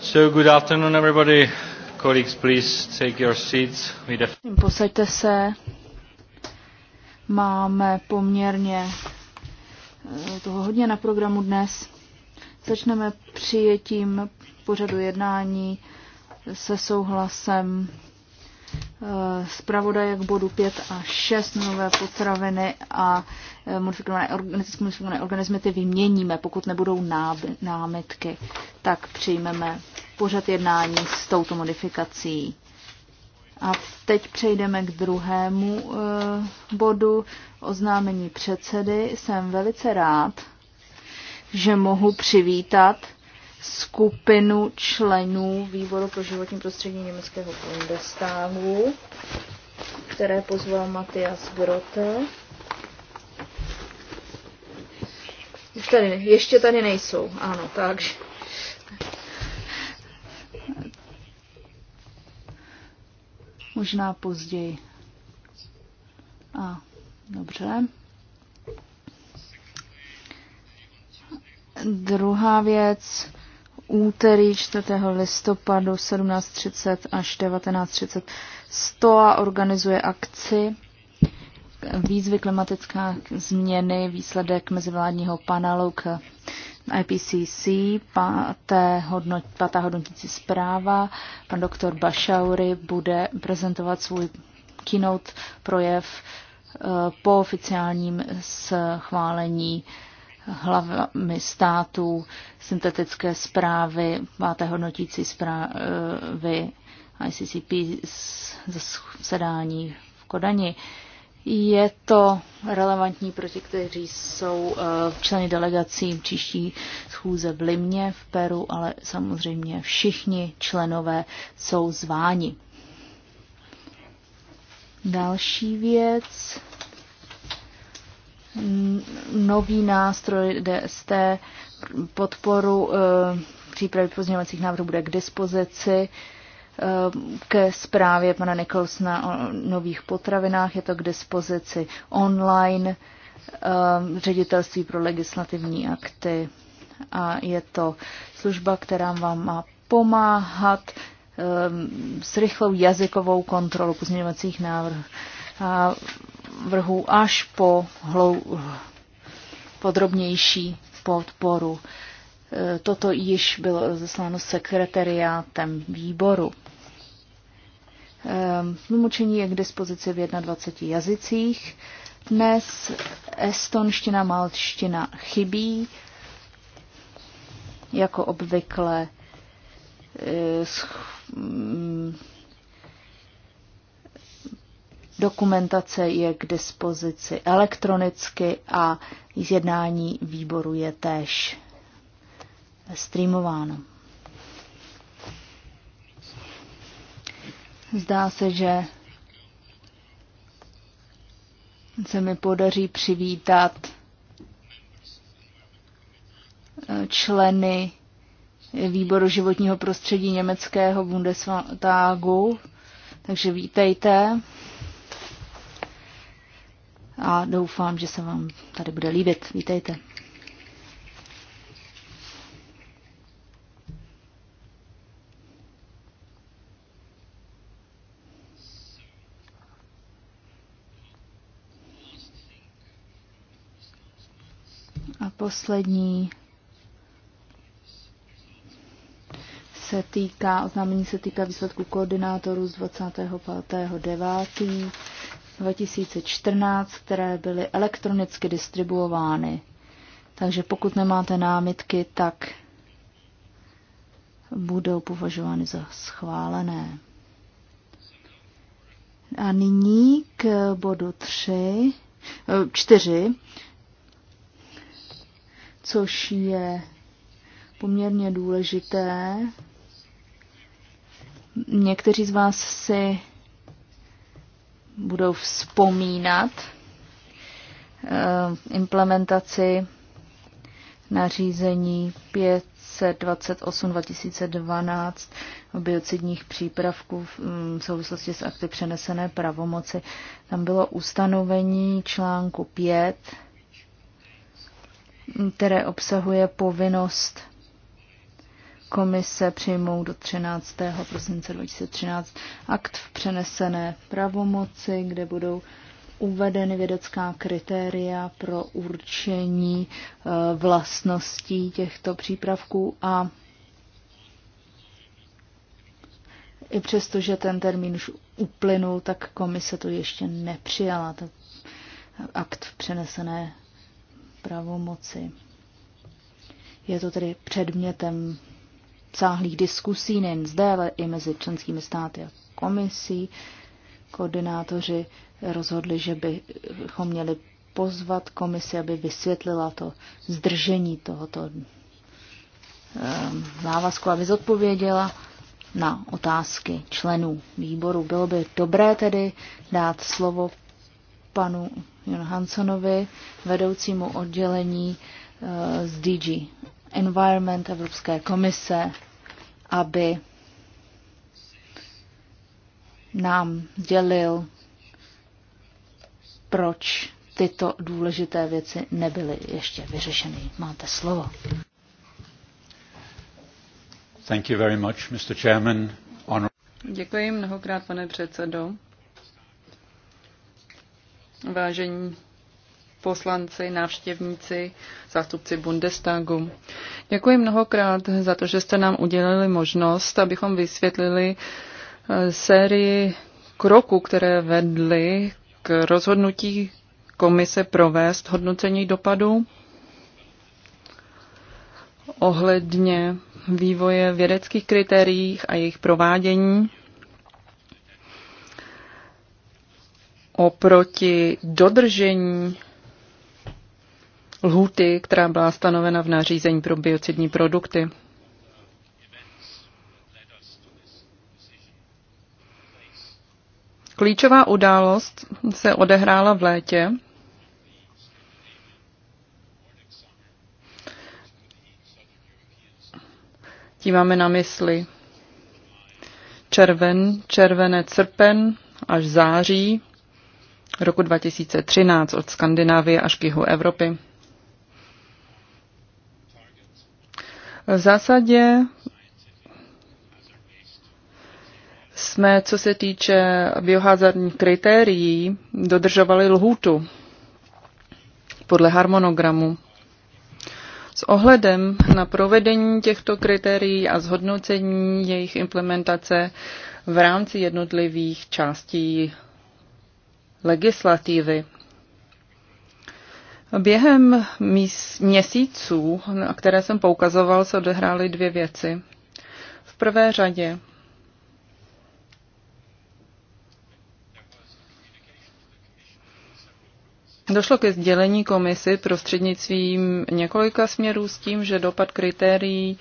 So good afternoon everybody. Colleagues, please take your seats. Posaďte se. Máme poměrně eh, toho hodně na programu dnes. Začneme přijetím pořadu jednání se souhlasem Eh, zpravodaje k bodu 5 a 6 nové potraviny a eh, modifikované, geneticky modifikované organismy ty vyměníme, pokud nebudou námitky, tak přijmeme pořad jednání s touto modifikací. A teď přejdeme k druhému uh, bodu oznámení předsedy. Jsem velice rád, že mohu přivítat skupinu členů výboru pro životní prostředí německého Bundestagu, které pozval Matias Grote. Už tady, ještě tady nejsou, ano, takže. Možná později. A, dobře. Druhá věc, úterý 4. listopadu 17.30 až 19.30 STOA organizuje akci výzvy klimatická změny, výsledek mezivládního panelu k IPCC, páté, hodnot, pátá hodnotící zpráva. Pan doktor Bašauri bude prezentovat svůj keynote projev eh, po oficiálním schválení hlavami států, syntetické zprávy, máte hodnotící zprávy ICCP ze sedání v Kodani. Je to relevantní pro ty, kteří jsou eh, členy delegací příští schůze v Limně v Peru, ale samozřejmě všichni členové jsou zváni. Další věc nový nástroj DST, podporu eh, přípravy pozměňovacích návrhů bude k dispozici eh, ke zprávě pana Nicholsona o nových potravinách. Je to k dispozici online eh, ředitelství pro legislativní akty a je to služba, která vám má pomáhat s rychlou jazykovou kontrolou pozměňovacích návrhů vrhů až po hlou, podrobnější podporu. E, toto již bylo zasláno sekretariátem výboru. E, tlumočení je k dispozici v 21 jazycích. Dnes estonština, malčtina chybí. Jako obvykle e, Dokumentace je k dispozici elektronicky a jednání výboru je též streamováno. Zdá se, že se mi podaří přivítat eh, členy výboru životního prostředí německého Bundestagu. Takže vítejte a doufám, že se vám tady bude líbit. Vítejte. A poslední se týká, oznámení se týká výsledku koordinátorů z 9. 2014, které byly elektronicky distribuovány. Takže pokud nemáte námitky, tak budou považovány za schválené. A nyní k bodu 3, 4, eh, což je poměrně důležité. Někteří z vás si budou vzpomínat eh, implementaci nařízení 528 2012 o biocidních přípravků mm, v souvislosti s akty přenesené pravomoci. Tam bylo ustanovení článku 5, které obsahuje povinnost komise přijmou do 13. prosince 2013 akt v přenesené pravomoci, kde budou uvedeny vědecká kritéria pro určení e, vlastností těchto přípravků a i přesto, že ten termín už uplynul, tak komise to ještě nepřijala, ten akt v přenesené pravomoci. Je to tedy předmětem obsáhlých diskusí nejen zde, ale i mezi členskými státy a komisí. Koordinátoři rozhodli, že bychom měli pozvat komisi, aby vysvětlila to zdržení tohoto ehm, závazku, aby zodpověděla na otázky členů výboru. Bylo by dobré tedy dát slovo panu Johansonovi, vedoucímu oddělení eh, z DG Environment Evropské komise, aby nám dělil, proč tyto důležité věci nebyly ještě vyřešeny. Máte slovo. Thank you very much, Mr. Chairman. Honor... Děkuji mnohokrát, pane předsedo. Vážení poslanci, návštěvníci, zástupci Bundestagu. Děkuji mnohokrát za to, že jste nám udělili možnost, abychom vysvětlili eh, sérii kroků, které vedly k rozhodnutí komise provést hodnocení dopadů ohledně vývoje vědeckých kritérií a jejich provádění oproti dodržení lhůty, která byla stanovena v nařízení pro biocidní produkty. Klíčová událost se odehrála v létě. Tím máme na mysli červen, červené srpen až září roku 2013 od Skandinávie až k jihu Evropy. V zásadě jsme, co se týče biohazardních kritérií, dodržovali lhůtu podle harmonogramu. S ohledem na provedení těchto kritérií a zhodnocení jejich implementace v rámci jednotlivých částí legislativy Během měsíců, na které jsem poukazoval, se odehrály dvě věci. V prvé řadě Došlo ke sdělení komisy prostřednictvím několika směrů s tím, že dopad kritérií,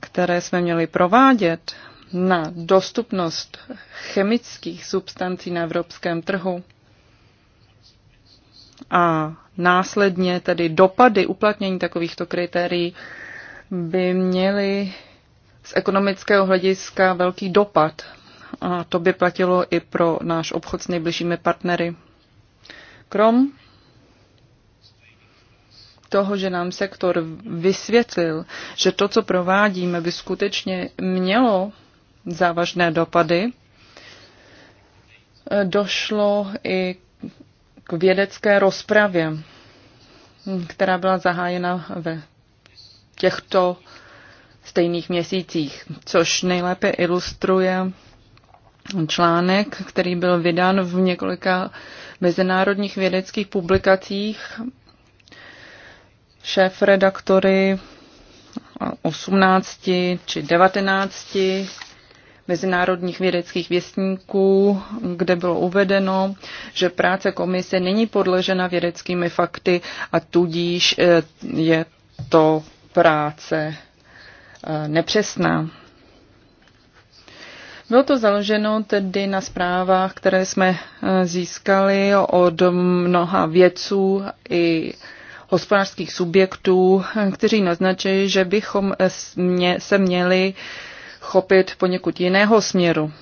které jsme měli provádět na dostupnost chemických substancí na evropském trhu, a následně tedy dopady uplatnění takovýchto kritérií by měly z ekonomického hlediska velký dopad. A to by platilo i pro náš obchod s nejbližšími partnery. Krom toho, že nám sektor vysvětlil, že to, co provádíme, by skutečně mělo závažné dopady, došlo i k vědecké rozpravě, která byla zahájena ve těchto stejných měsících, což nejlépe ilustruje článek, který byl vydán v několika mezinárodních vědeckých publikacích šéf redaktory 18 či 19 mezinárodních vědeckých věstníků, kde bylo uvedeno, že práce komise není podležena vědeckými fakty a tudíž eh, je to práce eh, nepřesná. Bylo to založeno tedy na zprávách, které jsme eh, získali od mnoha vědců i hospodářských subjektů, kteří naznačují, že bychom se měli chopit poněkud jiného směru.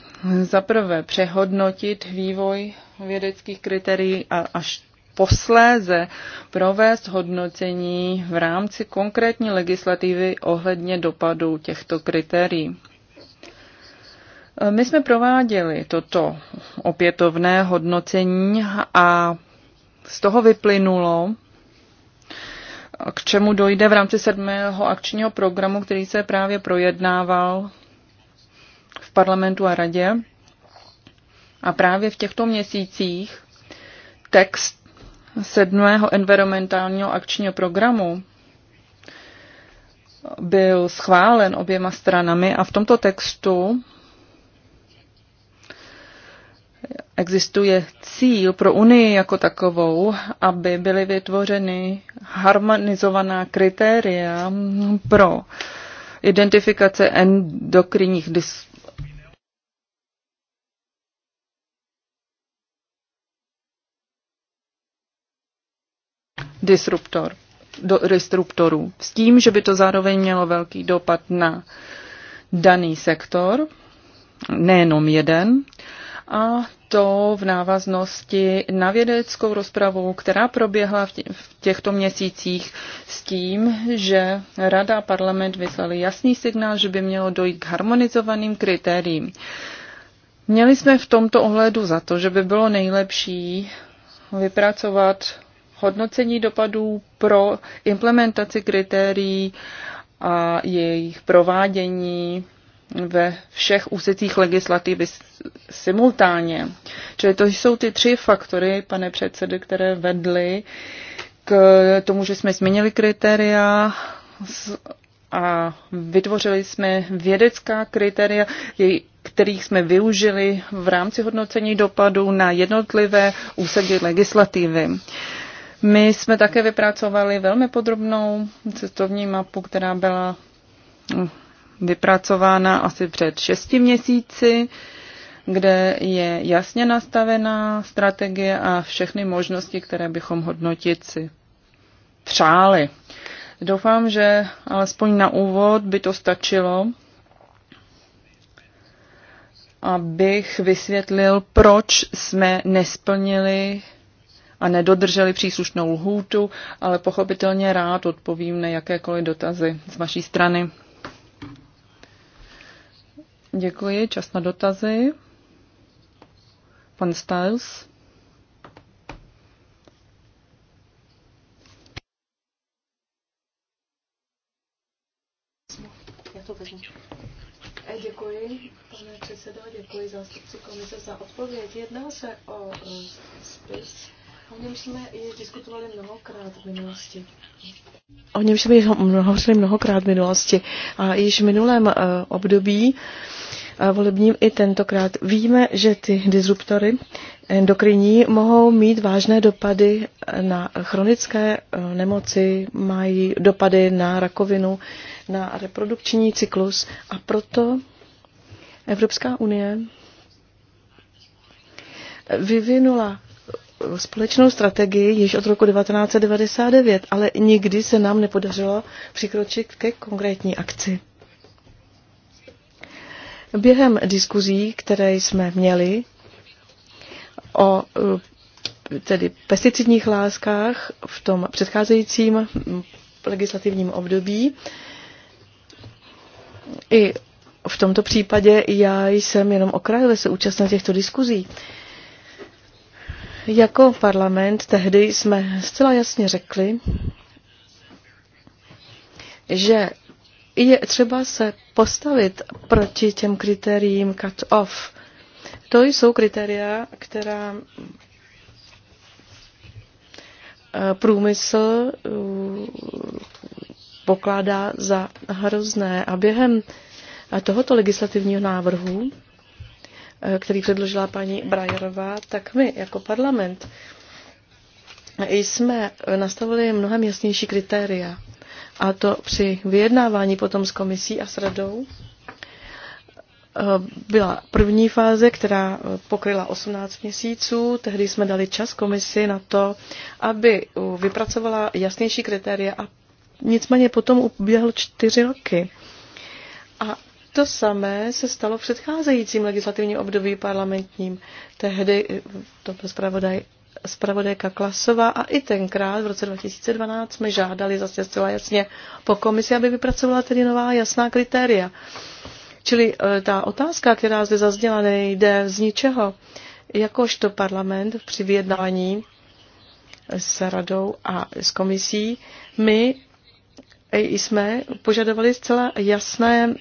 Za prvé přehodnotit vývoj vědeckých kritérií a až posléze provést hodnocení v rámci konkrétní legislativy ohledně dopadů těchto kritérií. My jsme prováděli toto opětovné hodnocení a z toho vyplynulo, k čemu dojde v rámci sedmého akčního programu, který se právě projednával parlamentu a radě. A právě v těchto měsících text sedmého environmentálního akčního programu byl schválen oběma stranami a v tomto textu existuje cíl pro Unii jako takovou, aby byly vytvořeny harmonizovaná kritéria pro identifikace endokrinních dis- disruptor, do, disruptorů. S tím, že by to zároveň mělo velký dopad na daný sektor, nejenom jeden, a to v návaznosti na vědeckou rozpravu, která proběhla v těchto měsících s tím, že Rada a parlament vyslali jasný signál, že by mělo dojít k harmonizovaným kritériím. Měli jsme v tomto ohledu za to, že by bylo nejlepší vypracovat hodnocení dopadů pro implementaci kritérií a jejich provádění ve všech úsecích legislativy simultánně. Čili to jsou ty tři faktory, pane předsedy, které vedly k tomu, že jsme změnili kritéria a vytvořili jsme vědecká kritéria, kterých jsme využili v rámci hodnocení dopadů na jednotlivé úseky legislativy. My jsme také vypracovali velmi podrobnou cestovní mapu, která byla hm, vypracována asi před šesti měsíci, kde je jasně nastavená strategie a všechny možnosti, které bychom hodnotit si přáli. Doufám, že alespoň na úvod by to stačilo, abych vysvětlil, proč jsme nesplnili a nedodrželi příslušnou lhůtu, ale pochopitelně rád odpovím na jakékoliv dotazy z vaší strany. Děkuji. Čas na dotazy. Pan Stiles. Eh, děkuji, pane předsedo, děkuji zástupci komise za odpověď. Jedná se o eh, spis O něm jsme i diskutovali mnohokrát v minulosti. O něm jsme hovořili mnohokrát v minulosti. A již v minulém eh, období eh, volebním i tentokrát víme, že ty disruptory endokrinní mohou mít vážné dopady na chronické eh, nemoci, mají dopady na rakovinu, na reprodukční cyklus a proto Evropská unie vyvinula společnou strategii již od roku 1999, ale nikdy se nám nepodařilo přikročit ke konkrétní akci. Během diskuzí, které jsme měli o eh, tedy pesticidních láskách v tom předcházejícím legislativním období, i v tomto případě já jsem jenom okrajově se účastnil těchto diskuzí. Jako parlament tehdy jsme zcela jasně řekli, že je třeba se postavit proti těm kritériím cut-off. To jsou kritéria, která eh, průmysl eh, pokládá za hrozné. A během tohoto legislativního návrhu Eh, který předložila paní Brajerová, tak my jako parlament jsme nastavili mnohem jasnější kritéria. A to při vyjednávání potom s komisí a s radou eh, byla první fáze, která eh, pokryla 18 měsíců. Tehdy jsme dali čas komisi na to, aby vypracovala jasnější kritéria a nicméně potom uběhl čtyři roky. To samé se stalo v předcházejícím legislativním období parlamentním. Tehdy to byl zpravodaj zpravodajka Klasová a i tenkrát v roce 2012 jsme žádali zase zcela jasně po komisi, aby vypracovala tedy nová jasná kritéria. Čili e, ta otázka, která zde zazněla, nejde z ničeho. Jakožto parlament při vyjednání s radou a s komisí, my jsme požadovali zcela jasné,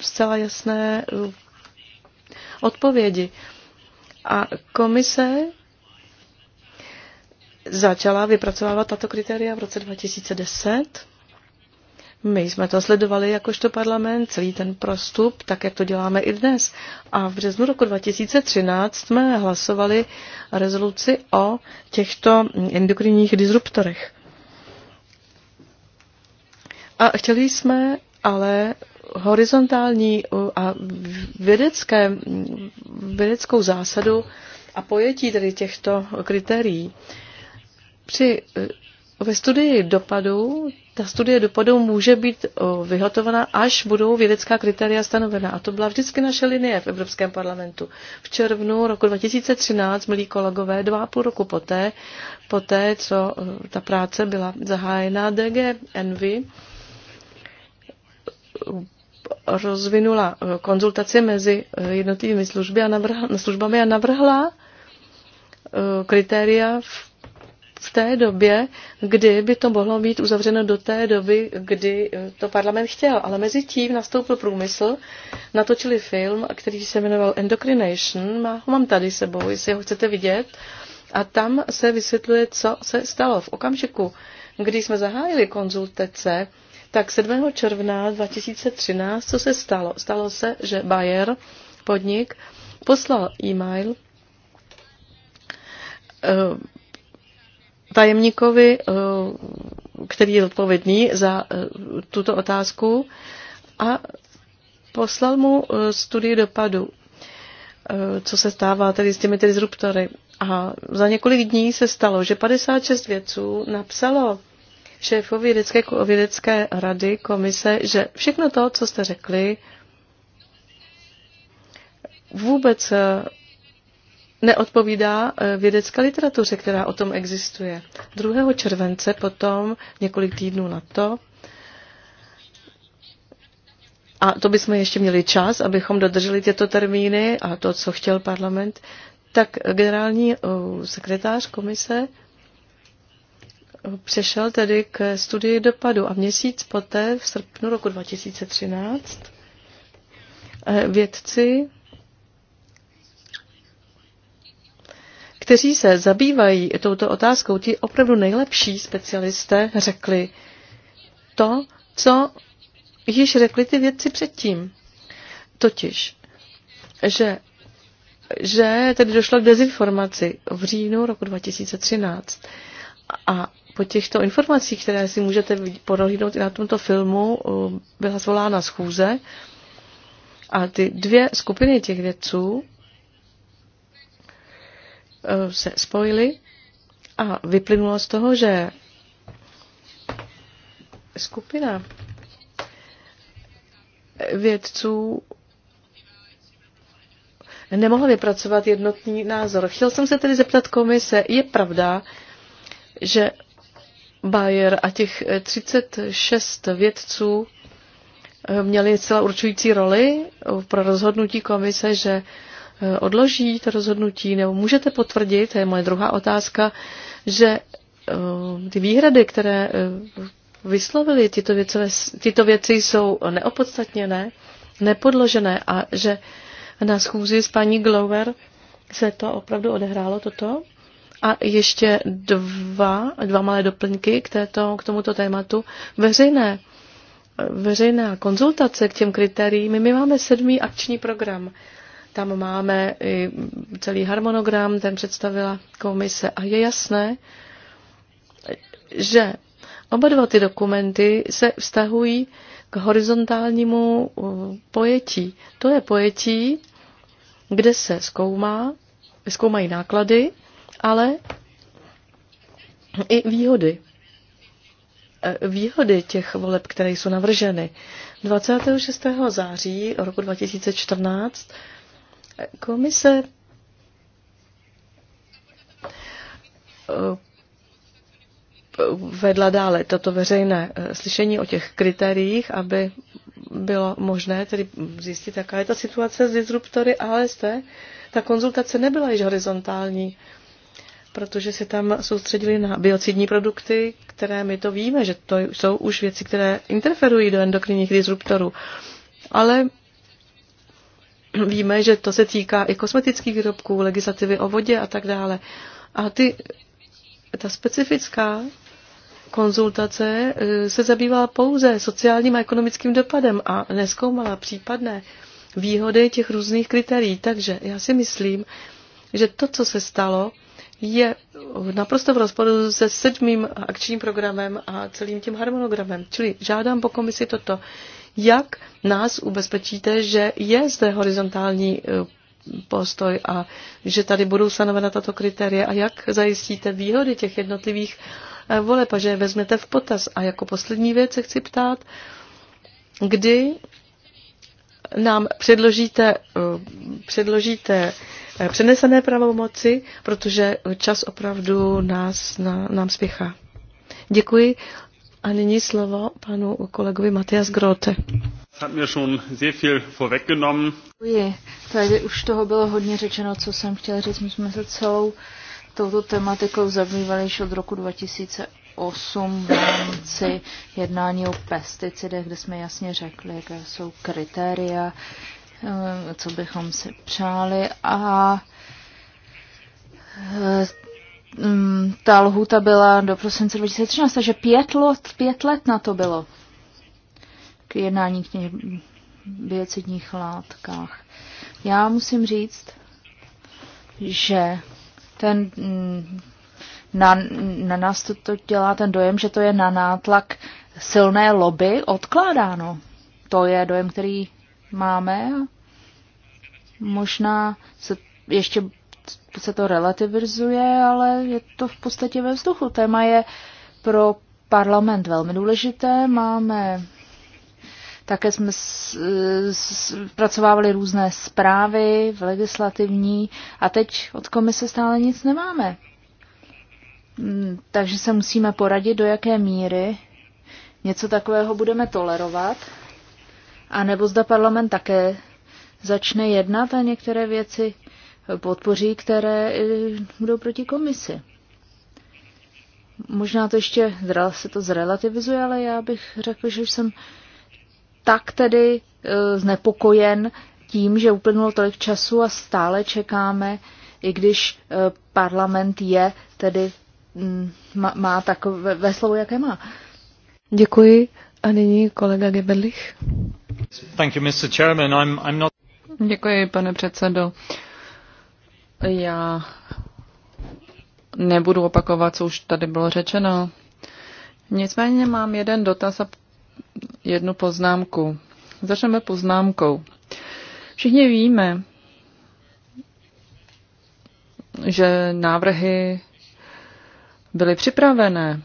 zcela jasné uh, odpovědi. A komise začala vypracovávat tato kritéria v roce 2010. My jsme to sledovali jakožto parlament, celý ten prostup, tak jak to děláme i dnes. A v březnu roku 2013 jsme hlasovali rezoluci o těchto endokrinních disruptorech. A chtěli jsme ale horizontální uh, a vědecké, vědeckou zásadu a pojetí tedy těchto kritérií. Při, uh, ve studii dopadu, ta studie dopadu může být uh, vyhotovena, až budou vědecká kritéria stanovena. A to byla vždycky naše linie v Evropském parlamentu. V červnu roku 2013, milí kolegové, dva a půl roku poté, poté, co ta práce byla zahájena DG Envy, rozvinula konzultace mezi jednotlivými služby a navrhla, službami a navrhla eh, kritéria v, v té době, kdy by to mohlo být uzavřeno do té doby, kdy eh, to parlament chtěl. Ale mezi tím nastoupil průmysl, natočili film, který se jmenoval Endocrination, má, ho mám tady sebou, jestli ho chcete vidět. A tam se vysvětluje, co se stalo v okamžiku, kdy jsme zahájili konzultace, tak 7. června 2013, co se stalo? Stalo se, že Bayer, podnik, poslal e-mail eh, tajemníkovi, eh, který je odpovědný za eh, tuto otázku a poslal mu studii dopadu, co se stává tedy s těmi disruptory. A za několik dní se stalo, že 56 vědců napsalo šéfovi vědecké, vědecké rady komise, že všechno to, co jste řekli, vůbec eh, neodpovídá eh, vědecké literatuře, která o tom existuje. 2. července potom, několik týdnů na to, a to bychom ještě měli čas, abychom dodrželi tyto termíny a to, co chtěl parlament, tak generální eh, sekretář komise přešel tedy k studii dopadu a měsíc poté, v srpnu roku 2013, eh, vědci, kteří se zabývají touto otázkou, ti opravdu nejlepší specialisté řekli to, co již řekli ty vědci předtím. Totiž, že, že tedy došlo k dezinformaci v říjnu roku 2013. A po těchto informacích, které si můžete porohlídnout i na tomto filmu, eh, byla zvolána schůze a ty dvě skupiny těch vědců eh, se spojily a vyplynulo z toho, že skupina vědců nemohla vypracovat jednotný názor. Chtěl jsem se tedy zeptat komise, je pravda, že Bayer a těch 36 eh, vědců eh, měli celá určující roli eh, pro rozhodnutí komise, že odloží to rozhodnutí, nebo můžete potvrdit, to je moje druhá otázka, že ty výhrady, které vyslovili tyto, věcové, tyto věci, jsou neopodstatněné, nepodložené a že na schůzi s paní Glover se to opravdu odehrálo toto? A ještě dva, dva malé doplňky k, této, k tomuto tématu. Veřejné, veřejná konzultace k těm kritériím. My máme sedmý akční program. Tam máme i celý harmonogram, ten představila komise. A je jasné, že oba dva ty dokumenty se vztahují k horizontálnímu uh, pojetí. To je pojetí, kde se zkoumá, zkoumají náklady, ale i výhody. E, výhody těch voleb, které jsou navrženy. 26. září roku 2014 komise e, vedla dále toto veřejné e, slyšení o těch kritériích, aby bylo možné tedy zjistit, jaká je ta situace s disruptory AST. Ta konzultace nebyla již horizontální, protože se tam soustředili na biocidní produkty, které my to víme, že to jsou už věci, které interferují do endokrinních disruptorů. Ale víme, že to se týká i kosmetických výrobků, legislativy o vodě a tak dále. A ty, ta specifická konzultace eh, se zabývala pouze sociálním a ekonomickým dopadem a neskoumala případné výhody těch různých kritérií. Takže já si myslím, že to, co se stalo, je naprosto v rozporu se sedmým akčním programem a celým tím harmonogramem. Čili žádám po komisi toto. Jak nás ubezpečíte, že je zde horizontální eh, postoj a že tady budou stanovena tato kritéria a jak zajistíte výhody těch jednotlivých eh, voleb a že je vezmete v potaz. A jako poslední věc se chci ptát, kdy nám předložíte, eh, předložíte Eh, přenesené pravomoci, protože čas opravdu nás, na, nám spěchá. Děkuji. A nyní slovo panu kolegovi Matias Grote. Děkuji. Tady už toho bylo hodně řečeno, co jsem chtěl říct. My jsme se celou touto tematikou zabývali již od roku 2008 v rámci jednání o pesticidech, kde jsme jasně řekli, jaké jsou kritéria, Eh, co bychom si přáli a eh, mm, ta lhuta byla do prosince 2013, takže pět let, pět let na to bylo k jednání k těch biocidních látkách. Já musím říct, že ten, mm, na, na nás to, to dělá ten dojem, že to je na nátlak silné lobby odkládáno. To je dojem, který máme. Možná se ještě se to relativizuje, ale je to v podstatě ve vzduchu. Téma je pro parlament velmi důležité. Máme také jsme zpracovávali různé zprávy v legislativní a teď od komise stále nic nemáme. Hmm, takže se musíme poradit, do jaké míry něco takového budeme tolerovat a nebo zda parlament také začne jednat a některé věci podpoří, které eh, budou proti komisi. Možná to ještě se to zrelativizuje, ale já bych řekl, že jsem tak tedy eh, znepokojen tím, že uplynulo tolik času a stále čekáme, i když eh, parlament je tedy mm, má takové ve slovu, jaké má. Děkuji. A nyní kolega Geberlich. Thank you, Mr. Chairman. I'm, I'm not... Děkuji, pane předsedo. Já nebudu opakovat, co už tady bylo řečeno. Nicméně mám jeden dotaz a jednu poznámku. Začneme poznámkou. Všichni víme, že návrhy byly připravené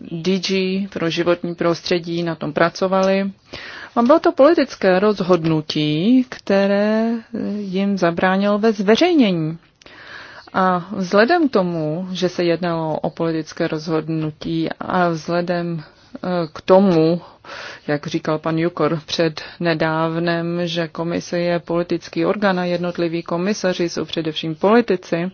DG pro životní prostředí na tom pracovali. A bylo to politické rozhodnutí, které jim zabránilo ve zveřejnění. A vzhledem k tomu, že se jednalo o politické rozhodnutí a vzhledem e, k tomu, jak říkal pan Jukor před nedávnem, že komise je politický orgán a jednotliví komisaři jsou především politici,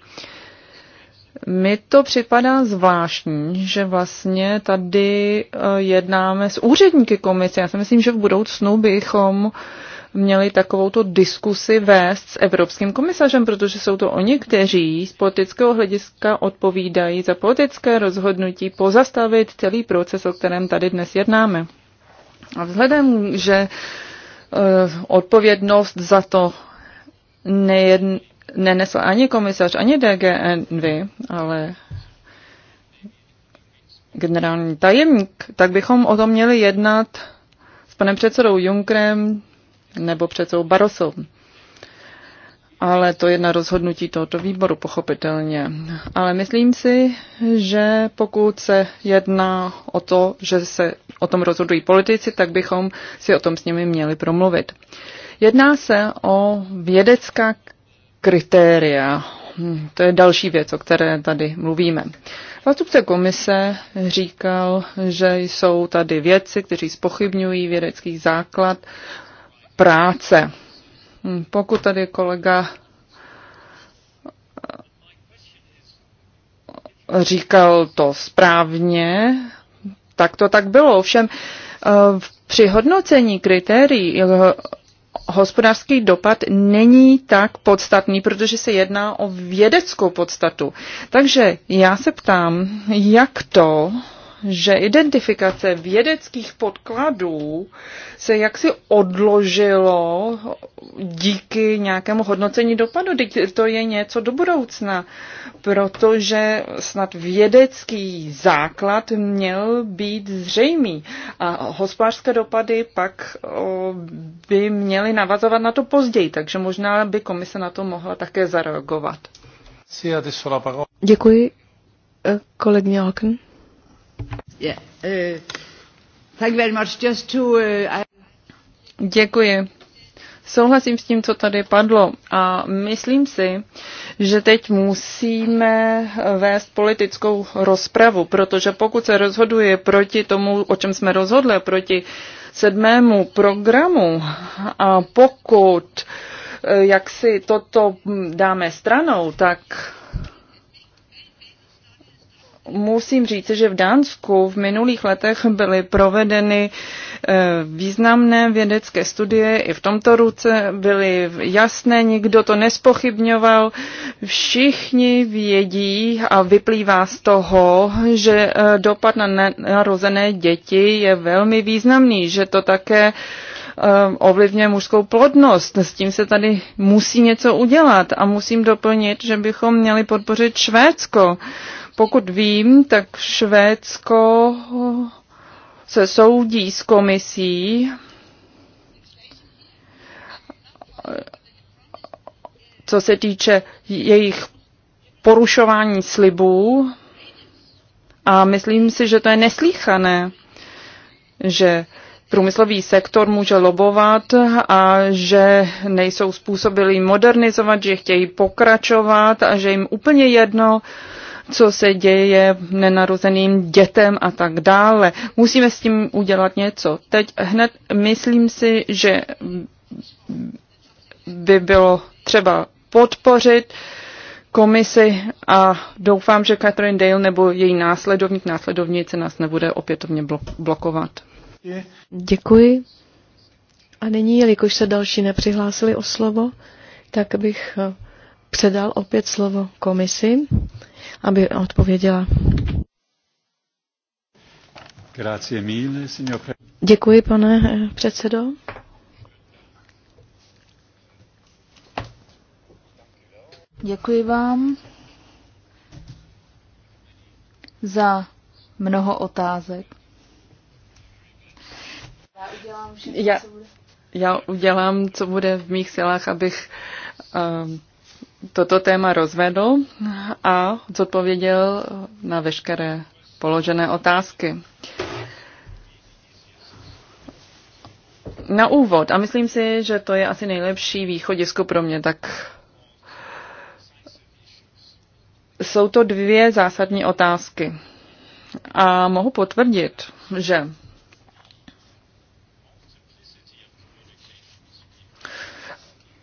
mi to připadá zvláštní, že vlastně tady eh, jednáme s úředníky komise. Já si myslím, že v budoucnu bychom měli takovouto diskusi vést s evropským komisařem, protože jsou to oni, kteří z politického hlediska odpovídají za politické rozhodnutí pozastavit celý proces, o kterém tady dnes jednáme. A vzhledem, že eh, odpovědnost za to nejedn, nenesl ani komisař, ani DGNV, ale generální tajemník, tak bychom o tom měli jednat s panem předsedou Junkrem nebo předsedou Barosou. Ale to je na rozhodnutí tohoto výboru, pochopitelně. Ale myslím si, že pokud se jedná o to, že se o tom rozhodují politici, tak bychom si o tom s nimi měli promluvit. Jedná se o vědecká kritéria. To je další věc, o které tady mluvíme. Zástupce komise říkal, že jsou tady věci, kteří spochybňují vědecký základ práce. Pokud tady kolega říkal to správně, tak to tak bylo. Ovšem eh, při hodnocení kritérií hospodářský dopad není tak podstatný, protože se jedná o vědeckou podstatu. Takže já se ptám, jak to, že identifikace vědeckých podkladů se jaksi odložilo díky nějakému hodnocení dopadu. Teď to je něco do budoucna, protože snad vědecký základ měl být zřejmý a hospodářské dopady pak by měly navazovat na to později, takže možná by komise na to mohla také zareagovat. Děkuji, eh, kolegyně Alken. Uh, uh, Děkuji. Souhlasím s tím, co tady padlo a myslím si, že teď musíme vést politickou rozpravu, protože pokud se rozhoduje proti tomu, o čem jsme rozhodli, proti sedmému programu a pokud eh, jak si toto dáme stranou, tak musím říct, že v Dánsku v minulých letech byly provedeny eh, významné vědecké studie, i v tomto ruce byly jasné, nikdo to nespochybňoval. Všichni vědí a vyplývá z toho, že eh, dopad na narozené děti je velmi významný, že to také eh, ovlivňuje mužskou plodnost. S tím se tady musí něco udělat a musím doplnit, že bychom měli podpořit Švédsko. Pokud vím, tak Švédsko se soudí s komisí co se týče jejich porušování slibů. A myslím si, že to je neslíchané, že průmyslový sektor může lobovat a že nejsou způsobili modernizovat, že chtějí pokračovat a že jim úplně jedno, co se děje nenarozeným dětem a tak dále. Musíme s tím udělat něco. Teď hned myslím si, že by bylo třeba podpořit komisi a doufám, že Catherine Dale nebo její následovník, následovnice nás nebude opětovně blokovat. Děkuji. A nyní, jelikož se další nepřihlásili o slovo, tak bych eh, předal opět slovo komisi aby odpověděla. Děkuji, pane eh, předsedo. Děkuji vám za mnoho otázek. Já udělám, všechno, já, co bude. já udělám, co bude v mých silách, abych um, toto téma rozvedl a zodpověděl na veškeré položené otázky. Na úvod, a myslím si, že to je asi nejlepší východisko pro mě, tak jsou to dvě zásadní otázky. A mohu potvrdit, že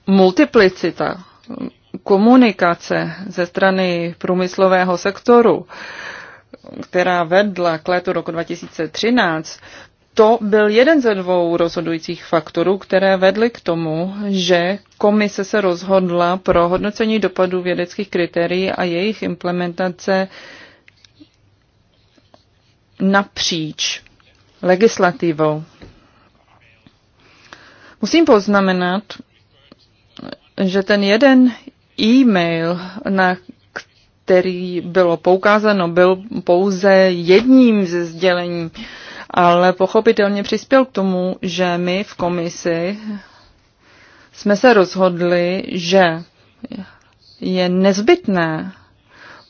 multiplicita komunikace ze strany průmyslového sektoru, která vedla k létu roku 2013, to byl jeden ze dvou rozhodujících faktorů, které vedly k tomu, že komise se rozhodla pro hodnocení dopadů vědeckých kritérií a jejich implementace napříč legislativou. Musím poznamenat, že ten jeden e-mail, na který bylo poukázáno, byl pouze jedním ze sdělení, ale pochopitelně přispěl k tomu, že my v komisi jsme se rozhodli, že je nezbytné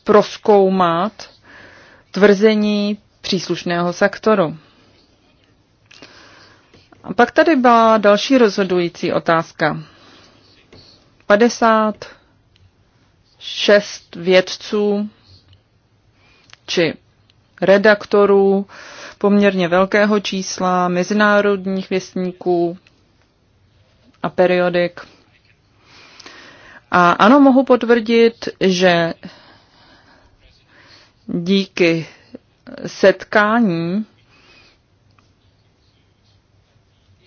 proskoumat tvrzení příslušného sektoru. A pak tady byla další rozhodující otázka. 50 šest vědců či redaktorů poměrně velkého čísla mezinárodních věstníků a periodik. A ano, mohu potvrdit, že díky setkání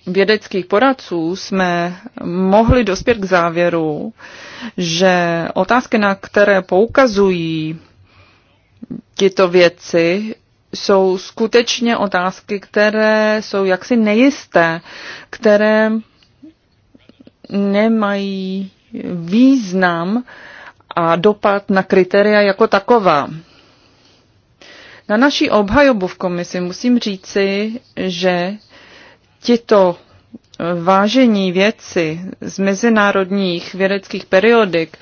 vědeckých poradců jsme mohli dospět k závěru, že otázky, na které poukazují tyto věci, jsou skutečně otázky, které jsou jaksi nejisté, které nemají význam a dopad na kritéria jako taková. Na naší obhajobu v komisi musím říci, že tito eh, vážení věci z mezinárodních vědeckých periodik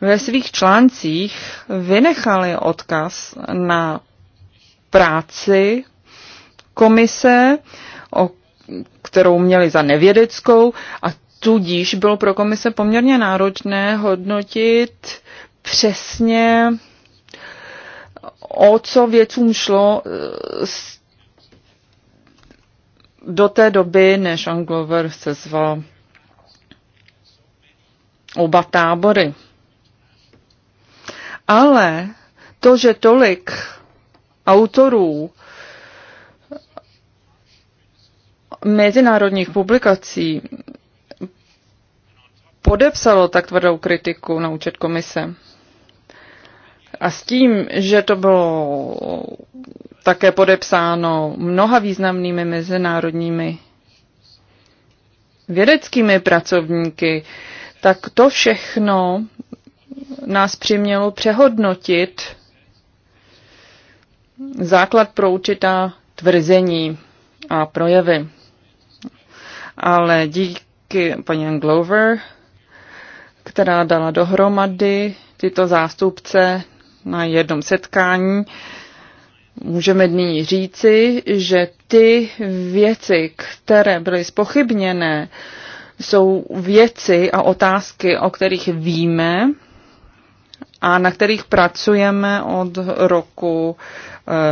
ve svých článcích vynechali odkaz na práci komise, o kterou měli za nevědeckou a tudíž bylo pro komise poměrně náročné hodnotit přesně, o co vědcům šlo eh, s do té doby, než Anglover sezval oba tábory. Ale to, že tolik autorů mezinárodních publikací podepsalo tak tvrdou kritiku na účet komise. A s tím, že to bylo také podepsáno mnoha významnými mezinárodními vědeckými pracovníky, tak to všechno nás přimělo přehodnotit základ pro určitá tvrzení a projevy. Ale díky paní Glover, která dala dohromady tyto zástupce na jednom setkání, Můžeme nyní říci, že ty věci, které byly spochybněné, jsou věci a otázky, o kterých víme a na kterých pracujeme od roku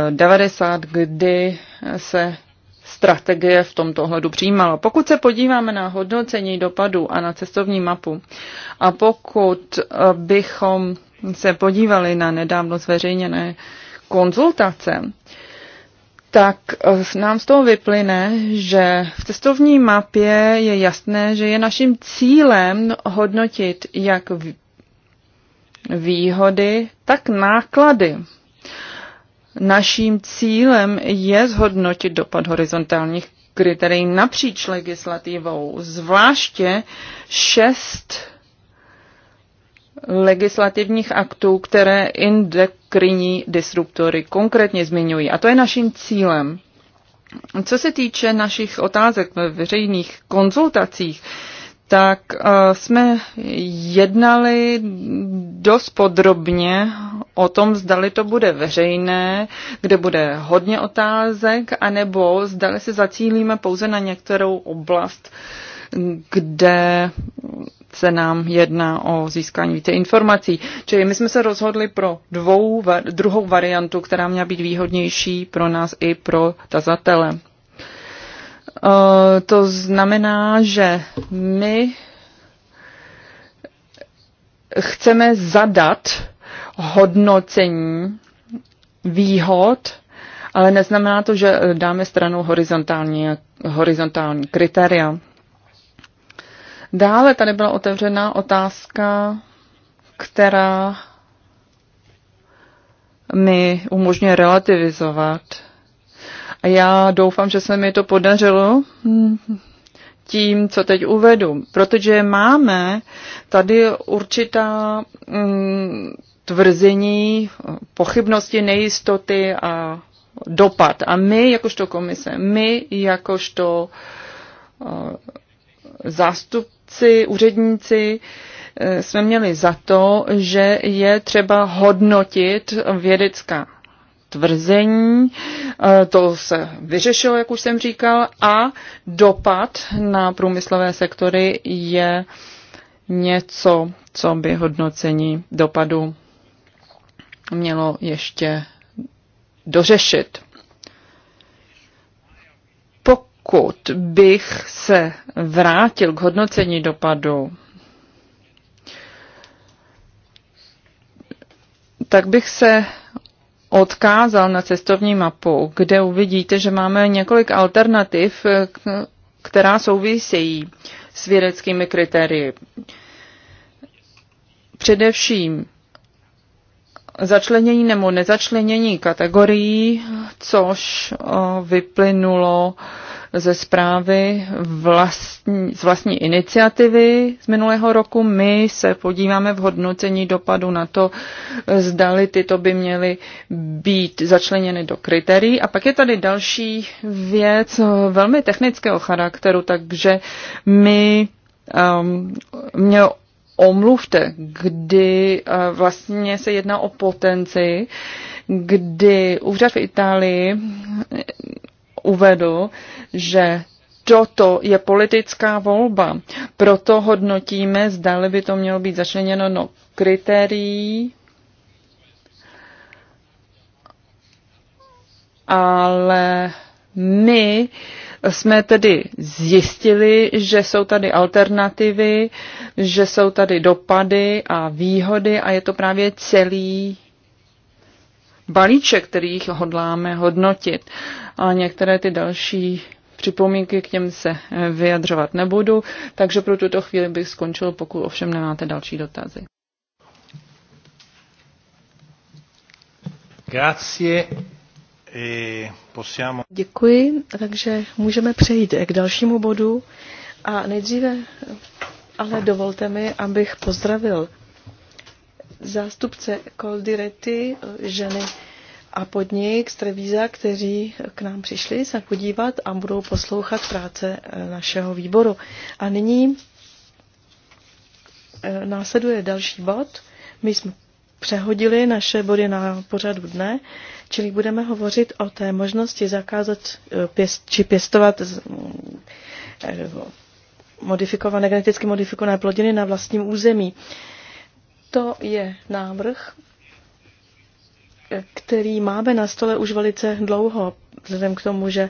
90, eh, kdy se strategie v tomto ohledu přijímala. Pokud se podíváme na hodnocení dopadu a na cestovní mapu a pokud eh, bychom se podívali na nedávno zveřejněné uh, konzultace, tak eh, nám z toho vyplyne, že v cestovní mapě je jasné, že je naším cílem hodnotit jak výhody, tak náklady. Naším cílem je zhodnotit dopad horizontálních kritérií napříč legislativou, zvláště šest legislativních aktů, které endokrinní disruptory konkrétně zmiňují. A to je naším cílem. Co se týče našich otázek ve veřejných konzultacích, tak eh, jsme jednali dost podrobně o tom, zdali to bude veřejné, kde bude hodně otázek, anebo zdali se zacílíme pouze na některou oblast uh, kde se nám jedná o získání více informací. Čili my jsme se rozhodli pro dvou, druhou variantu, která měla být výhodnější pro nás i pro tazatele. E, to znamená, že my chceme zadat hodnocení výhod, ale neznamená to, že dáme stranou horizontální, horizontální kritéria. Dále tady byla otevřena otázka, která mi umožňuje relativizovat. A já doufám, že se mi to podařilo hm, tím, co teď uvedu, protože máme tady určitá hm, tvrzení, pochybnosti, nejistoty a dopad. A my, jakožto komise, my, jakožto eh, zástup politici, úředníci eh, jsme měli za to, že je třeba hodnotit vědecká tvrzení, eh, to se vyřešilo, jak už jsem říkal, a dopad na průmyslové sektory je něco, co by hodnocení dopadu mělo ještě dořešit pokud bych se vrátil k hodnocení dopadu, tak bych se odkázal na cestovní mapu, kde uvidíte, že máme několik alternativ, která souvisejí s vědeckými kritérii. Především začlenění nebo nezačlenění kategorií, což vyplynulo ze zprávy vlastní, z vlastní iniciativy z minulého roku. My se podíváme v hodnocení dopadu na to, zdali tyto by měly být začleněny do kritérií. A pak je tady další věc velmi technického charakteru, takže my um, mě omluvte, kdy uh, vlastně se jedná o potenci, kdy úřad v Itálii uvedl, že toto je politická volba. Proto hodnotíme, zdali by to mělo být začleněno no kritérií, ale my jsme tedy zjistili, že jsou tady alternativy, že jsou tady dopady a výhody a je to právě celý balíček, který hodláme hodnotit. Uh, a některé ty další připomínky k těm se eh, vyjadřovat nebudu, takže pro tuto chvíli bych skončil, pokud ovšem nemáte další dotazy. Grazie. E, Děkuji, takže můžeme přejít k dalšímu bodu. A nejdříve ale dovolte mi, abych pozdravil zástupce Koldirety, ženy a podnik z Trevíza, kteří k nám přišli se podívat a budou poslouchat práce eh, našeho výboru. A nyní eh, následuje další bod. My jsme přehodili naše body na pořadu dne, čili budeme hovořit o té možnosti zakázat eh, pěst, či pěstovat mm, modifikované, geneticky modifikované plodiny na vlastním území. To je návrh, který máme na stole už velice dlouho, vzhledem k tomu, že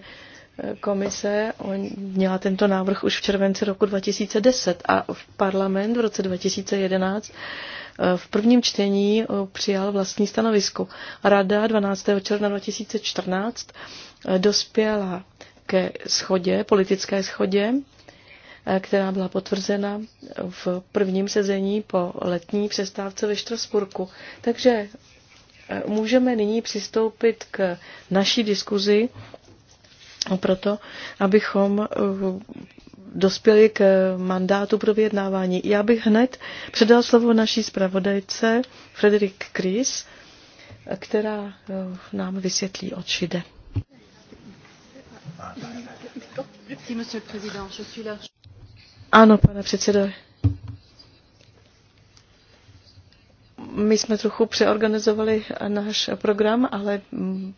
komise měla tento návrh už v červenci roku 2010 a v parlament v roce 2011 eh, v prvním čtení eh, přijal vlastní stanovisko. Rada 12. června 2014 eh, dospěla ke schodě, politické schodě, která byla potvrzena v prvním sezení po letní přestávce ve Štrasburku. Takže můžeme nyní přistoupit k naší diskuzi proto, abychom eh, dospěli k mandátu pro vyjednávání. Já bych hned předal slovo naší zpravodajce Frederik Kris, která eh, nám vysvětlí, oč jde. Ano, pane předsedo, My jsme trochu přeorganizovali náš program, ale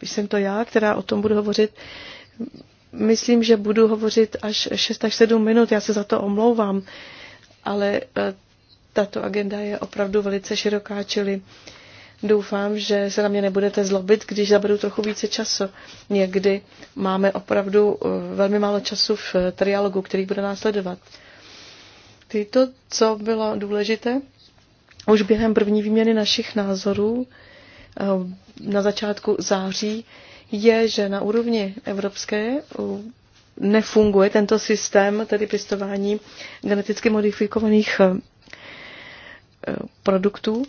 jsem to já, která o tom budu hovořit. Myslím, že budu hovořit až 6 až 7 minut, já se za to omlouvám, ale eh, tato agenda je opravdu velice široká, čili doufám, že se na mě nebudete zlobit, když zabudu trochu více času. Někdy máme opravdu eh, velmi málo času v trialogu, který bude následovat. Tyto, co bylo důležité, už během první výměny našich názorů eh, na začátku září je, že na úrovni evropské eh, nefunguje tento systém, tedy pěstování geneticky modifikovaných eh, produktů.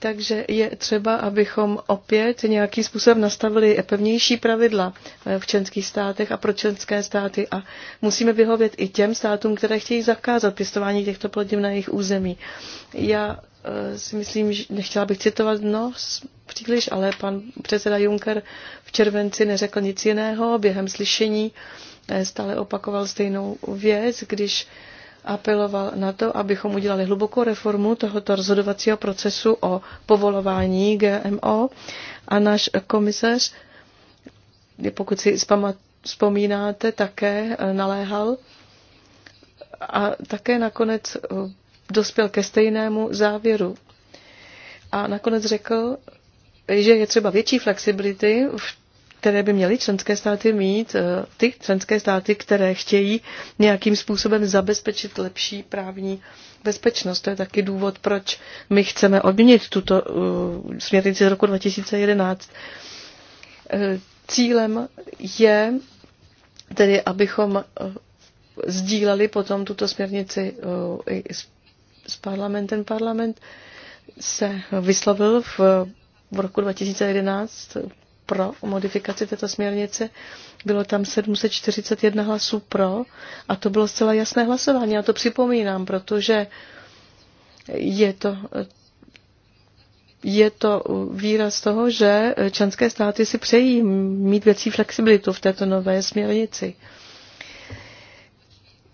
Takže je třeba, abychom opět nějakým způsobem nastavili pevnější pravidla v členských státech a pro členské státy a musíme vyhovět i těm státům, které chtějí zakázat pěstování těchto plodin na jejich území. Já Eh, si myslím, že nechtěla bych citovat no, příliš, ale pan předseda Juncker v červenci neřekl nic jiného. Během slyšení eh, stále opakoval stejnou věc, když apeloval na to, abychom udělali hlubokou reformu tohoto rozhodovacího procesu o povolování GMO a náš komisař, pokud si vzpomínáte, také eh, naléhal a také nakonec dospěl ke stejnému závěru. A nakonec řekl, že je třeba větší flexibility, které by měly členské státy mít, eh, ty členské státy, které chtějí nějakým způsobem zabezpečit lepší právní bezpečnost. To je taky důvod, proč my chceme odměnit tuto eh, směrnici z roku 2011. Eh, cílem je tedy, abychom sdíleli potom tuto směrnici i s s parlamentem. Parlament se vyslovil v, v roku 2011 pro modifikaci této směrnice. Bylo tam 741 hlasů pro a to bylo zcela jasné hlasování. Já to připomínám, protože je to je to výraz toho, že členské státy si přejí mít věcí flexibilitu v této nové směrnici.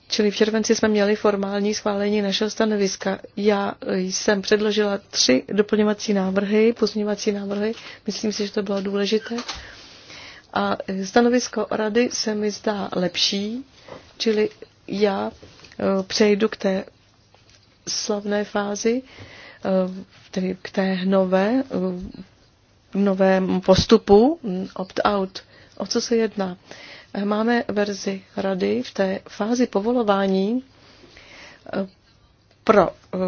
Čili v červenci jsme měli formální schválení našeho stanoviska. Já jsem předložila tři doplňovací návrhy, pozměňovací návrhy. Myslím si, že to bylo důležité. A stanovisko rady se mi zdá lepší, čili já eh, přejdu k té slavné fázi, eh, tedy k té nové, eh, novém postupu opt-out. O co se jedná? máme verzi rady v té fázi povolování eh, pro eh,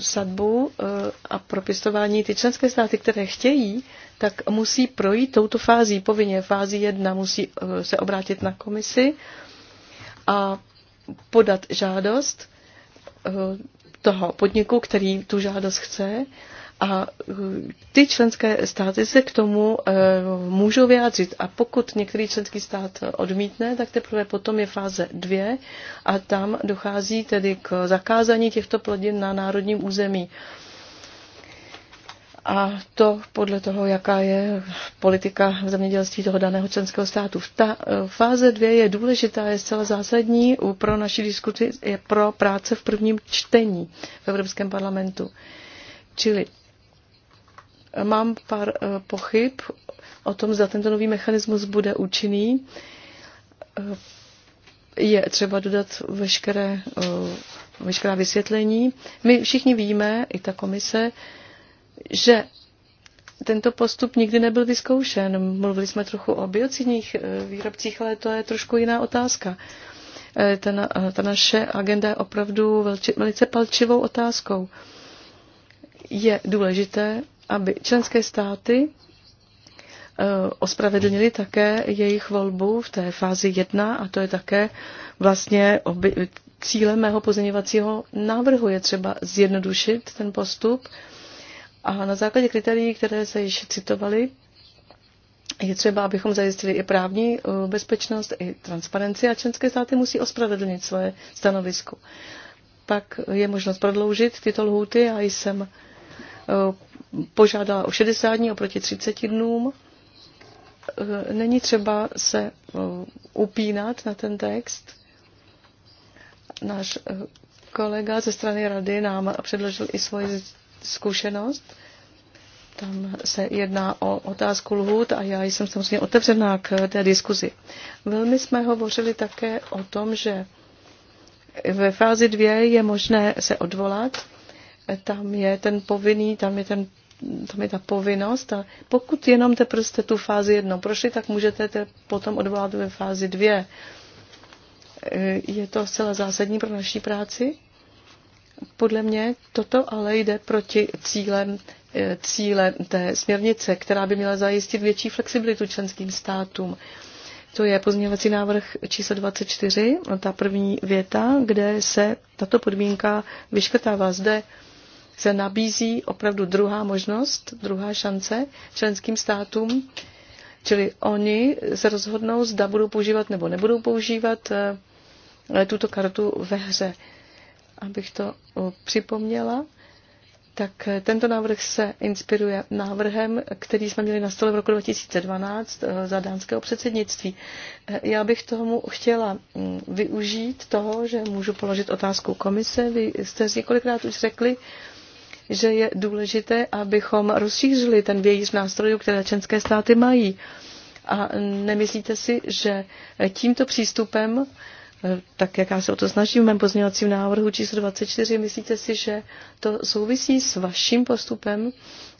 sadbu eh, a pro pěstování ty členské státy, které chtějí, tak musí projít touto fází povinně. Fázi jedna musí se obrátit na komisi a podat žádost toho podniku, který tu žádost chce a eh, ty členské státy se k tomu eh, můžou vyjádřit. A pokud některý členský stát odmítne, tak teprve potom je fáze dvě a tam dochází tedy k zakázání těchto plodin na národním území. A to podle toho, jaká je politika v zemědělství toho daného členského státu. Ta eh, fáze dvě je důležitá, je zcela zásadní pro naši diskuci, je pro práce v prvním čtení v Evropském parlamentu. Čili Mám pár eh, pochyb o tom, zda tento nový mechanismus bude účinný. Eh, je třeba dodat veškeré, eh, veškerá vysvětlení. My všichni víme, i ta komise, že tento postup nikdy nebyl vyzkoušen. Mluvili jsme trochu o biocidních výrobcích, ale to je trošku jiná otázka. Ta, na, ta naše agenda je opravdu velči, velice palčivou otázkou. Je důležité, aby členské státy eh, ospravedlnili také jejich volbu v té fázi 1 a to je také vlastně oby, cílem mého pozměňovacího návrhu. Je třeba zjednodušit ten postup a na základě kritérií, které se již citovaly, je třeba, abychom zajistili i právní eh, bezpečnost, i transparenci a členské státy musí ospravedlnit svoje stanovisko. Pak je možnost prodloužit tyto lhůty a jsem eh, požádala o 60 dní oproti 30 dnům. Eh, není třeba se eh, upínat na ten text. Náš eh, kolega ze strany rady nám předložil i svoji zkušenost. Tam se jedná o otázku lhůt a já jsem samozřejmě otevřená k té diskuzi. Velmi jsme hovořili také o tom, že ve fázi dvě je možné se odvolat. Tam je ten povinný, tam je ten tam je ta povinnost a pokud jenom teprve jste tu fázi jedno prošli, tak můžete te potom odvolat ve fázi dvě. Je to zcela zásadní pro naší práci? Podle mě toto ale jde proti cílem, cíle té směrnice, která by měla zajistit větší flexibilitu členským státům. To je pozměňovací návrh číslo 24, ta první věta, kde se tato podmínka vyškrtává. Zde se nabízí opravdu druhá možnost, druhá šance členským státům, čili oni se rozhodnou, zda budou používat nebo nebudou používat eh, tuto kartu ve hře. Abych to eh, připomněla, tak eh, tento návrh se inspiruje návrhem, který jsme měli na stole v roku 2012 za dánského předsednictví. Já bych tomu chtěla mm, využít toho, že můžu položit otázku komise. Vy jste několikrát už řekli, že je důležité, abychom rozšířili ten vějíř nástrojů, které členské státy mají. A nemyslíte si, že tímto přístupem, tak jak já se o to snažím v mém pozměňovacím návrhu číslo 24, myslíte si, že to souvisí s vaším postupem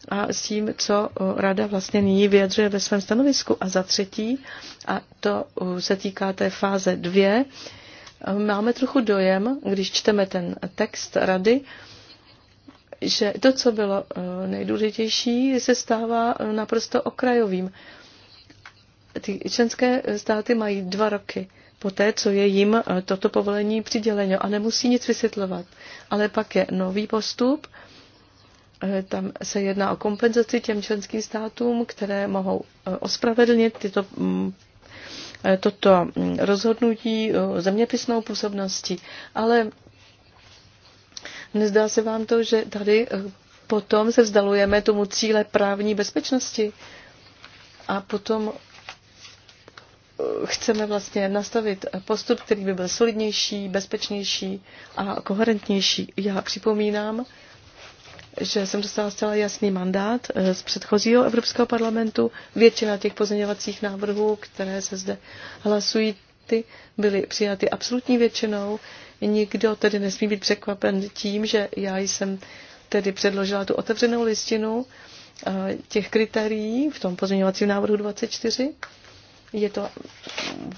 a s tím, co rada vlastně nyní vyjadřuje ve svém stanovisku. A za třetí, a to se týká té fáze dvě, máme trochu dojem, když čteme ten text rady, že to, co bylo eh, nejdůležitější, se stává eh, naprosto okrajovým. Ty členské eh, státy mají dva roky po té, co je jim toto povolení přiděleno a nemusí nic vysvětlovat. Ale pak je nový postup, tam se jedná o kompenzaci těm členským státům, které mohou ospravedlnit tyto, mm, toto mm, rozhodnutí zeměpisnou působností. Ale Nezdá se vám to, že tady eh, potom se vzdalujeme tomu cíle právní bezpečnosti a potom eh, chceme vlastně nastavit postup, který by byl solidnější, bezpečnější a koherentnější. Já připomínám, že jsem dostala zcela jasný mandát eh, z předchozího Evropského parlamentu. Většina těch pozměňovacích návrhů, které se zde hlasují, ty byly přijaty absolutní většinou. Nikdo tedy nesmí být překvapen tím, že já jsem tedy předložila tu otevřenou listinu eh, těch kritérií v tom pozměňovacím návrhu 24. Je to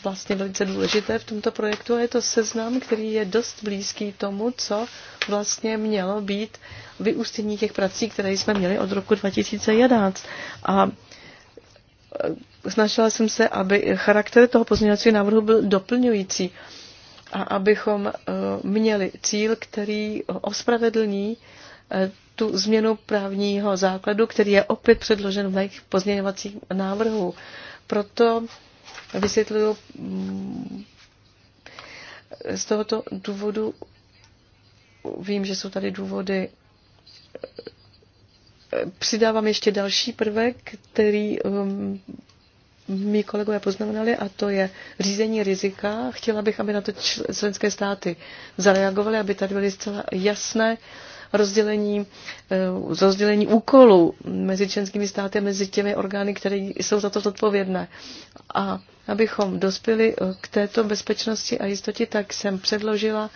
vlastně velice důležité v tomto projektu a je to seznam, který je dost blízký tomu, co vlastně mělo být vyústění těch prací, které jsme měli od roku 2011. A eh, snažila jsem se, aby charakter toho pozměňovacího návrhu byl doplňující a abychom eh, měli cíl, který ospravedlní eh, tu změnu právního základu, který je opět předložen v mých pozměňovacích návrhů. Proto vysvětluju mm, z tohoto důvodu, vím, že jsou tady důvody, eh, přidávám ještě další prvek, který mm, mý kolegové poznamenali, a to je řízení rizika. Chtěla bych, aby na to členské státy zareagovaly, aby tady byly zcela jasné rozdělení, eh, rozdělení úkolů mezi členskými státy a mezi těmi orgány, které jsou za to zodpovědné. A abychom dospěli eh, k této bezpečnosti a jistotě, tak jsem předložila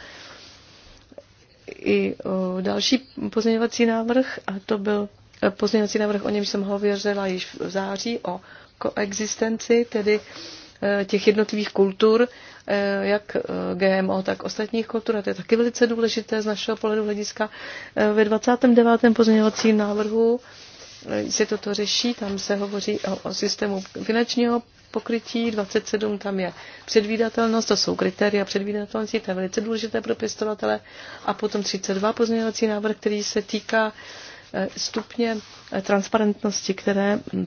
i eh, další pozměňovací návrh a to byl pozměňovací návrh, o něm jsem hověřila již v září, o koexistenci, tedy eh, těch jednotlivých kultur, eh, jak eh, GMO, tak ostatních kultur. A to je taky velice důležité z našeho pohledu hlediska. Ve 29. pozměňovacím návrhu se toto řeší, tam se hovoří o, o systému finančního pokrytí, 27 tam je předvídatelnost, to jsou kritéria předvídatelnosti, to je velice důležité pro pěstovatele, a potom 32 pozměňovací návrh, který se týká stupně transparentnosti, které hm,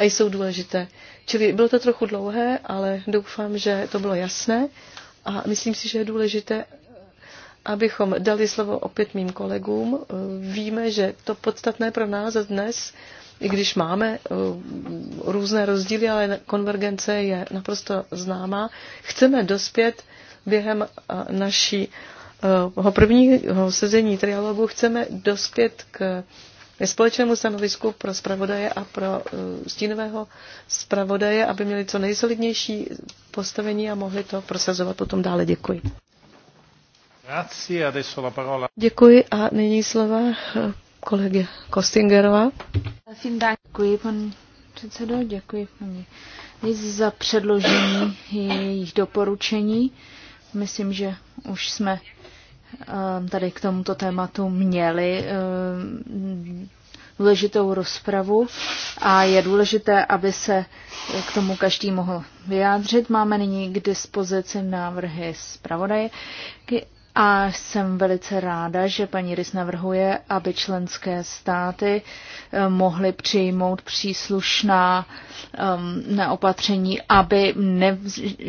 a jsou důležité. Čili bylo to trochu dlouhé, ale doufám, že to bylo jasné a myslím si, že je důležité, abychom dali slovo opět mým kolegům. Víme, že to podstatné pro nás dnes, i když máme eh, různé rozdíly, ale konvergence je naprosto známá, chceme dospět během eh, naší eh, prvního sezení trialogu, chceme dospět k ve společnému stanovisku pro zpravodaje a pro eh, stínového zpravodaje, aby měli co nejsolidnější postavení a mohli to prosazovat potom dále. Děkuji. Děkuji a nyní slova eh, kolegy Kostingerova. Děkuji, pan předsedo, děkuji paní za předložení jejich doporučení. Myslím, že už jsme Ehm, tady k tomuto tématu měli ehm, důležitou rozpravu a je důležité, aby se k tomu každý mohl vyjádřit. Máme nyní k dispozici návrhy zpravodaje a jsem velice ráda, že paní Rys navrhuje, aby členské státy eh, mohly přijmout příslušná um, ehm, opatření, aby ne,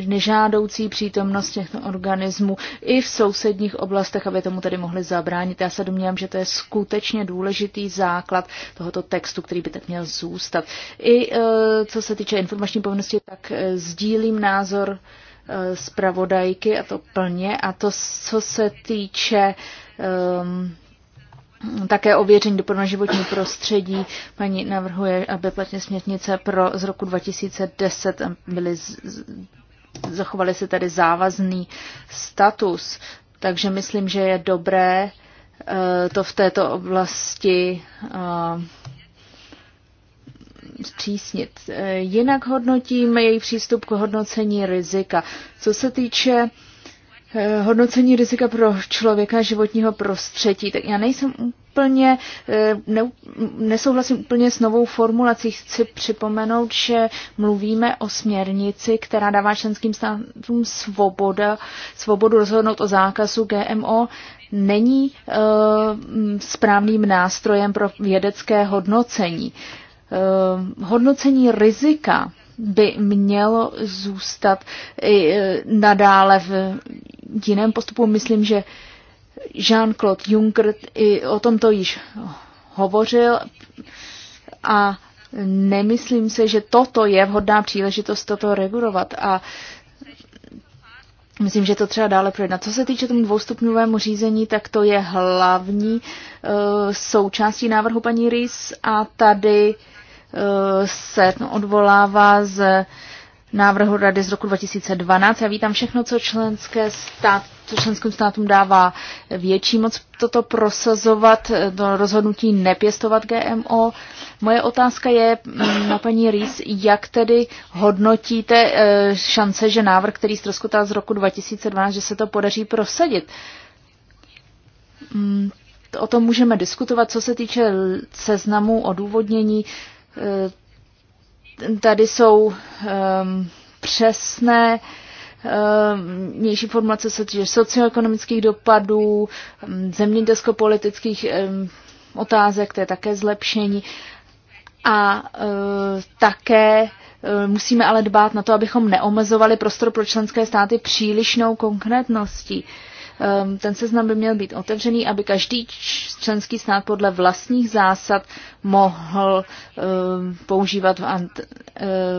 nežádoucí přítomnost těchto organismů i v sousedních oblastech, aby tomu tedy mohly zabránit. Já se domnívám, že to je skutečně důležitý základ tohoto textu, který by tak měl zůstat. I uh, co se týče informační povinnosti, tak uh, sdílím názor uh, Eh, zpravodajky a to plně. A to, co se týče um, také ověření dopadu na životní prostředí. Paní navrhuje, aby platně směrnice pro z roku 2010 eh, byly zachovaly se tady závazný status. Takže myslím, že je dobré eh, to v této oblasti zpřísnit. Eh, jinak hodnotíme její přístup k hodnocení rizika. Co se týče eh, hodnocení rizika pro člověka životního prostředí, tak já nejsem úplně, eh, ne, nesouhlasím úplně s novou formulací. Chci připomenout, že mluvíme o směrnici, která dává členským státům svoboda, svobodu rozhodnout o zákazu GMO. Není e, správným nástrojem pro vědecké hodnocení. E, Eh, hodnocení rizika by mělo zůstat i eh, nadále v jiném postupu. Myslím, že Jean-Claude Juncker i o tomto již hovořil a nemyslím se, že toto je vhodná příležitost toto regulovat a Myslím, že to třeba dále projednat. Co se týče tomu dvoustupňovému řízení, tak to je hlavní uh, součástí návrhu paní Rys a tady uh, Eh, se odvolává z návrhu Rady z roku 2012. Já vítám všechno, co, členské stát, co členským státům dává větší moc toto prosazovat, eh, to rozhodnutí nepěstovat GMO. Moje otázka je mm, na no, paní Rýs, jak tedy hodnotíte eh, šance, že návrh, který ztroskotá z roku 2012, že se to podaří prosadit? Mm, o tom můžeme diskutovat, co se týče seznamu odůvodnění. Eh, tady jsou ehm, přesné mější ehm, formulace se týče socioekonomických dopadů, ehm, zemědělsko-politických otázek, to je také zlepšení. A eh, také eh, musíme ale dbát na to, abychom neomezovali prostor pro členské státy přílišnou konkrétností. Ehm, ten seznam by měl být otevřený, aby každý členský stát podle vlastních zásad mohl ehm, používat ehm,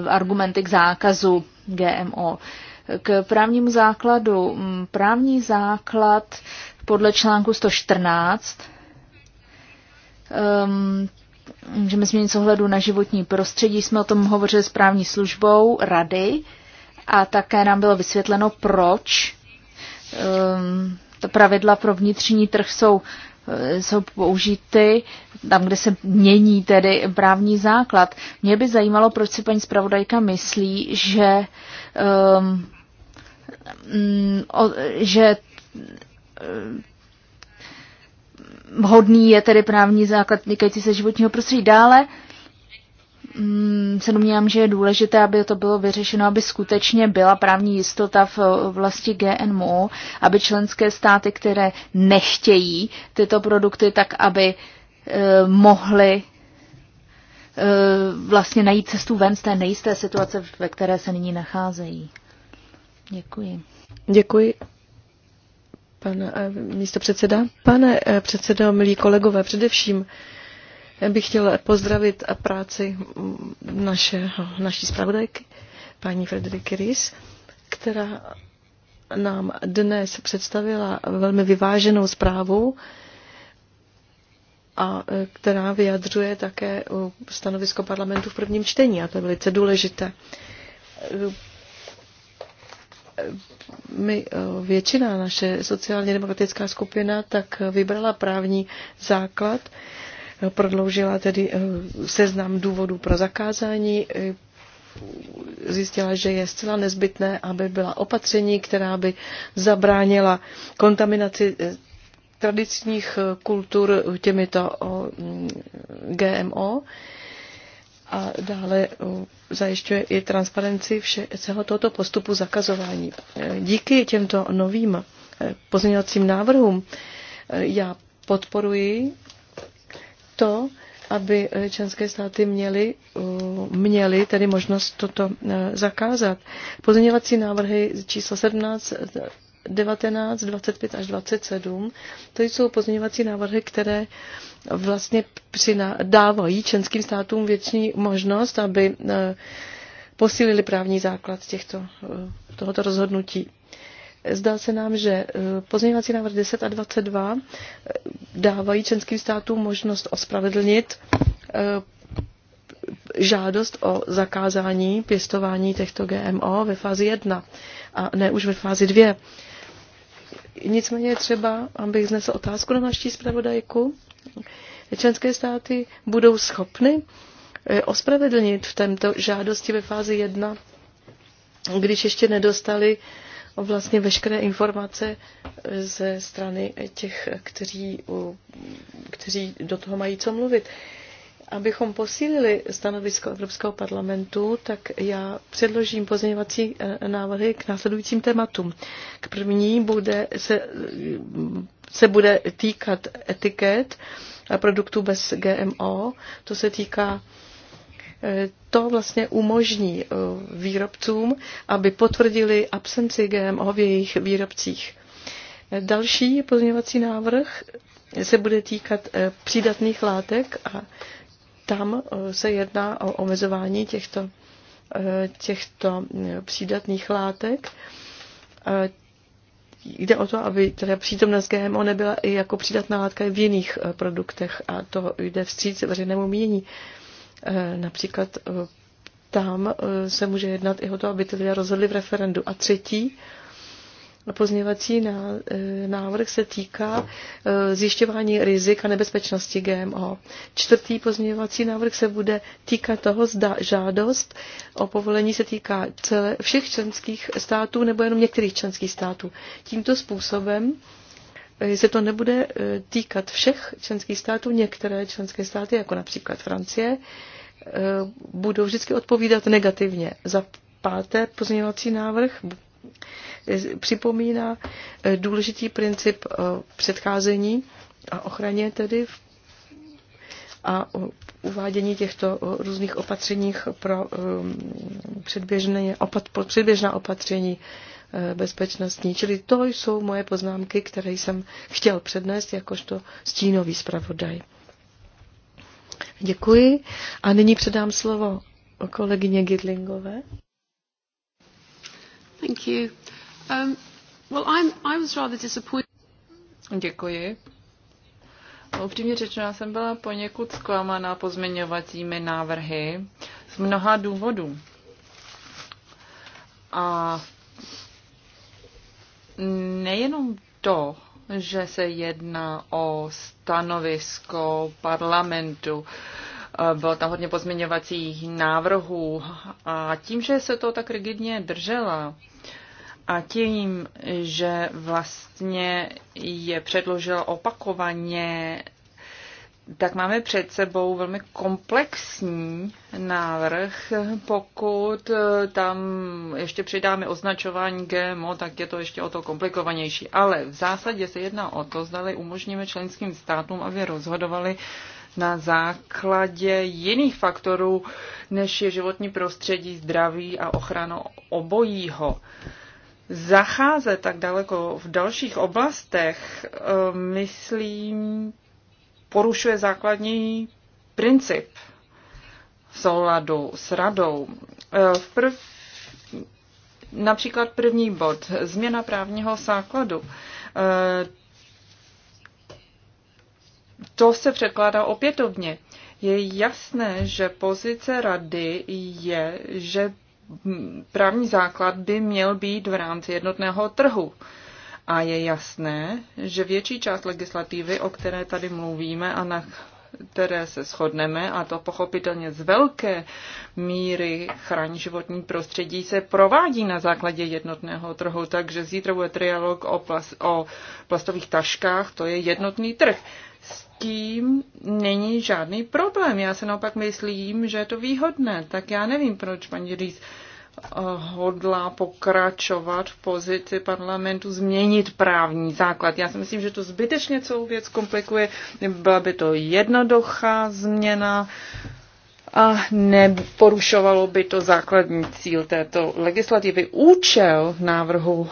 argumenty k zákazu GMO. K právnímu základu. Hm, právní základ podle článku 114 um, můžeme změnit z ohledu na životní prostředí. Jsme o tom hovořili s právní službou rady a také nám bylo vysvětleno, proč Ehm, ta pravidla pro vnitřní trh jsou eh, jsou použity tam, kde se mění tedy právní základ. Mě by zajímalo, proč si paní zpravodajka myslí, že, um, o, že eh, vhodný je tedy právní základ týkající se životního prostředí. Dále Mm, se domnívám, že je důležité, aby to bylo vyřešeno, aby skutečně byla právní jistota v vlasti GMO, aby členské státy, které nechtějí tyto produkty, tak aby e, mohly e, vlastně najít cestu ven z té nejisté situace, ve které se nyní nacházejí. Děkuji. Děkuji. Pane e, místo předseda. Pane předsedo, milí kolegové, především já bych chtěla pozdravit a práci našeho, naší zpravodajky, paní Frederiky Ries, která nám dnes představila velmi vyváženou zprávu, a e, která vyjadřuje také e, stanovisko parlamentu v prvním čtení a to je velice důležité. E, my, většina naše sociálně demokratická skupina tak vybrala právní základ, prodloužila tedy eh, seznam důvodů pro zakázání eh, zjistila, že je zcela nezbytné, aby byla opatření, která by zabránila kontaminaci eh, tradičních kultur těmito GMO mm, a dále zajišťuje i transparenci vše, celého tohoto postupu zakazování. Díky těmto novým pozměňovacím návrhům já podporuji to, aby eh, členské státy měly, eh, měly tedy možnost toto eh, zakázat. Pozměňovací návrhy číslo 17, 19, 25 až 27, to jsou pozměňovací návrhy, které vlastně přina, dávají členským státům větší možnost, aby posílili právní základ těchto, tohoto rozhodnutí. Zdá se nám, že e, pozměňovací návrh 10 a 22 e, dávají členským státům možnost ospravedlnit e, žádost o zakázání pěstování těchto GMO ve fázi 1 a ne už ve fázi 2. Nicméně je třeba, abych znesl otázku na naší zpravodajku, členské státy budou schopny ospravedlnit v této žádosti ve fázi 1, když ještě nedostali vlastně veškeré informace ze strany těch, kteří, kteří do toho mají co mluvit. Abychom posílili stanovisko Evropského parlamentu, tak já předložím pozměňovací eh, návrhy k následujícím tématům. K první bude, se, se bude týkat etiket produktů bez GMO. To se týká E, to vlastně umožní e, výrobcům, aby potvrdili absenci GMO v jejich výrobcích. E, další pozměňovací návrh se bude týkat přídatných látek a tam se jedná o omezování těchto, těchto přídatných látek. Jde o to, aby teda přítomnost GMO nebyla i jako přídatná látka v jiných produktech a to jde vstříc veřejnému mínění. Eh, například eh, tam eh, se může jednat i o to, aby ty lidé rozhodli v referendu. A třetí pozměvací návrh se týká zjišťování rizik a nebezpečnosti GMO. Čtvrtý pozměvací návrh se bude týkat toho, zda žádost o povolení se týká celé, všech členských států nebo jenom některých členských států. Tímto způsobem Eh, se to nebude eh, týkat všech členských států, některé členské státy, jako například Francie, eh, budou vždycky odpovídat negativně. Za páté pozměňovací návrh připomíná důležitý princip předcházení a ochraně tedy a uvádění těchto různých opatřeních pro předběžné, opat, předběžná opatření Eh, bezpečnostní. Čili to jsou moje poznámky, které jsem chtěl přednést jakožto stínový zpravodaj. Děkuji a nyní předám slovo kolegyně Gidlingové. Thank you. Um, well, I'm, I was rather disappointed. Děkuji. Upřímně řečeno, jsem byla poněkud zklamaná pozměňovacími návrhy z mnoha důvodů. A v nejenom to, že se jedná o stanovisko parlamentu, eh, bylo tam hodně pozměňovacích návrhů a tím, že se to tak rigidně držela a tím, že vlastně je předložila opakovaně tak máme před sebou velmi komplexní návrh. Pokud eh, tam ještě přidáme označování GMO, tak je to ještě o to komplikovanější. Ale v zásadě se jedná o to, zdali umožníme členským státům, aby rozhodovali na základě jiných faktorů, než je životní prostředí, zdraví a ochrana obojího zacházet tak daleko v dalších oblastech, eh, myslím, porušuje základní princip souladu s radou. E, v prv, například první bod, změna právního základu. E, to se překládá opětovně. Je jasné, že pozice rady je, že právní základ by měl být v rámci jednotného trhu. Uh, a je jasné, že větší část legislativy, o které tady mluvíme a na které se shodneme, a to pochopitelně z velké míry chrání životní prostředí, se provádí na základě jednotného trhu. Takže zítra bude trialog o, plas, o plastových taškách, to je jednotný trh. S tím není žádný problém. Já se naopak myslím, že je to výhodné. Tak já nevím, proč paní Rýs hodlá pokračovat v pozici parlamentu, změnit právní základ. Já si myslím, že to zbytečně celou věc komplikuje. Byla by to jednoduchá změna a neporušovalo by to základní cíl této legislativy. Účel návrhu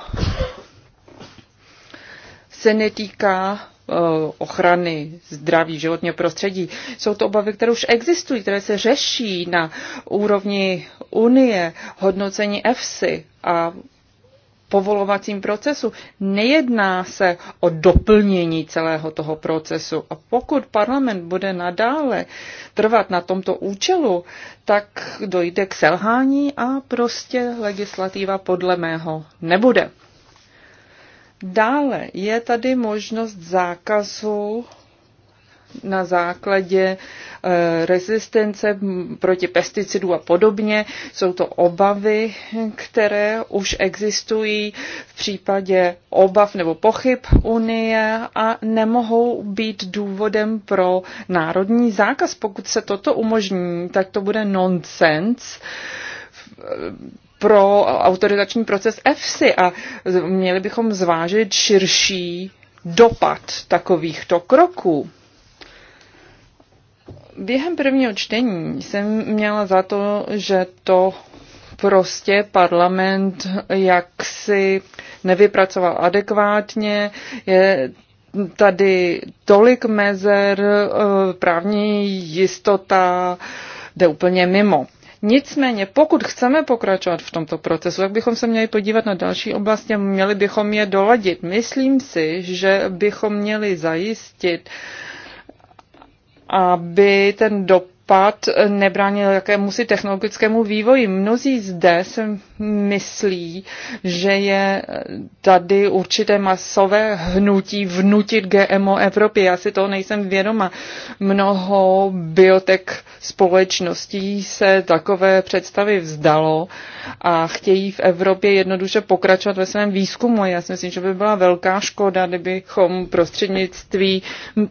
se netýká Eh, ochrany zdraví, životního prostředí. Jsou to obavy, které už existují, které se řeší na úrovni Unie, hodnocení EFSI a povolovacím procesu. Nejedná se o doplnění celého toho procesu. A pokud parlament bude nadále trvat na tomto účelu, tak dojde k selhání a prostě legislativa podle mého nebude. Dále je tady možnost zákazu na základě e, rezistence proti pesticidů a podobně. Jsou to obavy, které už existují v případě obav nebo pochyb Unie a nemohou být důvodem pro národní zákaz. Pokud se toto umožní, tak to bude nonsens e, pro autorizační proces EFSI a měli bychom zvážit širší dopad takovýchto kroků. Během prvního čtení jsem měla za to, že to prostě parlament jaksi nevypracoval adekvátně, je tady tolik mezer, eh, právní jistota jde úplně mimo. Nicméně, pokud chceme pokračovat v tomto procesu, tak bychom se měli podívat na další oblasti a měli bychom je doladit. Myslím si, že bychom měli zajistit, aby ten dopad pád nebránil si technologickému vývoji. Mnozí zde se myslí, že je tady určité masové hnutí vnutit GMO Evropě. Já si toho nejsem vědoma. Mnoho biotek společností se takové představy vzdalo a chtějí v Evropě jednoduše pokračovat ve svém výzkumu. Já si myslím, že by byla velká škoda, kdybychom prostřednictví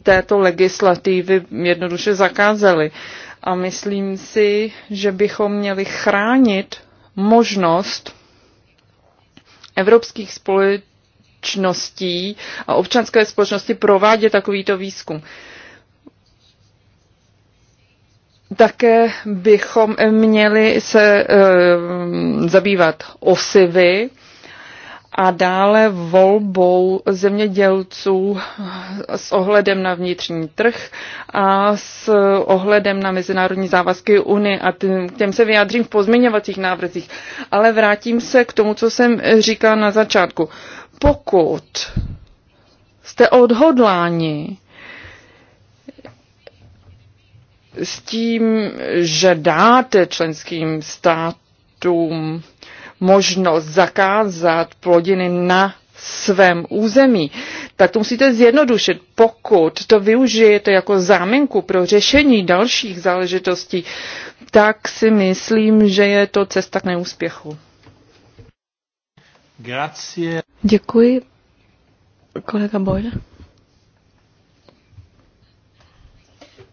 této legislativy jednoduše zakázali. A myslím si, že bychom měli chránit možnost evropských společností a občanské společnosti provádět takovýto výzkum. Také bychom měli se e, zabývat osivy, a dále volbou zemědělců s ohledem na vnitřní trh a s ohledem na mezinárodní závazky Unie a tím, k těm se vyjádřím v pozměňovacích návrzích. Ale vrátím se k tomu, co jsem říkala na začátku. Pokud jste odhodláni s tím, že dáte členským státům možnost zakázat plodiny na svém území, tak to musíte zjednodušit. Pokud to využijete jako záminku pro řešení dalších záležitostí, tak si myslím, že je to cesta k neúspěchu. Grazie. Děkuji. Kolega Boyle.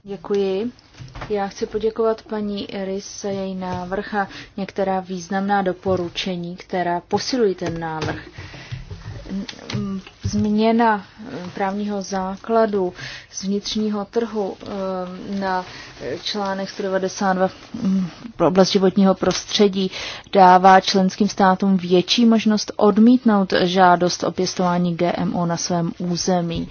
Děkuji. Já chci poděkovat paní Iris za její návrh a některá významná doporučení, která posilují ten návrh. Změna právního základu z vnitřního trhu eh, na článek 192 mm, pro oblast životního prostředí dává členským státům větší možnost odmítnout žádost o pěstování GMO na svém území.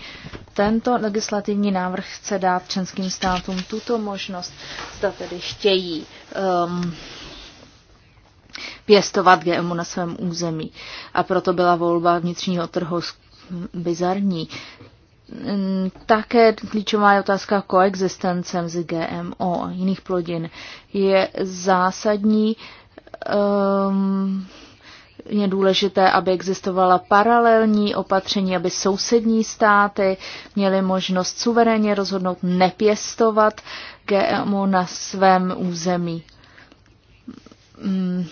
Tento legislativní návrh chce dát členským státům tuto možnost, zda tedy chtějí um, pěstovat GMO na svém území. A proto byla volba vnitřního trhu bizarní. Mm, také klíčová je otázka koexistence mezi GMO a jiných plodin. Je zásadní um, je důležité, aby existovala paralelní opatření, aby sousední státy měly možnost suverénně rozhodnout nepěstovat GMO na svém území. Mm.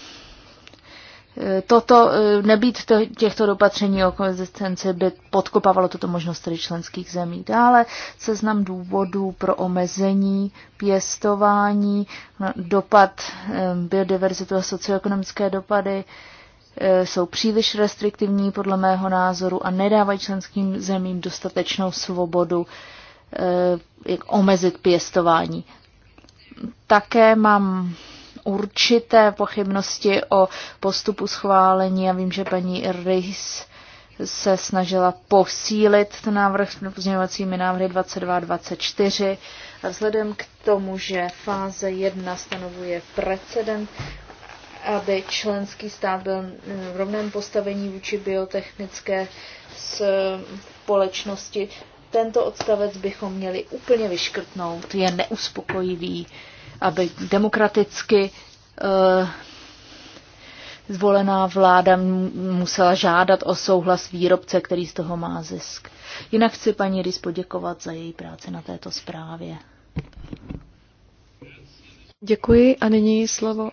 Toto, eh, nebýt to, těchto dopatření, o konzistenci by podkopávalo tuto možnost tedy členských zemí. Dále seznam důvodů pro omezení pěstování, no, dopad eh, biodiverzitu a socioekonomické dopady, Eh, jsou příliš restriktivní podle mého názoru a nedávají členským zemím dostatečnou svobodu eh, jak omezit pěstování. Také mám určité pochybnosti o postupu schválení a vím, že paní Rys se snažila posílit ten návrh s pozměňovacími návrhy 22 a 24. A vzhledem k tomu, že fáze 1 stanovuje precedent, aby členský stát byl mm, v rovném postavení vůči biotechnické společnosti. Tento odstavec bychom měli úplně vyškrtnout. Je neuspokojivý, aby demokraticky e, zvolená vláda musela žádat o souhlas výrobce, který z toho má zisk. Jinak chci paní Rys poděkovat za její práci na této zprávě. Děkuji a nyní slovo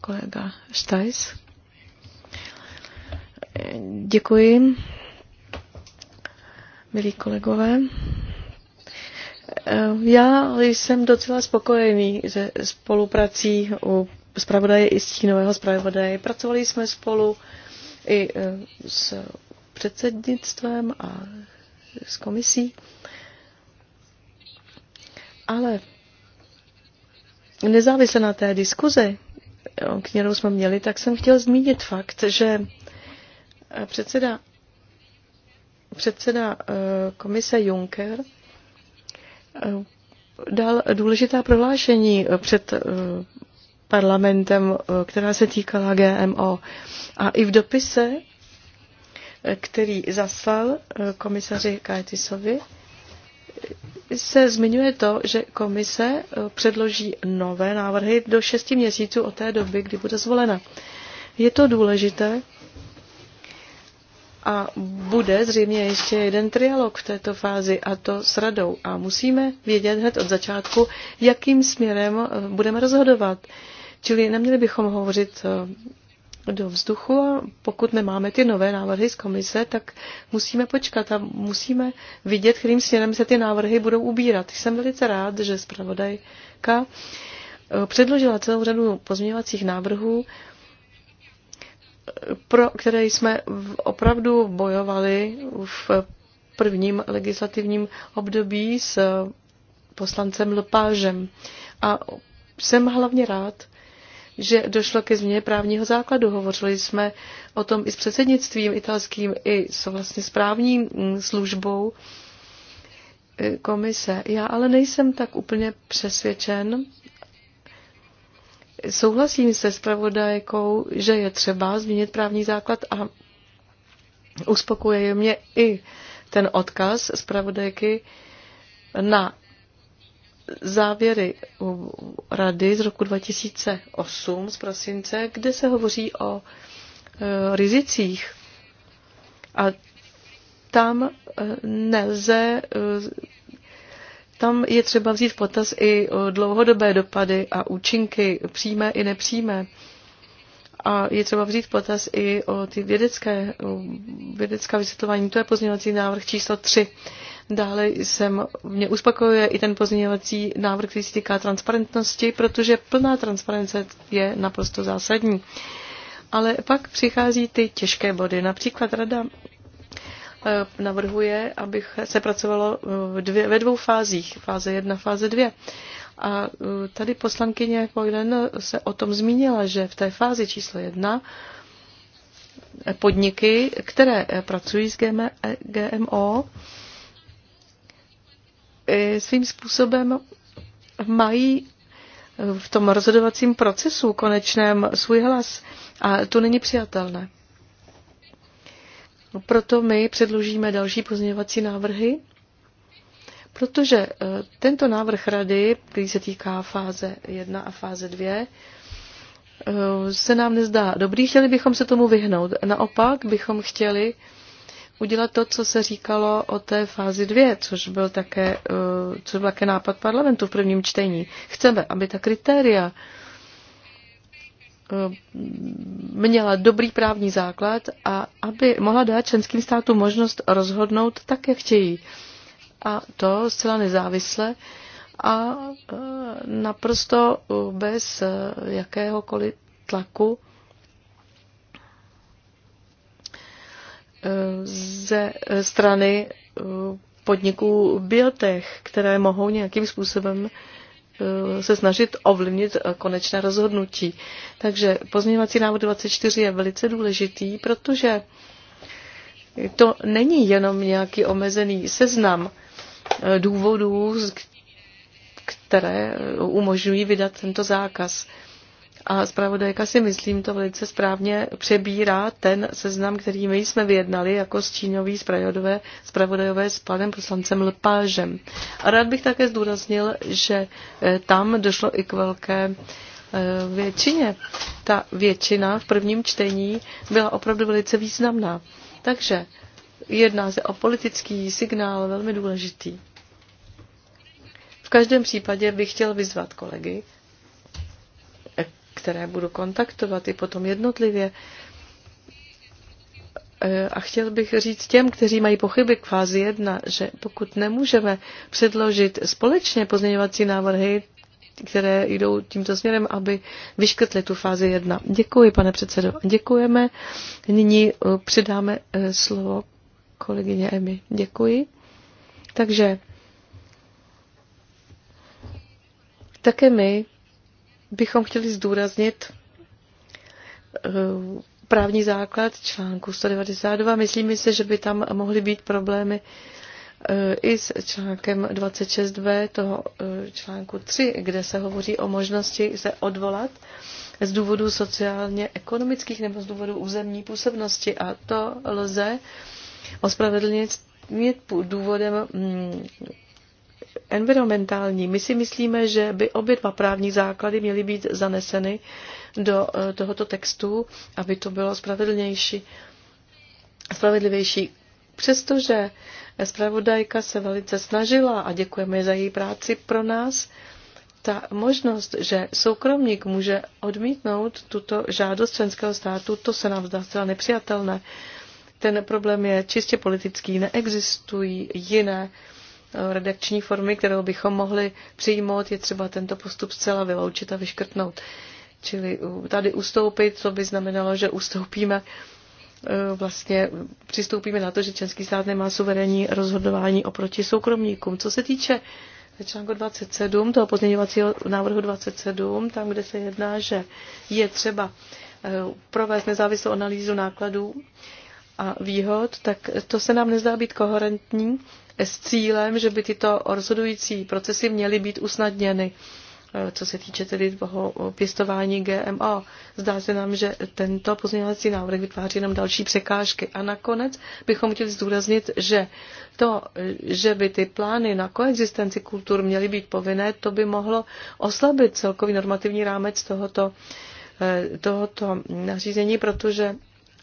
kolega Stajs, Děkuji, milí kolegové. Já jsem docela spokojený se spoluprací u zpravodaje i stínového zpravodaje. Pracovali jsme spolu i e, s předsednictvem a s komisí. Ale nezávisle na té diskuzi, kterou jsme měli, tak jsem chtěl zmínit fakt, že předseda, předseda eh, komise Juncker eh, dal důležitá prohlášení eh, před parlamentem, která se týkala GMO. A i v dopise, který zaslal komisaři Kajtisovi, se zmiňuje to, že komise eh, předloží nové návrhy do šesti měsíců od té doby, kdy bude zvolena. Je to důležité a bude zřejmě ještě jeden trialog v této fázi a to s radou. A musíme vědět hned od začátku, jakým směrem eh, budeme rozhodovat. Čili neměli bychom hovořit eh, do vzduchu a pokud nemáme ty nové návrhy z komise, tak musíme počkat a musíme vidět, kterým směrem se ty návrhy budou ubírat. Jsem velice rád, že zpravodajka eh, předložila celou řadu pozměňovacích návrhů, eh, pro které jsme opravdu bojovali v prvním legislativním období s poslancem Lpážem. A jsem hlavně rád, že došlo ke změně právního základu. Hovořili jsme o tom i s předsednictvím italským, i s vlastně správní mm, službou e, komise. Já ale nejsem tak úplně přesvědčen. Souhlasím se spravodajkou, že je třeba změnit právní základ a uspokojuje mě i ten odkaz zpravodajky na závěry rady z roku 2008 z prosince, kde se hovoří o e, rizicích. A tam e, nelze, e, tam je třeba vzít v potaz i dlouhodobé dopady a účinky přímé i nepřímé. A je třeba vzít potaz i o ty vědecké, vědecká vysvětlování. To je pozměňovací návrh číslo 3. Dále jsem, mě uspokojuje i ten pozměňovací návrh, který se týká transparentnosti, protože plná transparence je naprosto zásadní. Ale pak přichází ty těžké body. Například rada eh, navrhuje, abych se pracovalo eh, dvě, ve dvou fázích. Fáze jedna, fáze dvě. A eh, tady poslankyně Bojlen se o tom zmínila, že v té fázi číslo jedna podniky, které pracují s GMO, E, svým způsobem mají v tom rozhodovacím procesu konečném svůj hlas a to není přijatelné. Proto my předložíme další pozměňovací návrhy, protože e, tento návrh rady, který se týká fáze 1 a fáze 2, e, se nám nezdá dobrý, chtěli bychom se tomu vyhnout. Naopak bychom chtěli udělat to, co se říkalo o té fázi 2, což byl také, eh, což byl také nápad parlamentu v prvním čtení. Chceme, aby ta kritéria eh, měla dobrý právní základ a aby mohla dát členským státům možnost rozhodnout tak, jak chtějí. A to zcela nezávisle a eh, naprosto bez jakéhokoliv tlaku ze strany eh, podniků biotech, které mohou nějakým způsobem eh, se snažit ovlivnit eh, konečné rozhodnutí. Takže pozměňovací návod 24 je velice důležitý, protože to není jenom nějaký omezený seznam důvodů, které umožňují vydat tento zákaz a zpravodajka si myslím to velice správně přebírá ten seznam, který my jsme vyjednali jako stíňový zpravodajové, zpravodajové s panem poslancem Lpážem. A rád bych také zdůraznil, že eh, tam došlo i k velké eh, většině. Ta většina v prvním čtení byla opravdu velice významná. Takže jedná se o politický signál velmi důležitý. V každém případě bych chtěl vyzvat kolegy, které budu kontaktovat i potom jednotlivě. E, a chtěl bych říct těm, kteří mají pochyby k fázi 1, že pokud nemůžeme předložit společně pozměňovací návrhy, které jdou tímto směrem, aby vyškrtli tu fázi 1. Děkuji, pane předsedo. Děkujeme. Nyní e, přidáme e, slovo kolegyně Emi. Děkuji. Takže také my bychom chtěli zdůraznit eh, právní základ článku 192. Myslíme si, že by tam mohly být problémy eh, i s článkem 26b toho eh, článku 3, kde se hovoří o možnosti se odvolat z důvodu sociálně-ekonomických nebo z důvodu územní působnosti. A to lze ospravedlnit důvodem mm, environmentální. My si myslíme, že by obě dva právní základy měly být zaneseny do eh, tohoto textu, aby to bylo spravedlnější, spravedlivější. Přestože zpravodajka se velice snažila a děkujeme za její práci pro nás, ta možnost, že soukromník může odmítnout tuto žádost členského státu, to se nám zdá zcela nepřijatelné. Ten problém je čistě politický, neexistují jiné uh, redakční formy, kterou bychom mohli přijmout, je třeba tento postup zcela vyloučit a vyškrtnout. Čili tady ustoupit, co by znamenalo, že ustoupíme e, vlastně přistoupíme na to, že Český stát nemá suverénní rozhodování oproti soukromníkům. Co se týče článku 27, toho pozměňovacího návrhu 27, tam, kde se jedná, že je třeba e, provést nezávislou analýzu nákladů a výhod, tak to se nám nezdá být koherentní s cílem, že by tyto rozhodující procesy měly být usnadněny eh, co se týče tedy toho pěstování GMO. Zdá se nám, že tento pozměňovací návrh vytváří nám další překážky. A nakonec bychom chtěli zdůraznit, že to, že by ty plány na koexistenci kultur měly být povinné, to by mohlo oslabit celkový normativní rámec tohoto, eh, tohoto nařízení, protože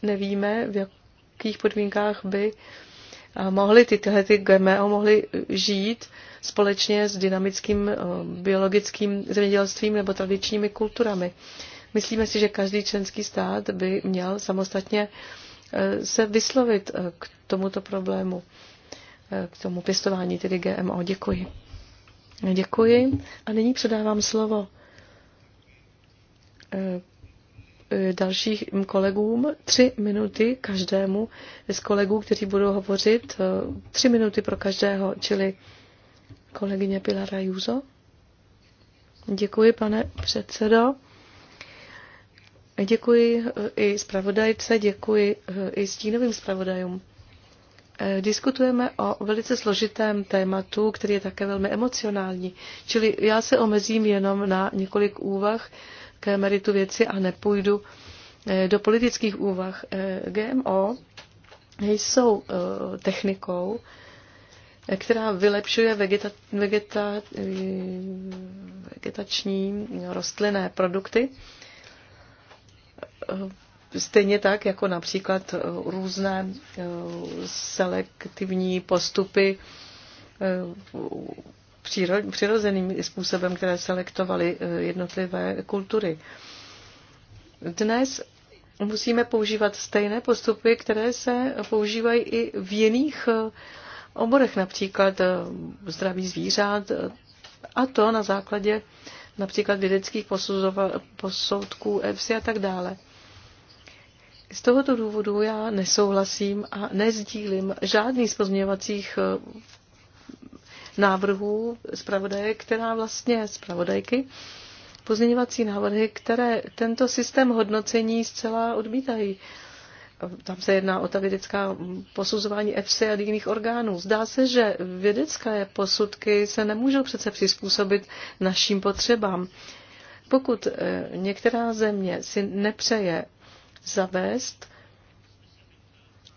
nevíme, v jak jakých podmínkách by eh, mohly ty, tyhle ty GMO mohly žít společně s dynamickým eh, biologickým zemědělstvím nebo tradičními kulturami. Myslíme si, že každý členský stát by měl samostatně eh, se vyslovit k tomuto problému, k tomu pěstování tedy GMO. Děkuji. Děkuji a nyní předávám slovo E, dalších kolegům tři minuty každému z kolegů, kteří budou hovořit, e, tři minuty pro každého, čili kolegyně Pilara Juzo. Děkuji, pane předsedo. Děkuji e, i zpravodajce, děkuji i stínovým zpravodajům. Diskutujeme o velice složitém tématu, který je také velmi emocionální. Čili já se omezím jenom na několik úvah k meritu věci a nepůjdu eh, do politických úvah. Eh, GMO jsou eh, technikou, která vylepšuje vegeta, vegeta, vegetační rostlinné produkty. Stejně tak, jako například různé selektivní postupy přirozeným způsobem, které selektovaly eh, jednotlivé kultury. Dnes musíme používat stejné postupy, které se používají i v jiných eh, oborech, například eh, zdraví zvířat, a to na základě například vědeckých posoudků EFSI a tak dále. Z tohoto důvodu já nesouhlasím a nezdílím žádný z pozměňovacích návrhů zpravodaje, která vlastně zpravodajky, pozměňovací návrhy, které tento systém hodnocení zcela odmítají. Tam se jedná o ta vědecká posuzování FC a jiných orgánů. Zdá se, že vědecké posudky se nemůžou přece přizpůsobit našim potřebám. Pokud eh, některá země si nepřeje zavést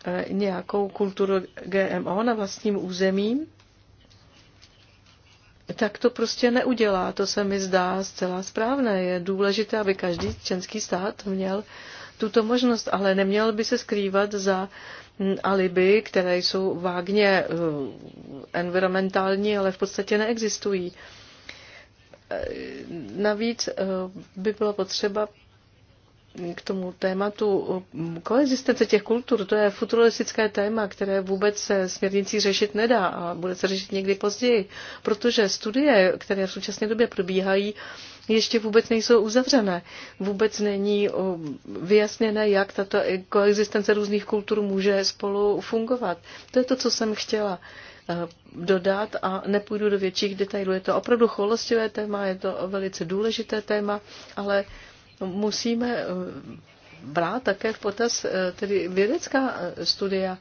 eh, nějakou kulturu GMO na vlastním území, tak to prostě neudělá. To se mi zdá zcela správné. Je důležité, aby každý členský stát měl tuto možnost, ale neměl by se skrývat za mm, aliby, které jsou vágně eh, environmentální, ale v podstatě neexistují. Eh, navíc eh, by bylo potřeba k tomu tématu koexistence těch kultur, to je futuristické téma, které vůbec se směrnicí řešit nedá a bude se řešit někdy později, protože studie, které v současné době probíhají, ještě vůbec nejsou uzavřené. Vůbec není vyjasněné, jak tato koexistence různých kultur může spolu fungovat. To je to, co jsem chtěla e, dodat a nepůjdu do větších detailů. Je to opravdu cholostivé téma, je to velice důležité téma, ale musíme eh, brát také v potaz eh, tedy vědecká eh, studia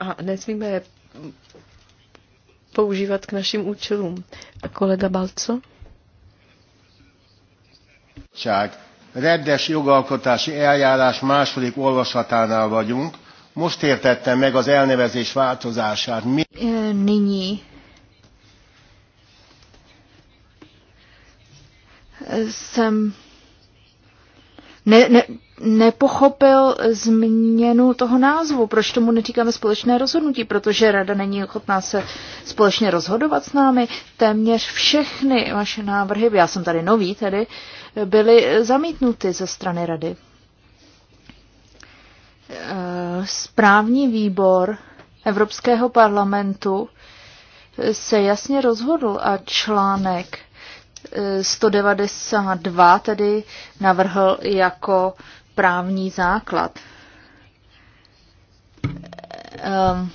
a nesmíme je používat k našim účelům. A kolega Balco? Reddes jogalkotási eljárás második olvasatánál vagyunk. Most értettem meg az elnevezés változását. Mi... Nyní jsem ne, ne, nepochopil změnu toho názvu. Proč tomu neříkáme společné rozhodnutí? Protože rada není ochotná se společně rozhodovat s námi. Téměř všechny vaše návrhy, já jsem tady nový tedy, byly zamítnuty ze strany rady. Eh, správní výbor Evropského parlamentu se jasně rozhodl a článek 192 tedy navrhl jako právní základ. Um,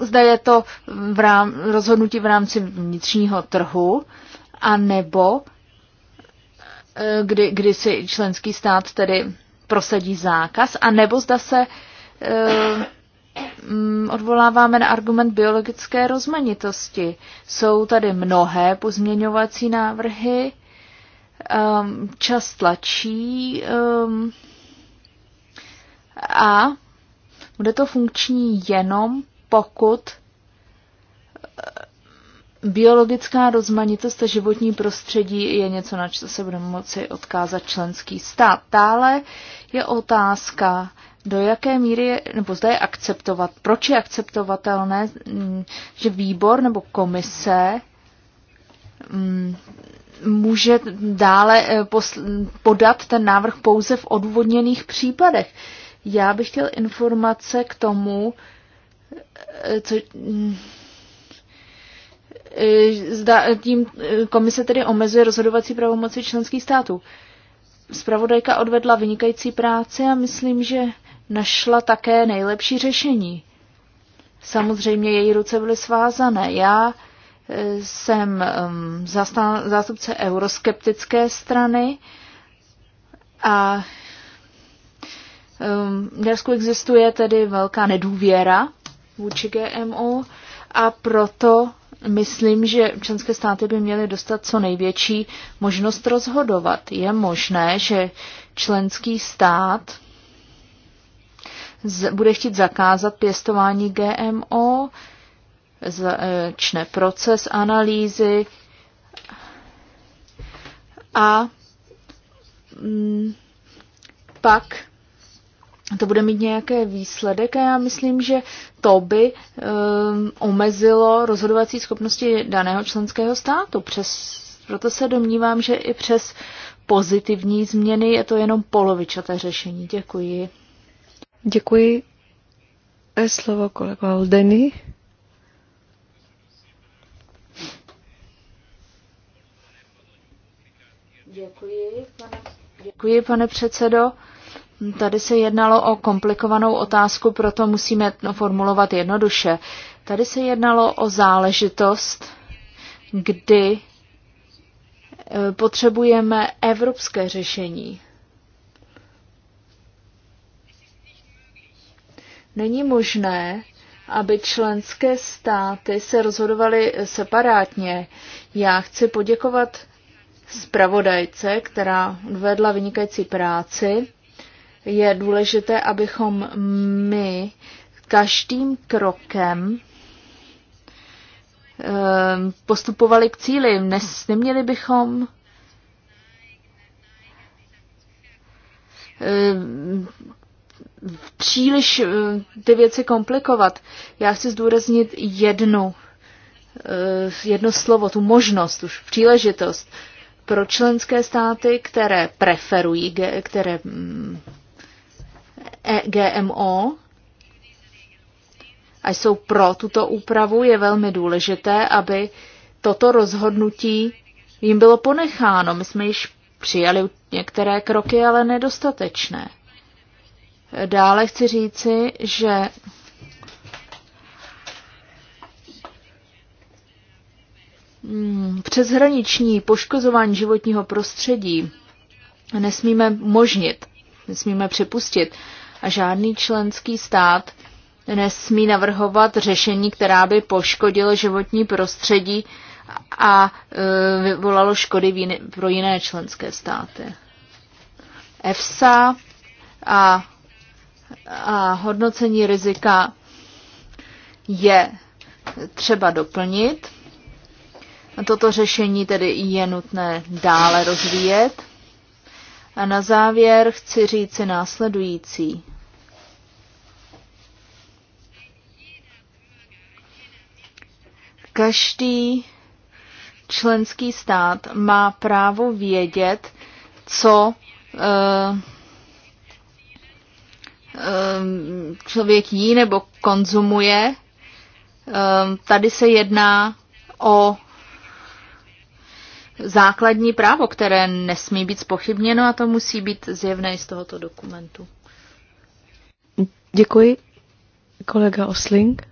Zda je to v rám, rozhodnutí v rámci vnitřního trhu, a nebo eh, kdy, kdy si členský stát tedy prosadí zákaz, a nebo zda se eh, Mm, odvoláváme na argument biologické rozmanitosti. Jsou tady mnohé pozměňovací návrhy, um, čas tlačí um, a bude to funkční jenom pokud uh, biologická rozmanitost a životní prostředí je něco, na co se bude moci odkázat členský stát. Dále je otázka do jaké míry je, nebo zda je akceptovat, proč je akceptovatelné, mm, že výbor nebo komise mm, může dále eh, podat ten návrh pouze v odvodněných případech. Já bych chtěl informace k tomu, eh, co, mm, eh, zda, tím komise tedy omezuje rozhodovací pravomoci členských států. Spravodajka odvedla vynikající práci a myslím, že našla také nejlepší řešení. Samozřejmě její ruce byly svázané. Já e, jsem zástupce euroskeptické strany a v Dersku existuje tedy velká nedůvěra vůči GMO a proto myslím, že členské státy by měly dostat co největší možnost rozhodovat. Je možné, že členský stát z, bude chtít zakázat pěstování GMO, začne e, proces analýzy a mm, pak to bude mít nějaké výsledek a já myslím, že to by um, omezilo rozhodovací schopnosti daného členského státu. Přes, proto se domnívám, že i přes pozitivní změny je to jenom polovičaté řešení. Děkuji. Děkuji. Slovo kolega Aldeny. Děkuji, pane, děkuji, pane předsedo. Tady se jednalo o komplikovanou otázku, proto musíme formulovat jednoduše. Tady se jednalo o záležitost, kdy eh, potřebujeme evropské řešení. Není možné, aby členské státy se rozhodovaly separátně. Já chci poděkovat zpravodajce, která vedla vynikající práci. Je důležité, abychom my každým krokem ehm, postupovali k cíli. neměli bychom ehm, příliš eh, ty věci komplikovat. Já chci zdůraznit jednu, eh, jedno slovo, tu možnost, už příležitost pro členské státy, které preferují, které mm, e, GMO a jsou pro tuto úpravu, je velmi důležité, aby toto rozhodnutí jim bylo ponecháno. My jsme již přijali některé kroky, ale nedostatečné. Dále chci říci, že mm, přeshraniční poškozování životního prostředí nesmíme možnit, nesmíme připustit a žádný členský stát nesmí navrhovat řešení, která by poškodilo životní prostředí a e, vyvolalo škody pro jiné členské státy. EFSA a a hodnocení rizika je třeba doplnit. Toto řešení tedy je nutné dále rozvíjet. A na závěr chci říci následující. Každý členský stát má právo vědět, co eh, Ehm, člověk jí nebo konzumuje. Ehm, tady se jedná o základní právo, které nesmí být spochybněno a to musí být zjevné z tohoto dokumentu. Děkuji. Kolega Osling.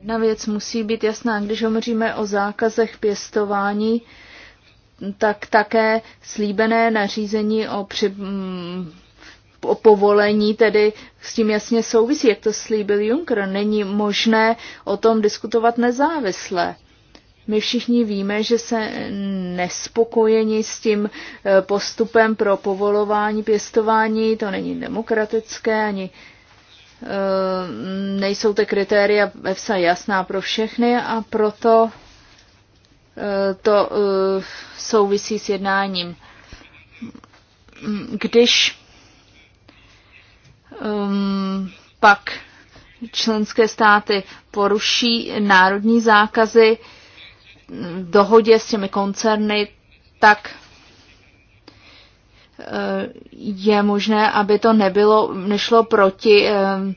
Jedna věc musí být jasná, když hovoříme o zákazech pěstování, tak také slíbené nařízení o, při, mm, o povolení tedy s tím jasně souvisí, jak to slíbil Juncker. Není možné o tom diskutovat nezávisle. My všichni víme, že se nespokojeni s tím eh, postupem pro povolování pěstování, to není demokratické, ani eh, nejsou ty kritéria EFSA jasná pro všechny a proto Eh, to eh, souvisí s jednáním. Když um, pak členské státy poruší národní zákazy v dohodě s těmi koncerny, tak eh, je možné, aby to nebylo, nešlo proti ehm,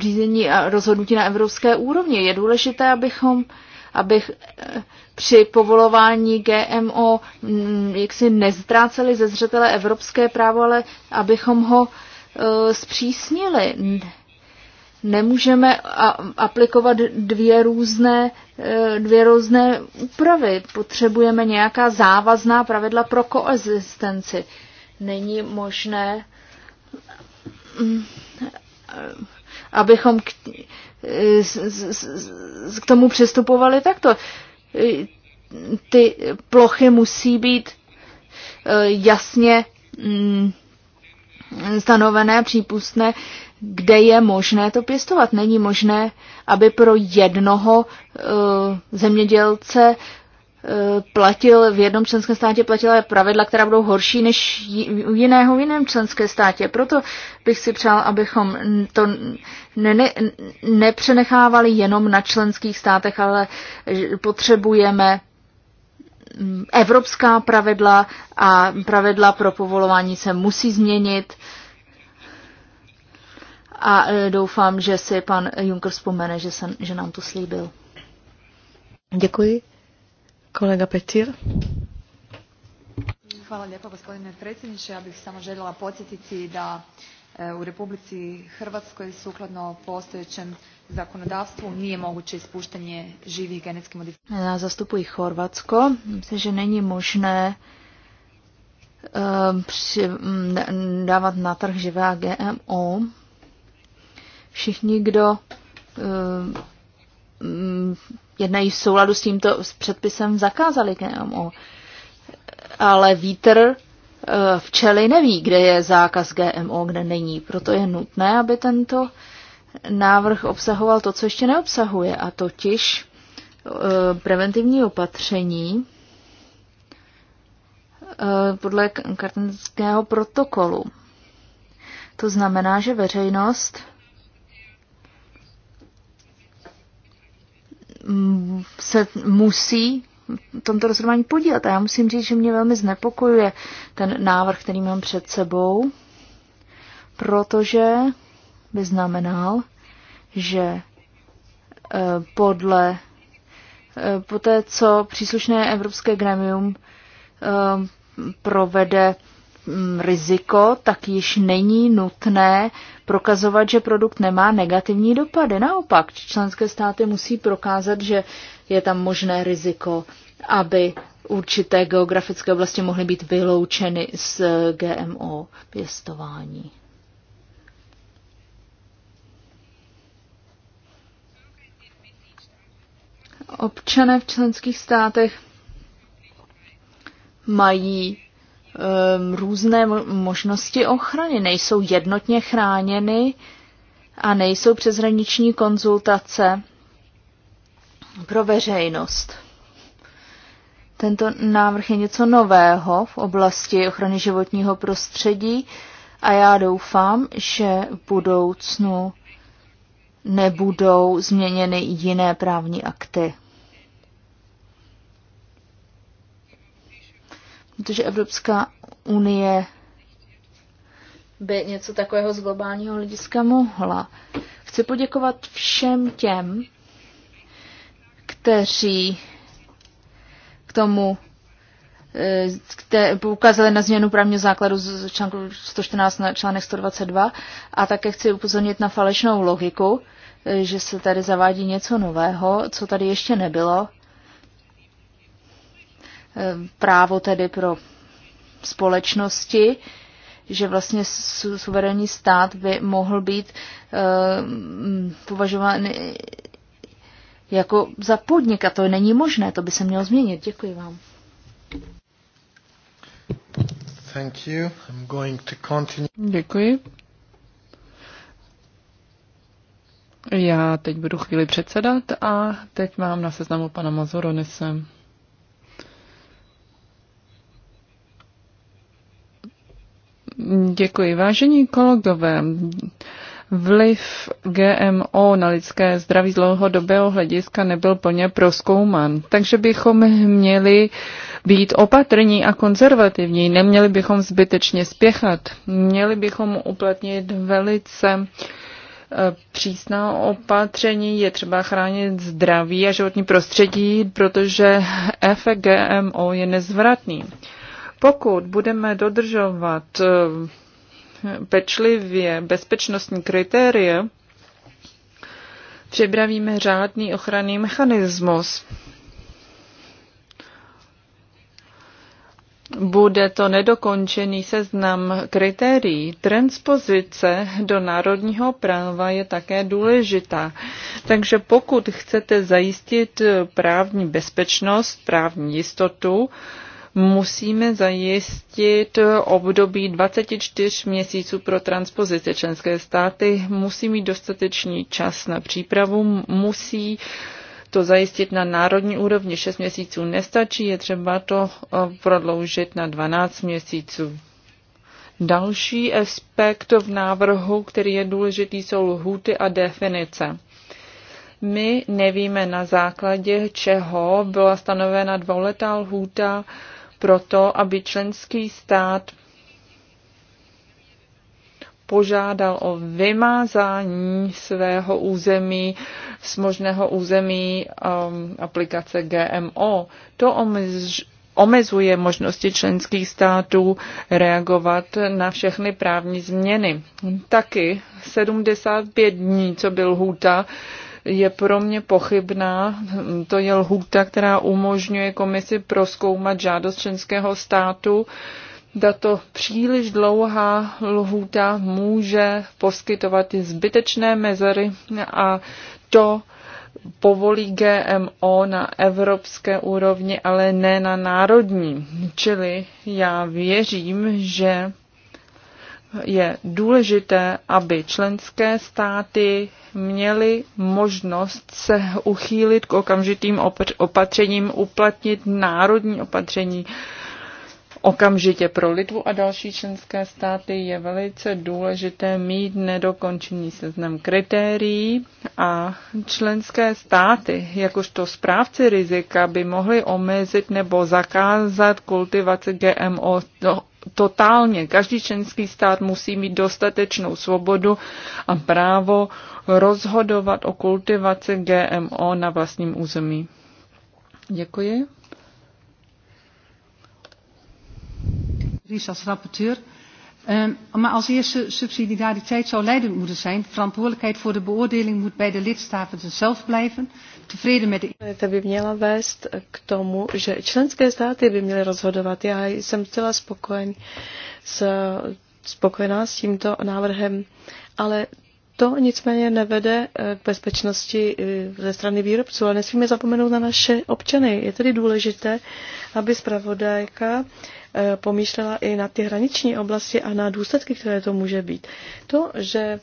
řízení a rozhodnutí na evropské úrovni. Je důležité, abychom abych eh, při povolování GMO mm, jaksi nezdráceli ze zřetele evropské právo, ale abychom ho eh, zpřísnili. Nemůžeme aplikovat dvě různé, eh, dvě různé úpravy. Potřebujeme nějaká závazná pravidla pro koexistenci. Není možné, mm, abychom Eh, k tomu přistupovali takto. Eh, ty plochy musí být eh, jasně mm, stanovené, přípustné, kde je možné to pěstovat. Není možné, aby pro jednoho zemědělce Eh, platil, v jednom členském státě platila pravidla, která budou horší než u jiného v jiném členském státě. Proto bych si přál, abychom to ne, ne, nepřenechávali jenom na členských státech, ale eh, potřebujeme mm, evropská pravidla a pravidla pro povolování se musí změnit. A eh, doufám, že si pan Juncker vzpomene, že, jsem, že nám to slíbil. Děkuji. Kolega Petir. Hvala lijepo gospodine predsjedniče. Ja bih samo željela podsjetiti da e, u republici hrvatskoj sukladno postojećem zakonodavstvu nije moguće ispuštanje živih genetski modifikovanih Já zastupuji Chorvatsko. Myslím, že není možné e, dávat na trh živé GMO. Všichni, kdo e, jednají v souladu s tímto s předpisem zakázali GMO. Ale vítr eh, včely neví, kde je zákaz GMO, kde není. Proto je nutné, aby tento návrh obsahoval to, co ještě neobsahuje, a totiž eh, preventivní opatření eh, podle kartenského protokolu. To znamená, že veřejnost Mm, se musí v tomto rozhodování podílet. A já musím říct, že mě velmi znepokojuje ten návrh, který mám před sebou, protože by znamenal, že e, podle e, po té, co příslušné Evropské gremium e, provede Mm, riziko, tak již není nutné prokazovat, že produkt nemá negativní dopady. Naopak, členské státy musí prokázat, že je tam možné riziko, aby určité geografické oblasti mohly být vyloučeny z eh, GMO pěstování. Občané v členských státech mají Um, různé možnosti ochrany, nejsou jednotně chráněny a nejsou přeshraniční konzultace pro veřejnost. Tento návrh je něco nového v oblasti ochrany životního prostředí a já doufám, že v budoucnu nebudou změněny jiné právní akty. protože Evropská unie by něco takového z globálního hlediska mohla. Chci poděkovat všem těm, kteří k tomu eh, které poukázali na změnu právního základu z článku 114 na článek 122 a také chci upozornit na falešnou logiku, eh, že se tady zavádí něco nového, co tady ještě nebylo právo tedy pro společnosti, že vlastně suverénní stát by mohl být eh, považován jako za podnik a to není možné, to by se mělo změnit. Děkuji vám. Thank you. I'm going to continue. Děkuji. Já teď budu chvíli předsedat a teď mám na seznamu pana Mazoronise. Děkuji. Vážení kolegové, vliv GMO na lidské zdraví z dlouhodobého hlediska nebyl plně proskoumán. Takže bychom měli být opatrní a konzervativní, neměli bychom zbytečně spěchat, měli bychom uplatnit velice eh, přísná opatření, je třeba chránit zdraví a životní prostředí, protože efekt GMO je nezvratný. Pokud budeme dodržovat eh, pečlivě bezpečnostní kritérie, připravíme řádný ochranný mechanismus. Bude to nedokončený seznam kritérií. Transpozice do národního práva je také důležitá. Takže pokud chcete zajistit právní bezpečnost, právní jistotu, musíme zajistit období 24 měsíců pro transpozici. Členské státy musí mít dostatečný čas na přípravu, musí to zajistit na národní úrovni. 6 měsíců nestačí, je třeba to eh, prodloužit na 12 měsíců. Další aspekt v návrhu, který je důležitý, jsou lhuty a definice. My nevíme na základě čeho byla stanovena dvouletá lhůta, proto, aby členský stát požádal o vymázání svého území z možného území um, aplikace GMO. To omezuje možnosti členských států reagovat na všechny právní změny. Taky 75 dní, co byl hůta, uh, je pro mě pochybná. To je lhůta, která umožňuje komisi proskoumat žádost členského státu. Tato příliš dlouhá lhůta může poskytovat zbytečné mezery a to povolí GMO na evropské úrovni, ale ne na národní. Čili já věřím, že je důležité, aby členské státy měly možnost se uchýlit k okamžitým opatřením, uplatnit národní opatření okamžitě pro Litvu a další členské státy je velice důležité mít nedokončený seznam kritérií a členské státy, jakožto správci rizika, by mohly omezit nebo zakázat kultivaci GMO totálně. Každý členský stát musí mít dostatečnou svobodu a právo rozhodovat o kultivaci GMO na vlastním území. Děkuji. Risa, Um, maar als eerste subsidiariteit zou leidend moeten zijn. De verantwoordelijkheid voor de beoordeling moet bij de lidstaten zelf blijven. Tevreden met de... To by měla vést k tomu, že členské státy by měly rozhodovat. Já jsem zcela spokojen s, spokojená s tímto návrhem, ale to nicméně nevede eh, k bezpečnosti eh, ze strany výrobců, ale nesmíme zapomenout na naše občany. Je tedy důležité, aby zpravodajka eh, pomýšlela i na ty hraniční oblasti a na důsledky, které to může být. To, že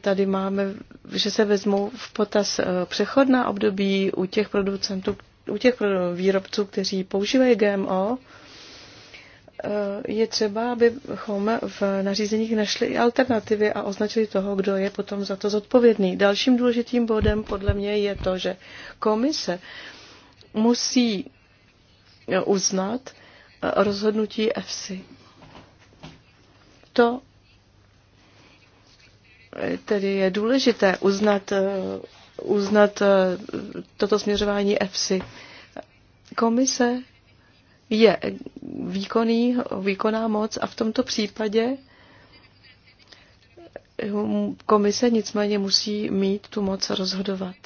tady máme, že se vezmou v potaz přechodná období u těch producentů, u těch výrobců, kteří používají GMO, Eh, je třeba, abychom v nařízeních našli alternativy a označili toho, kdo je potom za to zodpovědný. Dalším důležitým bodem podle mě je to, že komise musí eh, uznat eh, rozhodnutí EFSI. To tedy je důležité uznat, uznat toto směřování EFSI. Komise je výkonný, výkonná moc a v tomto případě komise nicméně musí mít tu moc rozhodovat.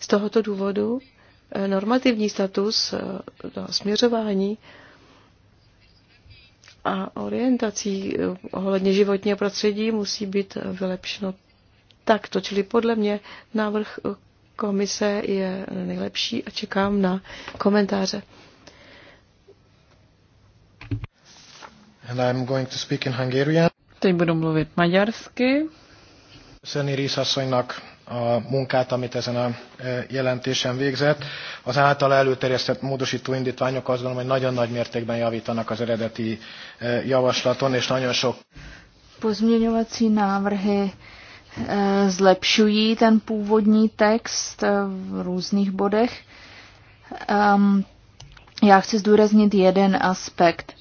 Z tohoto důvodu eh, normativní status eh, směřování a orientací eh, ohledně životního prostředí musí být vylepšeno takto. Čili podle mě návrh komise je nejlepší a čekám na komentáře. And I'm going to speak in Hungarian. Teď budu mluvit maďarsky. Köszönni Rízasszonynak a munkát, amit ezen a e, jelentésen végzett. Az által előterjesztett módosító indítványok azt gondolom, hogy nagyon nagy mértékben javítanak az eredeti e, javaslaton, és nagyon sok pozměňovací návrhy Eh, zlepšují ten původní text eh, v různých bodech. Ehm, já chci zdůraznit jeden aspekt.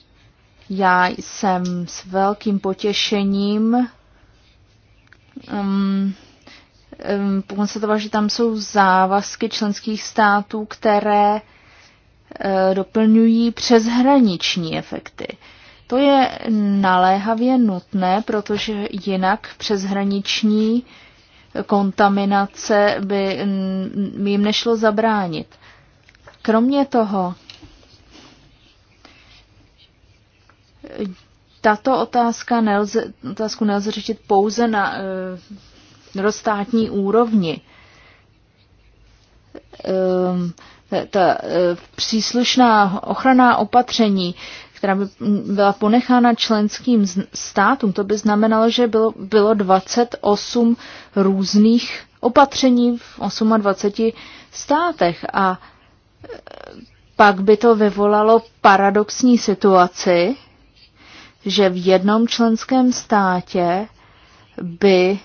Já jsem s velkým potěšením um, um, konstatoval, že tam jsou závazky členských států, které uh, doplňují přeshraniční efekty. Uh, to je naléhavě nutné, protože jinak přeshraniční kontaminace by jim nešlo zabránit. Kromě toho, tato otázka nelze, otázku nelze řešit pouze na e, rozstátní úrovni. E, ta e, příslušná ochranná opatření která by byla ponechána členským státům, to by znamenalo, že bylo, bylo 28 různých opatření v 28 státech a e, pak by to vyvolalo paradoxní situaci, že v jednom členském státě by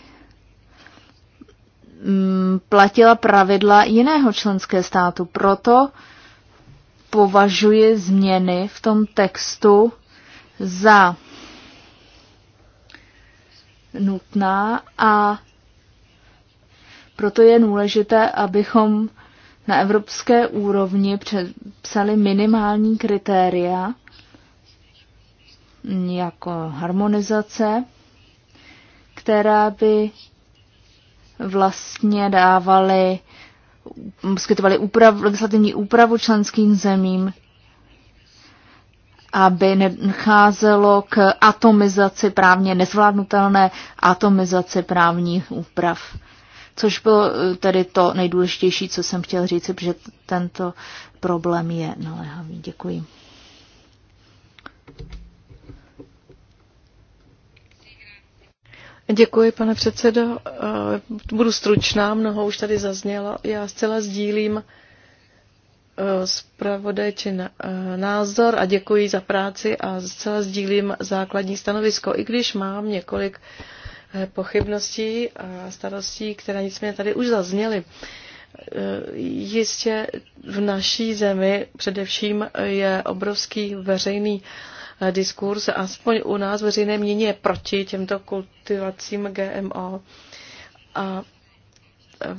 mm, platila pravidla jiného členského státu. Proto považuji změny v tom textu za nutná a proto je důležité, abychom na evropské úrovni přepsali minimální kritéria jako harmonizace, která by vlastně dávaly poskytovali úprav, legislativní úpravu členským zemím, aby necházelo k atomizaci právně nezvládnutelné atomizaci právních úprav. Což bylo eh, tedy to nejdůležitější, co jsem chtěl říct, protože tento problém je naléhavý. Děkuji. Děkuji, pane předsedo. Eh, budu stručná, mnoho už tady zaznělo. Já zcela sdílím eh, zpravodajčin eh, názor a děkuji za práci a zcela sdílím základní stanovisko, i když mám několik pochybností a starostí, které nicméně tady už zazněly. Jistě v naší zemi především je obrovský veřejný Eh, diskurs, aspoň u nás veřejné mění je proti těmto kultivacím GMO. A eh,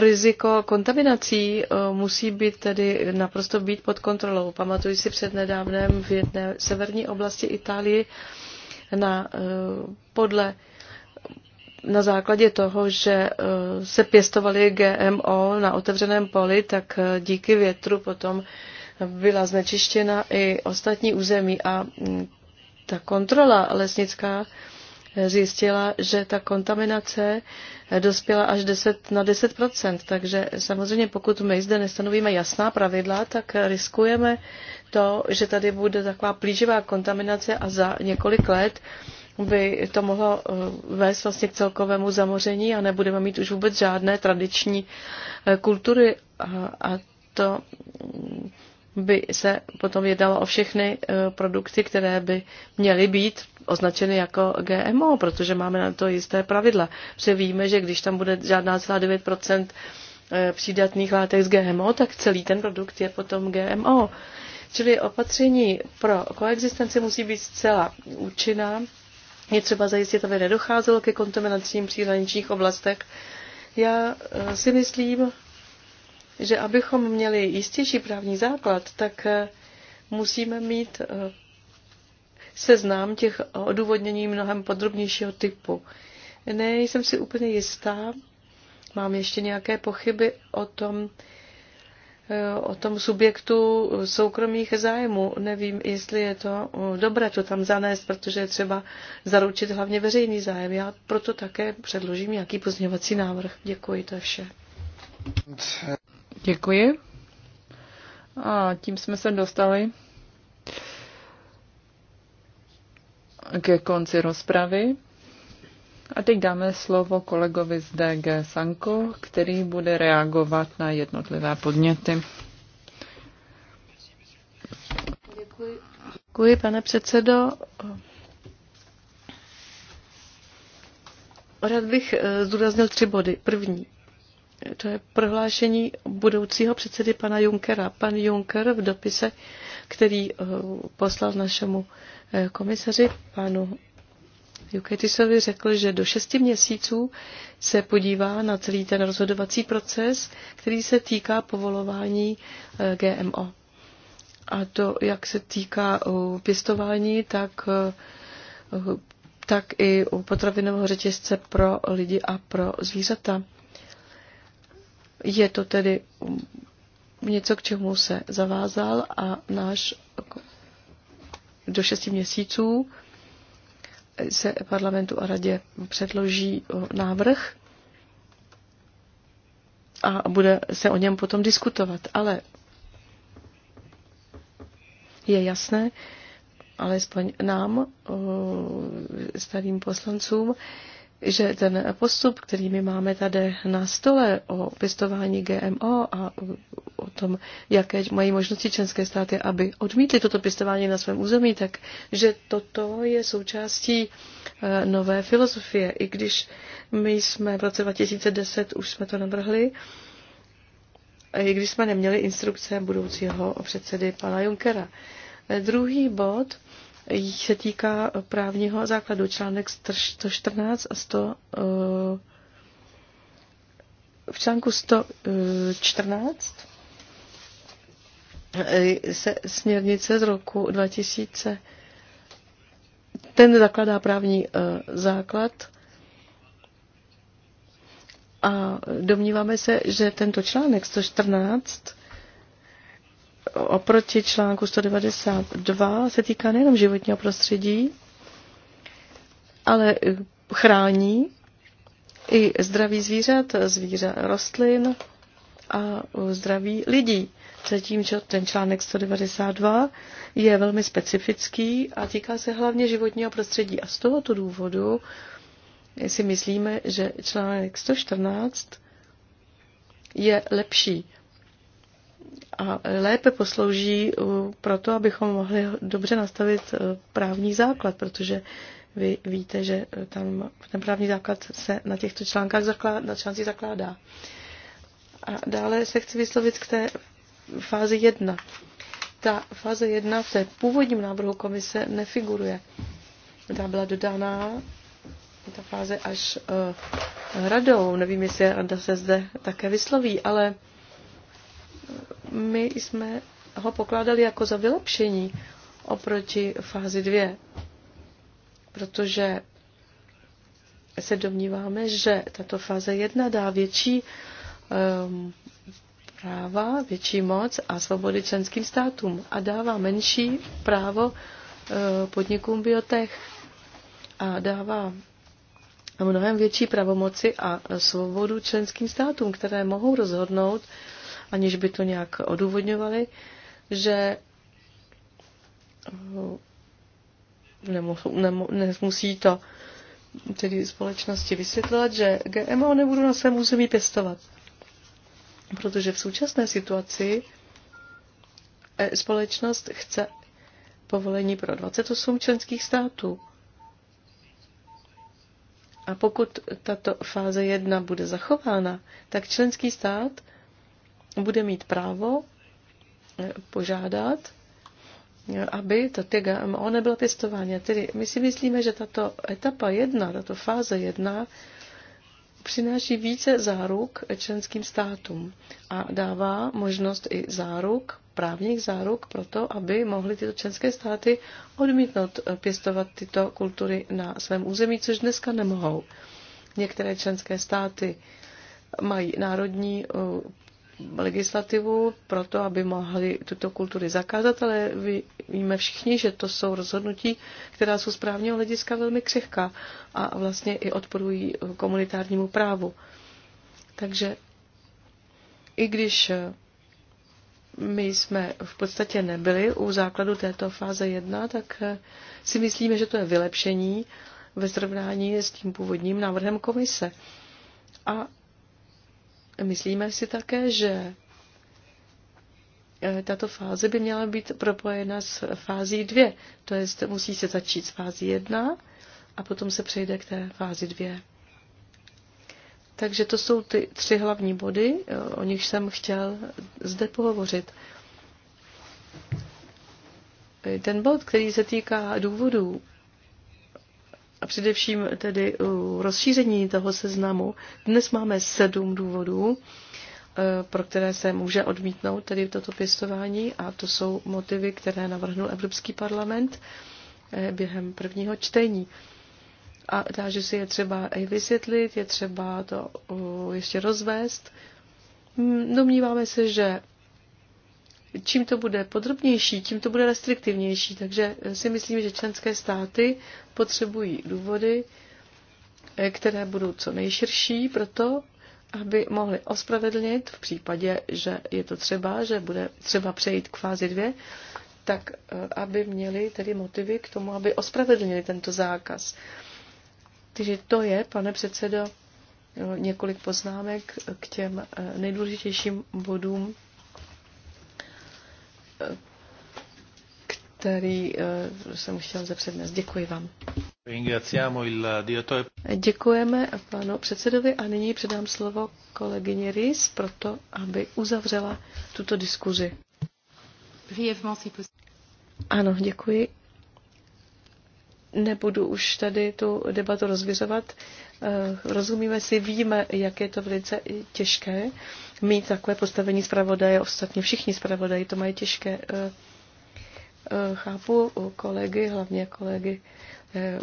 riziko kontaminací eh, musí být tedy naprosto být pod kontrolou. Pamatuji si před nedávnem v jedné severní oblasti Itálii na podle na základě toho, že se pěstovali GMO na otevřeném poli, tak díky větru potom byla znečištěna i ostatní území a mm, ta kontrola lesnická eh, zjistila, že ta kontaminace eh, dospěla až 10 na 10%. Takže samozřejmě pokud my zde nestanovíme jasná pravidla, tak eh, riskujeme to, že tady bude taková plíživá kontaminace a za několik let by to mohlo vést vlastně k celkovému zamoření a nebudeme mít už vůbec žádné tradiční kultury a, a to mm, by se potom jednalo o všechny eh, produkty, které by měly být označeny jako GMO, protože máme na to jisté pravidla. Protože víme, že když tam bude žádná celá 9% eh, přídatných látek z GMO, tak celý ten produkt je potom GMO. Čili opatření pro koexistenci musí být zcela účinná. Je třeba zajistit, aby nedocházelo ke kontaminacím v příhraničních oblastech. Já eh, si myslím, že abychom měli jistější právní základ, tak eh, musíme mít eh, seznám těch odůvodnění mnohem podrobnějšího typu. Nejsem si úplně jistá, mám ještě nějaké pochyby o tom, eh, o tom subjektu soukromých zájmů. Nevím, jestli je to dobré to tam zanést, protože je třeba zaručit hlavně veřejný zájem. Já proto také předložím nějaký pozměňovací návrh. Děkuji, to je vše. Děkuji. A tím jsme se dostali ke konci rozpravy. A teď dáme slovo kolegovi z DG Sanko, který bude reagovat na jednotlivé podněty. Děkuji, Děkuji pane předsedo. Rád bych eh, zdůraznil tři body. První, to je prohlášení budoucího předsedy pana Junkera. Pan Juncker v dopise, který eh, poslal našemu eh, komisaři, panu Juketisovi, řekl, že do šesti měsíců se podívá na celý ten rozhodovací proces, který se týká povolování eh, GMO. A to, jak se týká pěstování, tak, tak i potravinového řetězce pro lidi a pro zvířata. Je to tedy něco, k čemu se zavázal a náš do šesti měsíců se parlamentu a radě předloží návrh a bude se o něm potom diskutovat. Ale je jasné, alespoň nám, starým poslancům, že ten postup, který my máme tady na stole o pěstování GMO a o tom, jaké mají možnosti členské státy, aby odmítly toto pěstování na svém území, tak že toto je součástí e, nové filozofie. I když my jsme v roce 2010 už jsme to navrhli, i když jsme neměli instrukce budoucího předsedy pana Junkera. E, druhý bod se týká právního základu článek 114 a 100. Eh, v článku 114 eh, eh, se směrnice z roku 2000 ten zakládá právní základ a domníváme se, že tento článek 114 oproti článku 192 se týká nejenom životního prostředí, ale chrání i zdraví zvířat, zvířat rostlin a zdraví lidí. že ten článek 192 je velmi specifický a týká se hlavně životního prostředí. A z tohoto důvodu si myslíme, že článek 114 je lepší a lépe poslouží pro to, abychom mohli dobře nastavit e, právní základ, protože vy víte, že e, tam ten právní základ se na těchto článkách zakládá, na článcích zakládá. A dále se chci vyslovit k té fázi 1. Ta fáze 1 v té původním návrhu komise nefiguruje. Ta byla dodána ta fáze až uh, radou. Nevím, jestli rada se zde také vysloví, ale my jsme ho pokládali jako za vylepšení oproti fázi 2, protože se domníváme, že tato fáze 1 dá větší um, práva, větší moc a svobody členským státům a dává menší právo uh, podnikům biotech a dává mnohem větší pravomoci a svobodu členským státům, které mohou rozhodnout, uh, aniž by to nějak odůvodňovali, že eh, nemusí to tedy společnosti vysvětlovat, že GMO nebudou na svém území pěstovat. Protože v současné situaci eh, společnost chce povolení pro 28 členských států. A pokud tato fáze 1 bude zachována, tak členský stát bude mít právo eh, požádat, eh, aby to ty GMO nebylo pěstovány. Tedy my si myslíme, že tato etapa jedna, tato fáze jedna, přináší více záruk členským státům a dává možnost i záruk, právních záruk pro to, aby mohly tyto členské státy odmítnout eh, pěstovat tyto kultury na svém území, což dneska nemohou. Některé členské státy mají národní legislativu pro to, aby mohli tuto kultury zakázat, ale víme všichni, že to jsou rozhodnutí, která jsou z právního hlediska velmi křehká a vlastně i odporují komunitárnímu právu. Takže i když eh, my jsme v podstatě nebyli u základu této fáze 1, tak eh, si myslíme, že to je vylepšení ve srovnání s tím původním návrhem komise. A Myslíme si také, že eh, tato fáze by měla být propojena s fází 2. To je, musí se začít s fází 1 a potom se přejde k té fázi 2. Takže to jsou ty tři hlavní body, eh, o nich jsem chtěl zde pohovořit. Eh, ten bod, který se týká důvodů a především tedy rozšíření toho seznamu. Dnes máme sedm důvodů, eh, pro které se může odmítnout tedy toto pěstování a to jsou motivy, které navrhnul Evropský parlament eh, během prvního čtení. A takže si je třeba i vysvětlit, je třeba to eh, ještě rozvést. Mm, domníváme se, že čím to bude podrobnější, tím to bude restriktivnější. Takže si myslím, že členské státy potřebují důvody, eh, které budou co nejširší pro to, aby mohli ospravedlnit v případě, že je to třeba, že bude třeba přejít k fázi dvě, tak eh, aby měli tedy motivy k tomu, aby ospravedlnili tento zákaz. Takže to je, pane předsedo, eh, několik poznámek k těm nejdůležitějším bodům který eh, jsem chtěl zepřed dnes. Děkuji vám. Děkujeme panu předsedovi a nyní předám slovo kolegyně Rys proto, aby uzavřela tuto diskuzi. Ano, děkuji. Nebudu už tady tu debatu rozvěřovat. Eh, rozumíme si, víme, jak je to velice těžké mít takové postavení zpravodaje, ostatně všichni zpravodaji to mají těžké. Eh, eh, chápu kolegy, hlavně kolegy eh,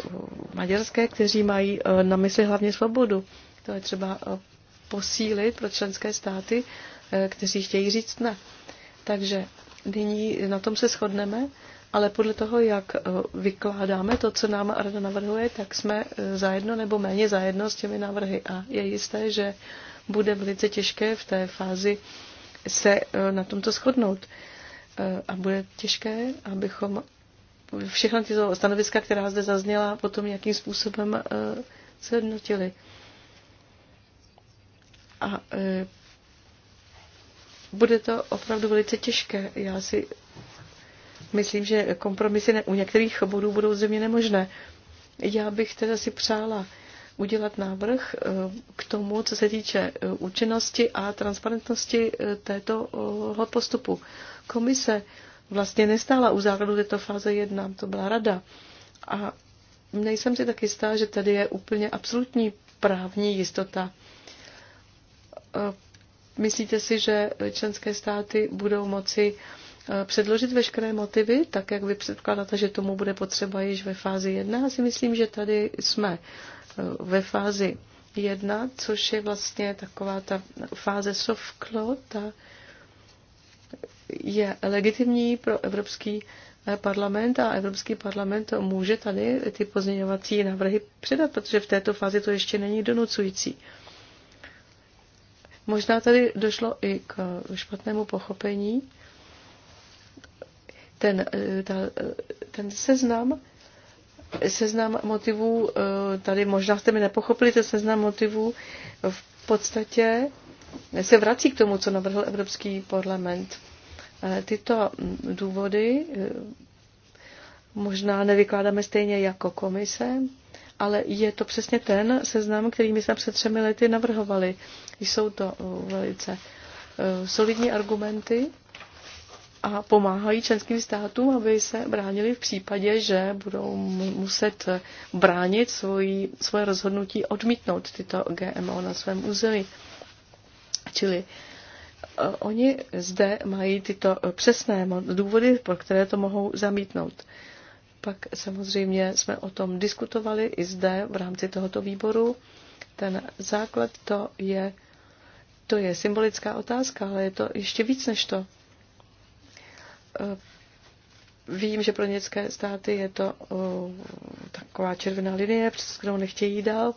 maďarské, kteří mají na mysli hlavně svobodu. To je třeba posílit pro členské státy, kteří chtějí říct ne. Takže nyní na tom se shodneme, ale podle toho, jak vykládáme to, co nám Rada navrhuje, tak jsme zajedno nebo méně zajedno s těmi návrhy. A je jisté, že bude velice těžké v té fázi se eh, na tomto shodnout. Eh, a bude těžké, abychom všechna tyto stanoviska, která zde zazněla, potom jakým způsobem eh, se A bude to opravdu velice těžké. Já si myslím, že kompromisy u některých bodů budou zřejmě nemožné. Já bych teda si přála, udělat návrh eh, k tomu, co se týče eh, účinnosti a transparentnosti eh, této postupu. Komise vlastně nestála u základu této fáze 1, to byla rada. A nejsem si tak jistá, že tady je úplně absolutní právní jistota. Myslíte si, že členské státy budou moci předložit veškeré motivy, tak jak vy předkládáte, že tomu bude potřeba již ve fázi 1? Já si myslím, že tady jsme ve fázi jedna, což je vlastně taková ta fáze sovklo, ta je legitimní pro Evropský eh, parlament a Evropský parlament může tady ty pozměňovací návrhy předat, protože v této fázi to ještě není donucující. Možná tady došlo i k špatnému pochopení. Ten, eh, ta, eh, ten seznam seznam motivů, eh, tady možná jste mi nepochopili, ten seznam motivů v podstatě se vrací k tomu, co navrhl Evropský parlament. Eh, tyto mm, důvody eh, možná nevykládáme stejně jako komise, ale je to přesně ten seznam, který my jsme před třemi lety navrhovali. Jsou to velice solidní argumenty, a pomáhají členským státům, aby se bránili v případě, že budou muset bránit svoji, svoje rozhodnutí odmítnout tyto GMO na svém území. Čili e, oni zde mají tyto přesné důvody, pro které to mohou zamítnout. Pak samozřejmě jsme o tom diskutovali i zde v rámci tohoto výboru. Ten základ to je, to je symbolická otázka, ale je to ještě víc než to Eh, vím, že pro německé státy je to eh, taková červená linie, přes kterou nechtějí dál.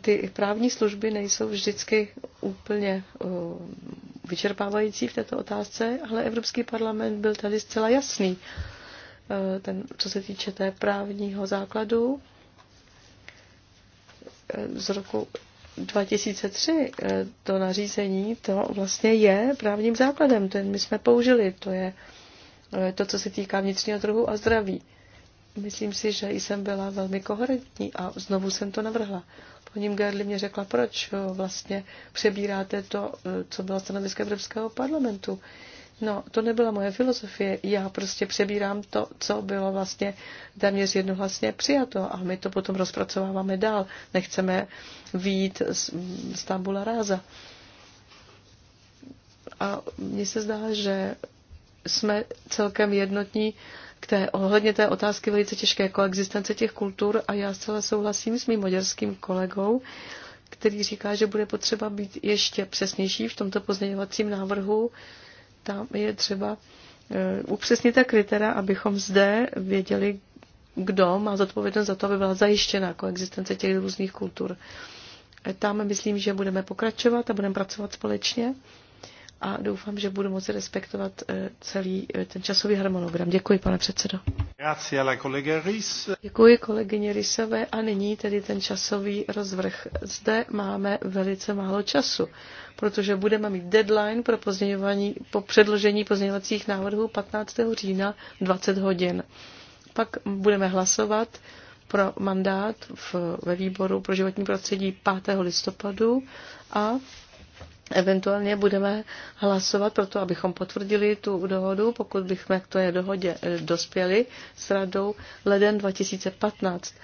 Ty právní služby nejsou vždycky úplně eh, vyčerpávající v této otázce, ale Evropský parlament byl tady zcela jasný, ten, co se týče té právního základu z roku 2003, eh, to nařízení, to vlastně je právním základem, ten my jsme použili, to je eh, to, co se týká vnitřního trhu a zdraví. Myslím si, že jsem byla velmi koherentní a znovu jsem to navrhla. po ním Gerli mě řekla, proč eh, vlastně přebíráte to, co bylo stanovisko Evropského parlamentu. No, to nebyla moje filozofie. Já prostě přebírám to, co bylo vlastně téměř jednohlasně přijato a my to potom rozpracováváme dál. Nechceme výjít z, z tabula ráza. A mně se zdá, že jsme celkem jednotní k té, ohledně té otázky velice těžké koexistence těch kultur a já zcela souhlasím s mým maďarským kolegou, který říká, že bude potřeba být ještě přesnější v tomto pozměňovacím návrhu, tam je třeba eh, upřesnit ta kritéria, abychom zde věděli, kdo má zodpovědnost za to, aby byla zajištěna koexistence těch různých kultur. Eh, tam myslím, že budeme pokračovat a budeme pracovat společně a doufám, že budu moci respektovat eh, celý ten časový harmonogram. Děkuji, pane předsedo. Děkuji kolegyně Rysové a nyní tedy ten časový rozvrh. Zde máme velice málo času protože budeme mít deadline pro, po předložení pozměňovacích návrhů 15. října 20 hodin. Pak budeme hlasovat pro mandát v, ve výboru pro životní prostředí 5. listopadu a eventuálně budeme hlasovat pro to, abychom potvrdili tu dohodu, pokud bychom k té dohodě eh, dospěli s radou leden 2015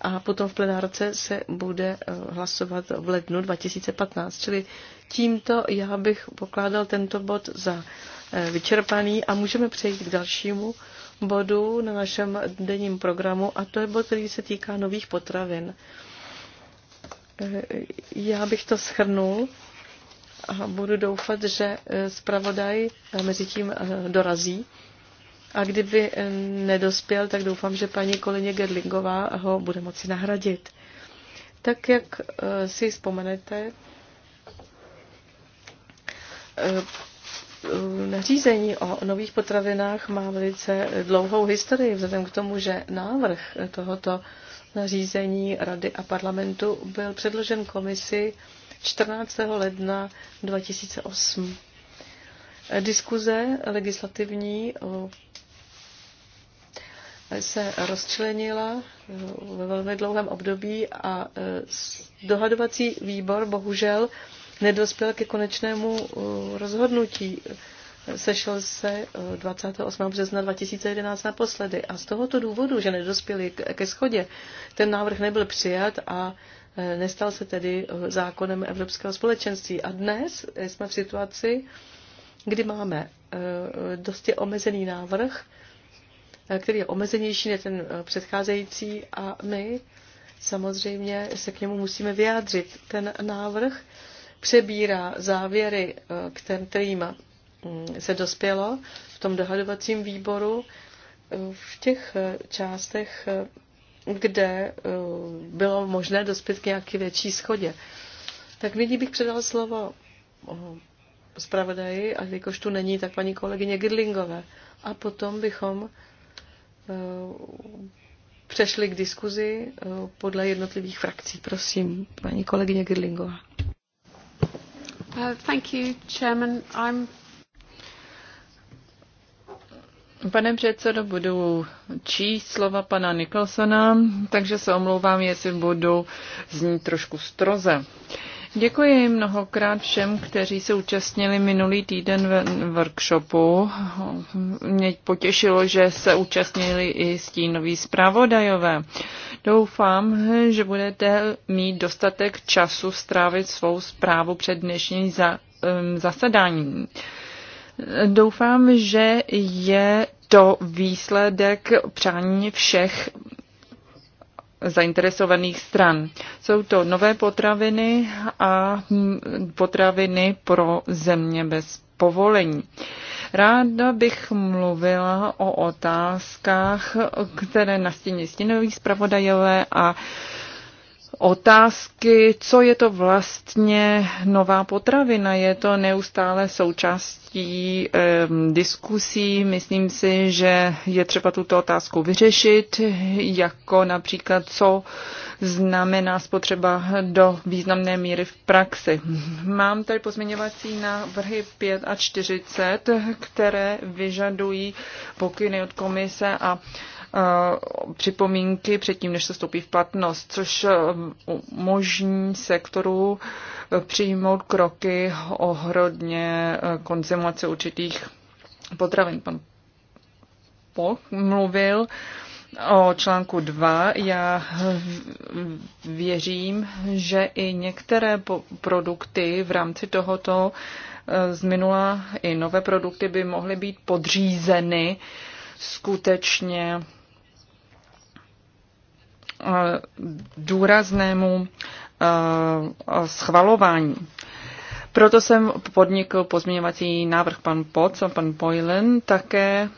a potom v plenárce se bude eh, hlasovat v lednu 2015. Čili tímto já bych pokládal tento bod za eh, vyčerpaný a můžeme přejít k dalšímu bodu na našem denním programu a to je bod, který se týká nových potravin. Eh, já bych to shrnul a budu doufat, že zpravodaj mezi tím dorazí. A kdyby eh, nedospěl, tak doufám, že paní kolině Gerlingová ho bude moci nahradit. Tak jak eh, si vzpomenete, eh, nařízení o nových potravinách má velice dlouhou historii, vzhledem k tomu, že návrh tohoto nařízení Rady a parlamentu byl předložen komisi 14. ledna 2008. Diskuze legislativní se rozčlenila eh, ve velmi dlouhém období a eh, dohadovací výbor bohužel nedospěl ke konečnému eh, rozhodnutí. Sešel se 28. března 2011 naposledy a z tohoto důvodu, že nedospěli ke schodě, ten návrh nebyl přijat a nestal se tedy zákonem Evropského společenství. A dnes jsme v situaci, kdy máme dosti omezený návrh, který je omezenější než ten eh, předcházející a my samozřejmě se k němu musíme vyjádřit. Ten návrh přebírá závěry, eh, kterým mm, se dospělo v tom dohadovacím výboru eh, v těch částech, kde bylo možné dospět k nějaké větší schodě. Tak nyní bych předal slovo zpravodaji, a jakož tu není, tak paní kolegyně Gidlingové. A potom bychom Eh, přešli k diskuzi eh, podle jednotlivých frakcí. Prosím, paní kolegyně Girlingová. Uh, thank you, Chairman. I'm... Pane předsedo, budu číst slova pana Nicholsona, takže se omlouvám, jestli budu znít trošku stroze. Uh, Děkuji mnohokrát všem, kteří se účastnili minulý týden v workshopu. Mě potěšilo, že se účastnili i stínoví zpravodajové. Doufám, že budete mít dostatek času strávit svou zprávu před dnešní za, um, zasedáním. Doufám, že je to výsledek přání všech zainteresovaných stran. Jsou to nové potraviny a potraviny pro země bez povolení. Ráda bych mluvila o otázkách, které nastíní stínoví zpravodajové a uh, otázky, co je to vlastně nová potravina. Je to neustále součástí um, diskusí. Myslím si, že je třeba tuto otázku vyřešit, jako například, co znamená spotřeba do významné míry v praxi. Mám tady pozměňovací návrhy 5 a 40, které vyžadují pokyny od komise a uh, Eh, připomínky předtím, než se stoupí v platnost, což eh, umožní sektoru eh, přijmout kroky ohrodně konzumace určitých potravin. Pan Poch mluvil o článku 2. Já věřím, že i některé produkty v rámci tohoto z minula i nové produkty by mohly být podřízeny skutečně Eh, důraznému eh, schvalování. Proto jsem podnikl pozměňovací návrh pan Poc a pan Boylen také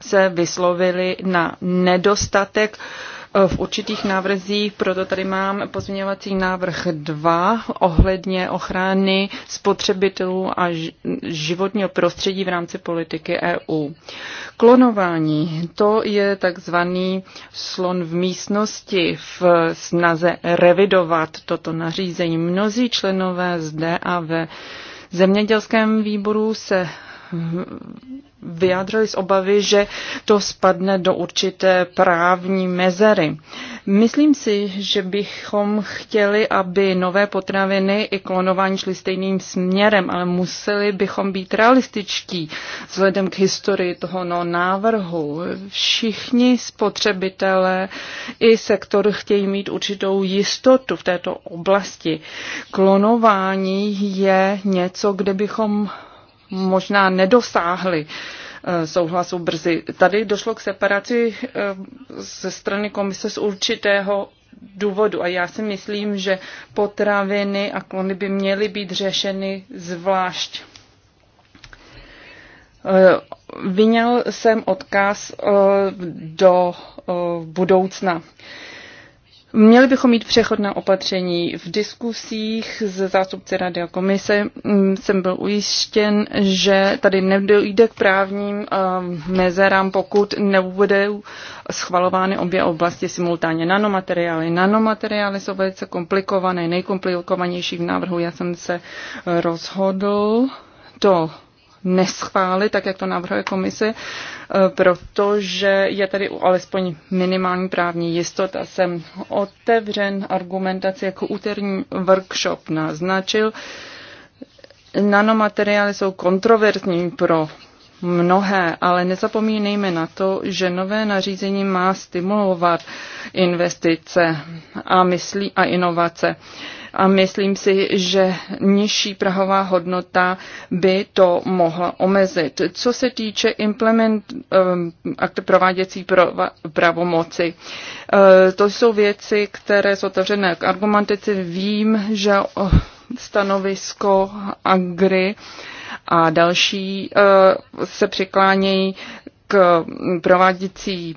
se vyslovili na nedostatek uh, Eh, v určitých návrzích, proto tady mám pozměňovací návrh 2 ohledně ochrany spotřebitelů a životního prostředí v rámci politiky EU. Klonování, to je takzvaný slon v místnosti v snaze revidovat toto nařízení. Mnozí členové zde a ve zemědělském výboru se Hm, vyjádřili z obavy, že to spadne do určité právní mezery. Myslím si, že bychom chtěli, aby nové potraviny i klonování šly stejným směrem, ale museli bychom být realističtí vzhledem k historii toho no návrhu. Všichni spotřebitelé i sektor chtějí mít určitou jistotu v této oblasti. Klonování je něco, kde bychom možná nedosáhli eh, souhlasu brzy. Tady došlo k separaci eh, ze strany komise z určitého důvodu. A já si myslím, že potraviny a klony by měly být řešeny zvlášť. Eh, Vyněl jsem odkaz do budoucna. Měli bychom mít přechodné opatření. V diskusích s zástupci Rady a komise mm, jsem byl ujištěn, že tady nedojde k právním ehm, mezerám, pokud nebudou schvalovány obě oblasti simultánně. Nanomateriály. Nanomateriály jsou velice komplikované, nejkomplikovanější v návrhu. Já jsem se rozhodl to neschválit, tak jak to navrhuje komise, e, protože je tady alespoň minimální právní jistota. Jsem otevřen argumentaci, jako úterní workshop naznačil. Nanomateriály jsou kontroverzní pro mnohé, ale nezapomínejme na to, že nové nařízení má stimulovat investice a myslí a inovace. Uh, a myslím si, že nižší prahová hodnota by to mohla omezit. Co se týče implement, eh, akt prováděcí pravomoci, eh, to jsou věci, které jsou otevřené k argumentaci. Vím, že eh, stanovisko Agri a další se přiklánějí k prováděcí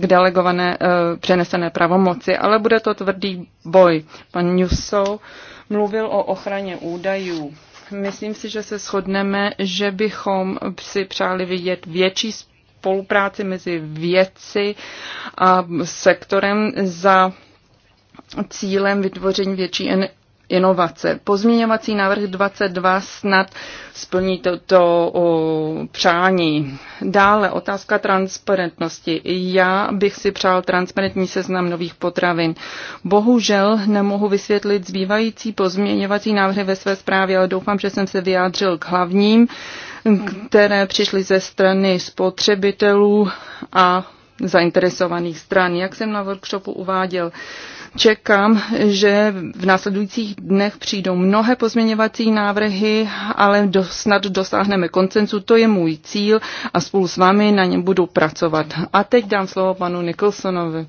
k delegované eh, přenesené pravomoci, ale bude to tvrdý boj. Pan Newsou mluvil o ochraně údajů. Myslím si, že se shodneme, že bychom si přáli vidět větší spolupráci mezi vědci a sektorem za cílem vytvoření větší inovace. Pozměňovací návrh 22 snad splní toto o, přání. Dále otázka transparentnosti. Já bych si přál transparentní seznam nových potravin. Bohužel nemohu vysvětlit zbývající pozměňovací návrhy ve své zprávě, ale doufám, že jsem se vyjádřil k hlavním, které přišly ze strany spotřebitelů a zainteresovaných stran. Jak jsem na workshopu uváděl, Čekám, že v následujících dnech přijdou mnohé pozměňovací návrhy, ale do, snad dosáhneme koncenzu. To je můj cíl a spolu s vámi na něm budu pracovat. A teď dám slovo panu Nicholsonovi.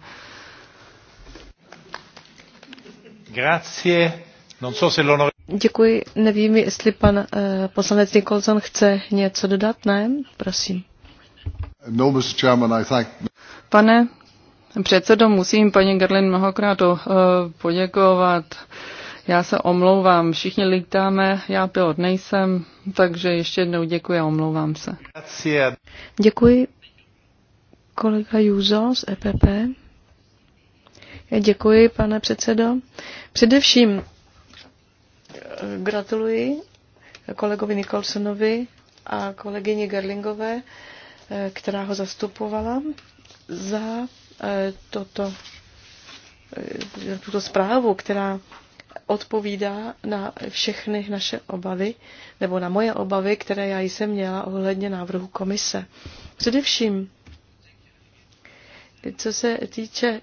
Grazie. Non so se l'onore... Děkuji. Nevím, jestli pan uh, poslanec Nicholson chce něco dodat. Ne? Prosím. No, Mr. Chairman, I thank... Pane předsedo, musím paní Gerlin mnohokrát eh, poděkovat. Já se omlouvám, všichni lítáme, já pilot nejsem, takže ještě jednou děkuji a omlouvám se. Děkuji kolega Juzo z EPP. Děkuji, pane předsedo. Především eh, gratuluji kolegovi Nikolsonovi a kolegyni Gerlingové, eh, která ho zastupovala, za E, toto, e, tuto zprávu, která odpovídá na všechny naše obavy, nebo na moje obavy, které já jsem měla ohledně návrhu komise. Především, co se týče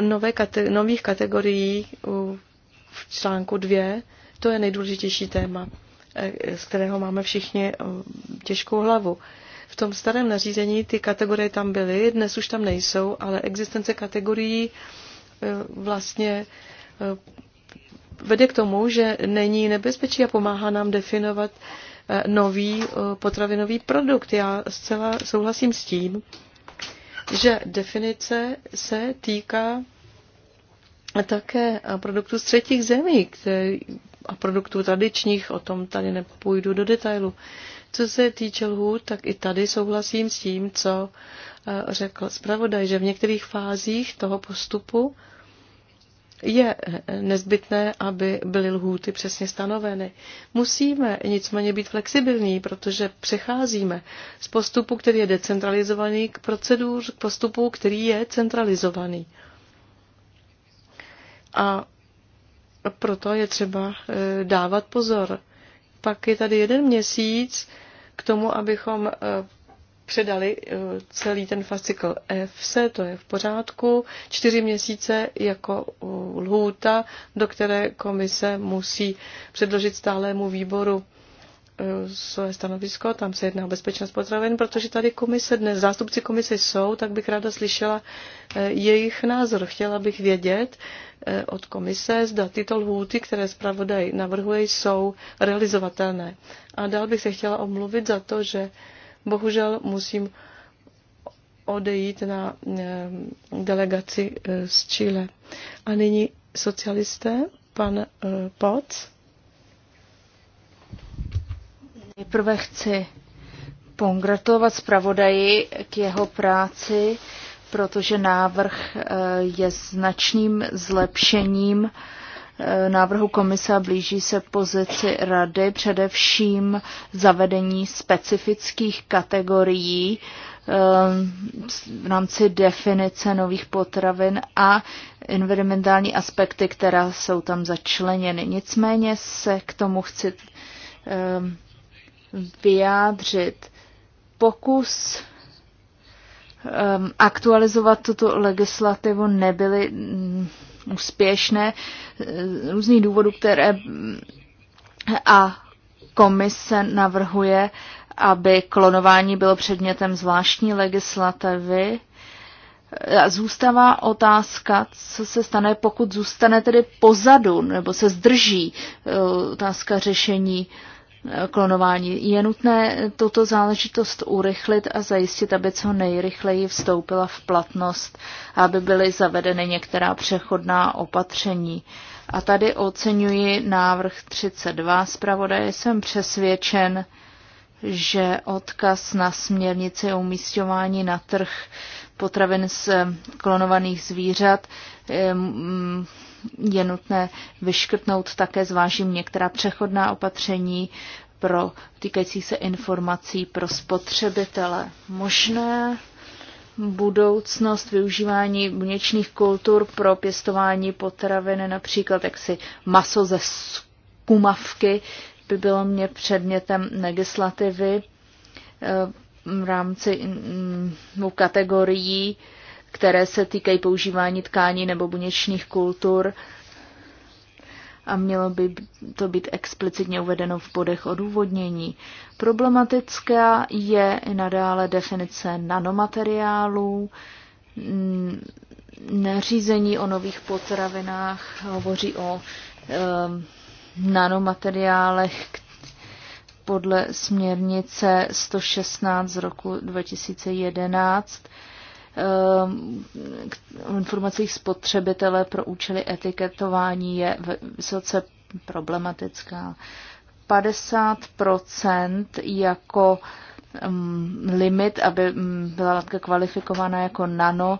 nové kate- nových kategorií v článku 2, to je nejdůležitější téma, e, z kterého máme všichni těžkou hlavu. V tom starém nařízení ty kategorie tam byly, dnes už tam nejsou, ale existence kategorií e, vlastně e, vede k tomu, že není nebezpečí a pomáhá nám definovat e, nový potravinový produkt. Já zcela souhlasím s tím, že definice se týká také produktů z třetích zemí a produktů tradičních, o tom tady nepůjdu do detailu. Co se týče lhůt, tak i tady souhlasím s tím, co eh, řekl zpravodaj, že v některých fázích toho postupu je eh, nezbytné, aby byly lhůty přesně stanoveny. Musíme nicméně být flexibilní, protože přecházíme z postupu, který je decentralizovaný, k procedur, k postupu, který je centralizovaný. A proto je třeba eh, dávat pozor. Pak je tady jeden měsíc k tomu, abychom eh, předali eh, celý ten fascikl EFSE, to je v pořádku, čtyři měsíce jako eh, lhůta, do které komise musí předložit stálému výboru své stanovisko, tam se jedná o bezpečnost potravin, protože tady komise dnes, zástupci komise jsou, tak bych ráda slyšela eh, jejich názor. Chtěla bych vědět eh, od komise, zda tyto lhůty, které zpravodaj navrhuje, jsou realizovatelné. A dál bych se chtěla omluvit za to, že bohužel musím odejít na eh, delegaci z Chile. A nyní socialisté, pan Poc. Nejprve chci pongratulovat zpravodaji k jeho práci, protože návrh eh, je značným zlepšením eh, návrhu komise a blíží se pozici rady, především zavedení specifických kategorií eh, v rámci definice nových potravin a environmentální aspekty, která jsou tam začleněny. Nicméně se k tomu chci vyjádřit pokus um, aktualizovat tuto legislativu nebyly um, úspěšné eh, z různých důvodů, které mm, a komise navrhuje, aby klonování bylo předmětem zvláštní legislativy. Zůstává otázka, co se stane, pokud zůstane tedy pozadu nebo se zdrží eh, otázka řešení uh, klonování. Je nutné tuto záležitost urychlit a zajistit, aby co nejrychleji vstoupila v platnost, aby byly zavedeny některá přechodná opatření. A tady oceňuji návrh 32 zpravodaje. Jsem přesvědčen, že odkaz na směrnici o umístěvání na trh potravin z klonovaných zvířat je nutné vyškrtnout také zvážím některá přechodná opatření pro týkající se informací pro spotřebitele. Možné budoucnost využívání buněčných kultur pro pěstování potravin, například jaksi maso ze skumavky, by bylo mě předmětem legislativy eh, v rámci mm, kategorií které se týkají používání tkání nebo buněčných kultur a mělo by to být explicitně uvedeno v bodech odůvodnění. Problematická je i nadále definice nanomateriálů, neřízení o nových potravinách hovoří o e, nanomateriálech podle směrnice 116 z roku 2011 o ehm, informacích spotřebitele pro účely etiketování je vysoce problematická. 50 jako ehm, limit, aby mm, byla látka kvalifikovaná jako nano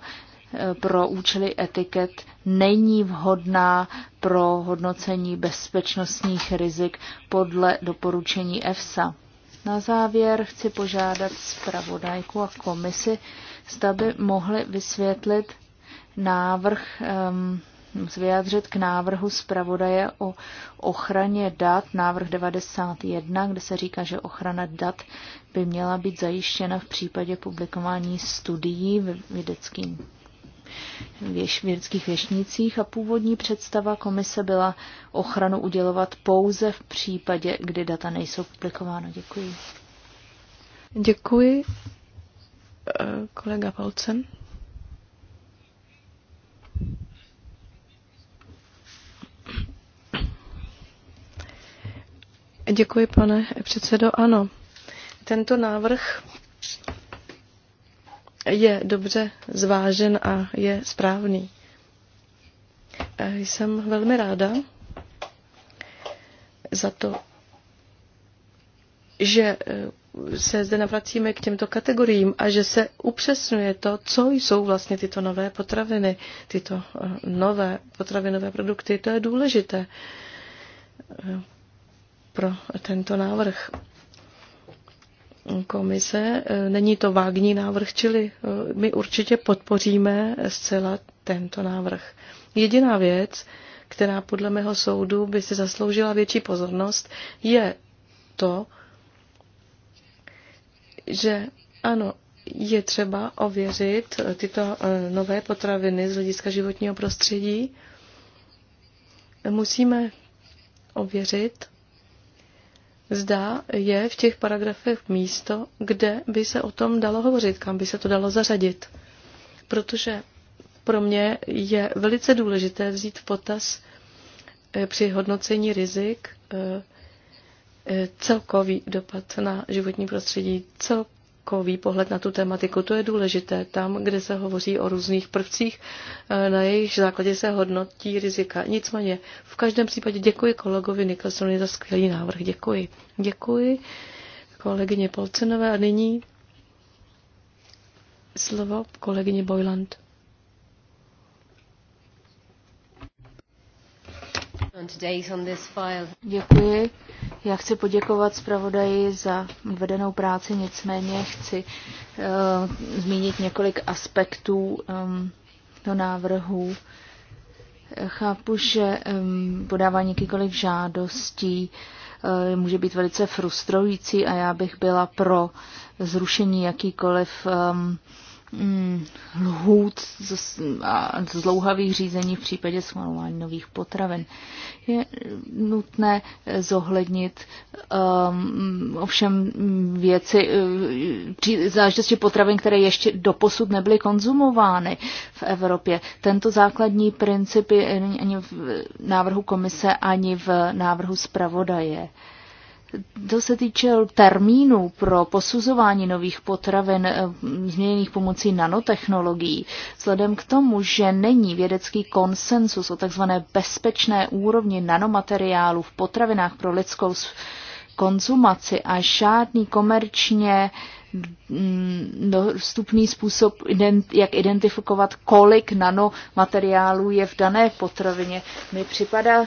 eh, pro účely etiket, není vhodná pro hodnocení bezpečnostních rizik podle doporučení EFSA. Na závěr chci požádat zpravodajku a komisi, zda by mohli vysvětlit návrh, um, vyjádřit k návrhu zpravodaje o ochraně dat, návrh 91, kde se říká, že ochrana dat by měla být zajištěna v případě publikování studií vědeckým vědeckých věšnicích a původní představa komise byla ochranu udělovat pouze v případě, kdy data nejsou publikována. Děkuji. Děkuji Eh, kolega Valcen. Děkuji, pane předsedo. Ano, tento návrh je dobře zvážen a je správný. Eh, jsem velmi ráda za to, že eh, se zde navracíme k těmto kategoriím a že se upřesňuje to, co jsou vlastně tyto nové potraviny, tyto eh, nové potravinové produkty. To je důležité eh, pro tento návrh komise. Eh, není to vágní návrh, čili my určitě podpoříme zcela tento návrh. Jediná věc, která podle mého soudu by si zasloužila větší pozornost, je to, že ano, je třeba ověřit tyto eh, nové potraviny z hlediska životního prostředí. Musíme ověřit, zda je v těch paragrafech místo, kde by se o tom dalo hovořit, kam by se to dalo zařadit. Protože pro mě je velice důležité vzít v potaz eh, při hodnocení rizik eh, E, celkový dopad na životní prostředí, celkový pohled na tu tematiku. To je důležité tam, kde se hovoří o různých prvcích, e, na jejich základě se hodnotí rizika. Nicméně, v každém případě děkuji kolegovi Niklasovi za skvělý návrh. Děkuji. Děkuji kolegyně Polcenové a nyní slovo kolegyně Bojland. Děkuji. Já chci poděkovat zpravodaji za vedenou práci, nicméně chci uh, zmínit několik aspektů um, do návrhu. Chápu, že um, podávání jakýkoliv žádostí uh, může být velice frustrující a já bych byla pro zrušení jakýkoliv um, Mm, lhůt a zlouhavých řízení v případě schvalování nových potravin. Je nutné zohlednit um, ovšem věci, um, uh, zážitosti potravin, které ještě doposud nebyly konzumovány v Evropě. Tento základní princip je ani v návrhu komise, ani v návrhu zpravodaje. Uh, to se týče termínů pro posuzování nových potravin eh, změněných pomocí nanotechnologií, vzhledem k tomu, že není vědecký konsensus o tzv. bezpečné úrovni nanomateriálů v potravinách pro lidskou konzumaci a žádný komerčně uh, dostupný mm, no, způsob, jak identifikovat, kolik nanomateriálů je v dané potravině. Mi připadá eh,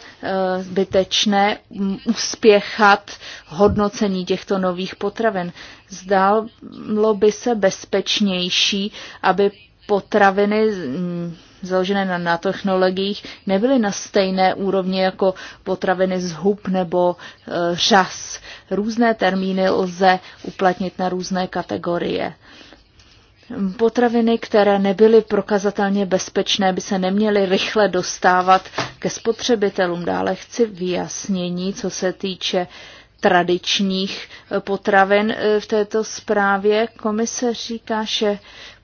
zbytečné mm, uspěchat hodnocení těchto nových potravin. Zdálo by se bezpečnější, aby potraviny mm, založené na, na technologiích nebyly na stejné úrovni jako potraviny z hub nebo e, řas. Různé termíny lze uplatnit na různé kategorie. Potraviny, které nebyly prokazatelně bezpečné, by se neměly rychle dostávat ke spotřebitelům. Dále chci vyjasnění, co se týče tradičních potravin e, v této zprávě. Komise říká, že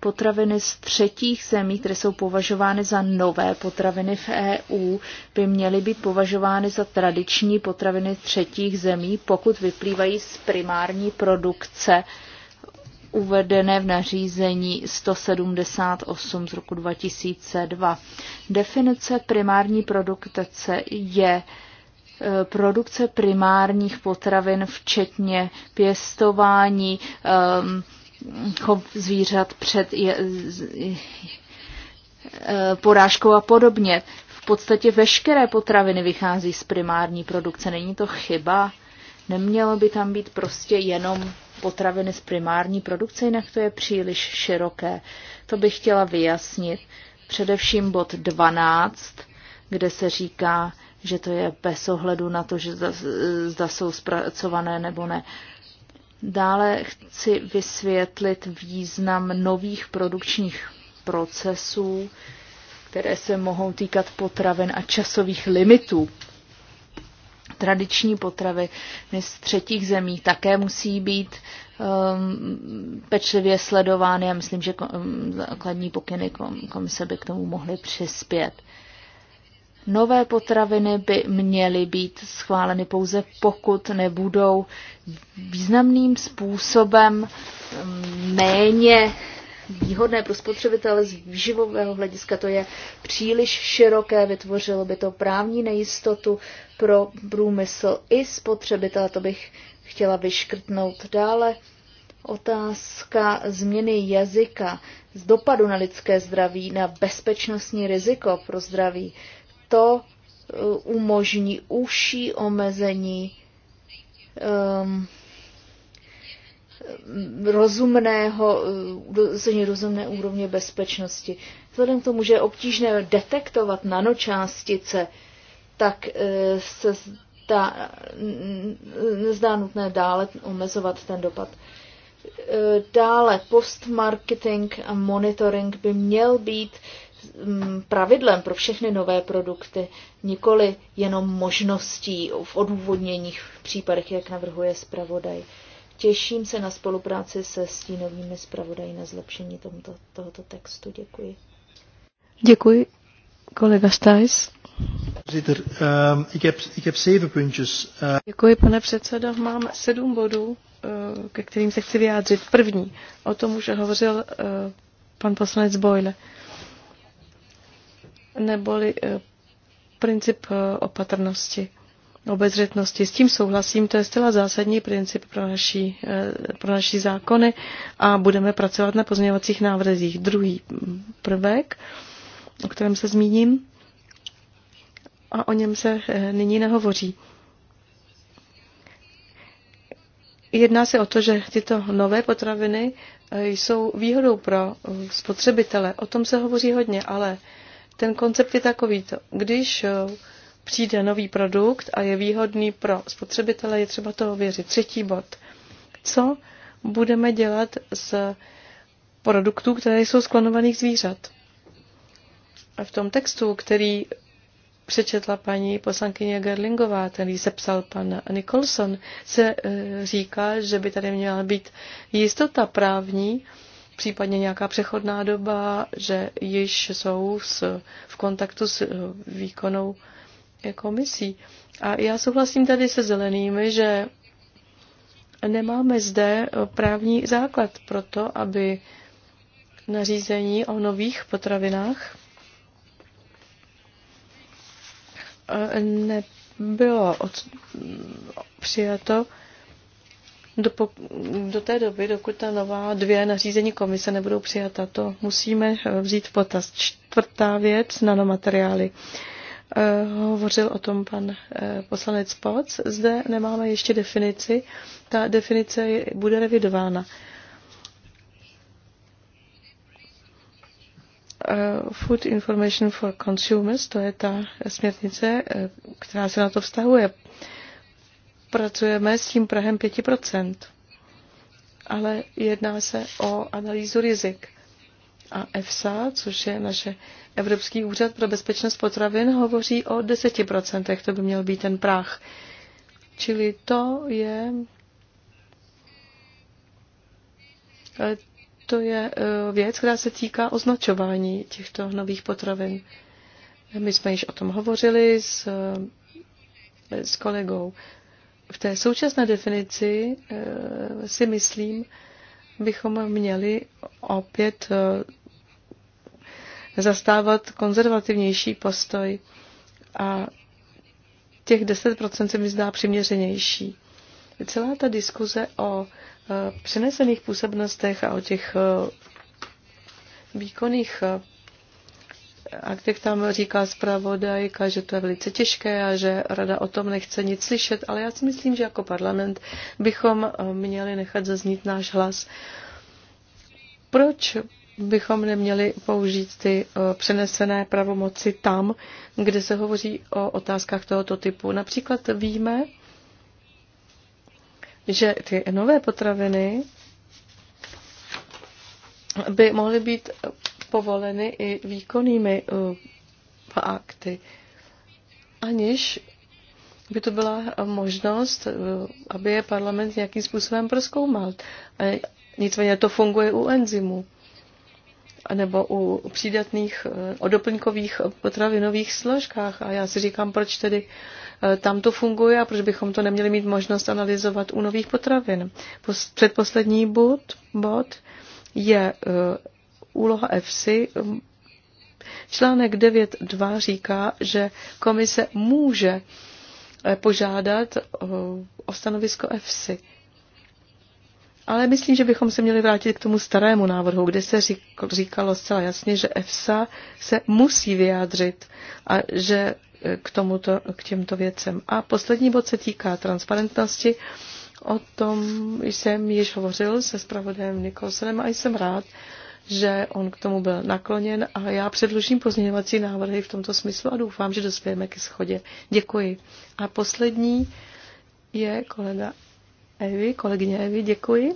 Potraviny z třetích zemí, které jsou považovány za nové potraviny v EU, by měly být považovány za tradiční potraviny třetích zemí, pokud vyplývají z primární produkce uvedené v nařízení 178 z roku 2002. Definice primární produkce je e, produkce primárních potravin, včetně pěstování, e, chov zvířat před je, porážkou a podobně. V podstatě veškeré potraviny vychází z primární produkce. Není to chyba? Nemělo by tam být prostě jenom potraviny z primární produkce, jinak to je příliš široké. To bych chtěla vyjasnit. Především bod 12, kde se říká, že to je bez ohledu na to, že zda, zda jsou zpracované nebo ne. Uh, Dále chci vysvětlit význam nových produkčních procesů, které se mohou týkat potravin a časových limitů. Tradiční potravy z třetích zemí také musí být um, pečlivě sledovány a myslím, že um, základní pokyny komise by k tomu mohly přispět. Nové potraviny by měly být schváleny pouze, pokud nebudou významným způsobem mm, méně výhodné pro spotřebitele z výživového hlediska. To je příliš široké, vytvořilo by to právní nejistotu pro průmysl i spotřebitele. To bych chtěla vyškrtnout dále. Otázka změny jazyka z dopadu na lidské zdraví na bezpečnostní riziko pro zdraví to eh, umožní užší omezení um, rozumného, eh, rozumné úrovně bezpečnosti. Vzhledem k tomu, že je obtížné detektovat nanočástice, tak eh, se zdá, nezdá nutné dále omezovat ten dopad. Dále postmarketing a monitoring by měl být uh, Mm, pravidlem pro všechny nové produkty, nikoli jenom možností v odůvodněních v případech, jak navrhuje zpravodaj. Těším se na spolupráci se stínovými zpravodají na zlepšení tomto, tohoto textu. Děkuji. Děkuji. Kolega Stajs. Ehm, ehm. Děkuji, pane předsedo. Mám sedm bodů, ehm, ke kterým se chci vyjádřit. První, o tom už hovořil pan poslanec Boyle neboli eh, princip eh, opatrnosti, obezřetnosti. S tím souhlasím, to je zcela zásadní princip pro naší, eh, pro naší zákony a budeme pracovat na pozměňovacích návrzích. Druhý mm, prvek, o kterém se zmíním, a o něm se nyní nehovoří. Jedná se o to, že tyto nové potraviny jsou výhodou pro spotřebitele. O tom se hovoří hodně, ale ten koncept je takový, to, Když eh, přijde nový produkt a je výhodný pro spotřebitele, je třeba to ověřit. Třetí bod. Co budeme dělat s produktů, které jsou z klonovaných zvířat? A v tom textu, který přečetla paní poslankyně Gerlingová, který sepsal pan Nicholson, se eh, říká, že by tady měla být jistota právní případně nějaká přechodná doba, že již jsou s, v kontaktu s eh, výkonou eh, komisí. A já souhlasím tady se zelenými, že nemáme zde eh, právní základ pro to, aby nařízení o nových potravinách nebylo od, přijato do, do té doby, dokud ta nová dvě nařízení komise nebudou přijata. To musíme eh, vzít v potaz. Čtvrtá věc, nanomateriály. Eh, hovořil o tom pan eh, poslanec Poc. Zde nemáme ještě definici. Ta definice bude revidována. Food Information for Consumers, to je ta směrnice, která se na to vztahuje pracujeme s tím Prahem 5%, ale jedná se o analýzu rizik. A EFSA, což je naše Evropský úřad pro bezpečnost potravin, hovoří o 10%, to by měl být ten práh. Čili to je eh, to je eh, věc, která se týká označování těchto nových potravin. My jsme již o tom hovořili s, eh, s kolegou v té současné definici eh, si myslím, bychom měli opět eh, zastávat konzervativnější postoj a těch 10% se mi zdá přiměřenější. Celá ta diskuze o eh, přenesených působnostech a o těch výkonných a jak tam říká zpravodajka, že to je velice těžké a že rada o tom nechce nic slyšet, ale já si myslím, že jako parlament bychom eh, měli nechat zaznít náš hlas. Proč bychom neměli použít ty eh, přenesené pravomoci tam, kde se hovoří o otázkách tohoto typu? Například víme, že ty nové potraviny by mohly být povoleny i výkonnými eh, akty, aniž by to byla možnost, eh, aby je parlament nějakým způsobem proskoumal. Nicméně to funguje u enzymů nebo u přídatných, eh, o doplňkových potravinových složkách. A já si říkám, proč tedy tam to funguje a proč bychom to neměli mít možnost analyzovat u nových potravin. Předposlední bod, bod je úloha EFSI Článek 9.2 říká, že komise může eh, požádat eh, o stanovisko EFSI. Ale myslím, že bychom se měli vrátit k tomu starému návrhu, kde se říkalo zcela jasně, že EFSA se musí vyjádřit a že eh, k, tomuto, k těmto věcem. A poslední bod se týká transparentnosti. O tom jsem již hovořil se spravodajem Nikolsenem a jsem rád, že on k tomu byl nakloněn a já předložím pozměňovací návrhy v tomto smyslu a doufám, že dospějeme ke schodě. Děkuji. A poslední je kolega Evi, kolegyně Evi, děkuji.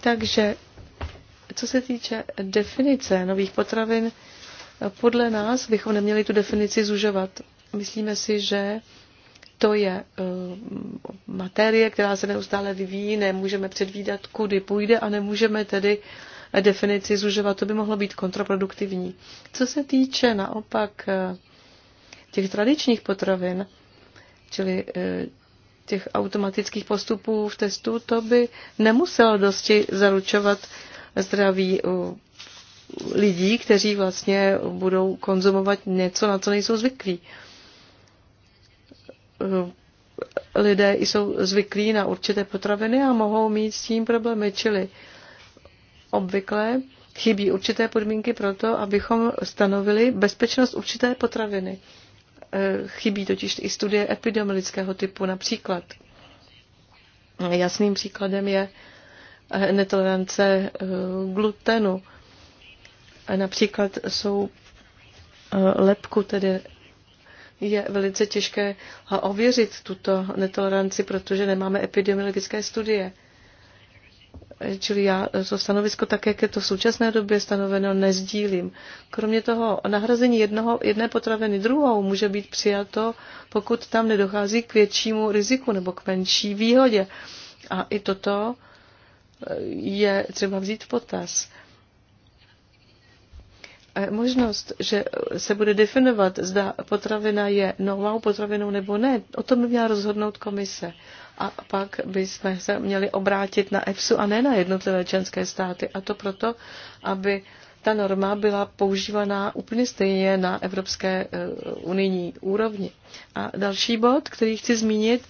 Takže co se týče definice nových potravin, podle nás bychom neměli tu definici zužovat. Myslíme si, že to je eh, materie, která se neustále vyvíjí, nemůžeme předvídat, kudy půjde a nemůžeme tedy definici zužovat. To by mohlo být kontraproduktivní. Co se týče naopak eh, těch tradičních potravin, čili eh, těch automatických postupů v testu, to by nemuselo dosti zaručovat zdraví lidí, kteří vlastně budou konzumovat něco, na co nejsou zvyklí. Eh, lidé jsou zvyklí na určité potraviny a mohou mít s tím problémy, čili obvykle chybí určité podmínky pro to, abychom stanovili bezpečnost určité potraviny. Eh, chybí totiž i studie epidemiologického typu například. Jasným příkladem je eh, netolerance glutenu. Například jsou lepku, tedy je velice těžké ověřit tuto netoleranci, protože nemáme epidemiologické studie. Čili já to stanovisko tak, jak je to v současné době stanoveno, nezdílím. Kromě toho nahrazení jednoho, jedné potraviny druhou může být přijato, pokud tam nedochází k většímu riziku nebo k menší výhodě. A i toto je třeba vzít v potaz možnost, že se bude definovat, zda potravina je novou potravinou nebo ne, o tom by měla rozhodnout komise. A pak bychom se měli obrátit na EFSU a ne na jednotlivé členské státy. A to proto, aby ta norma byla používaná úplně stejně na evropské eh, unijní úrovni. A další bod, který chci zmínit,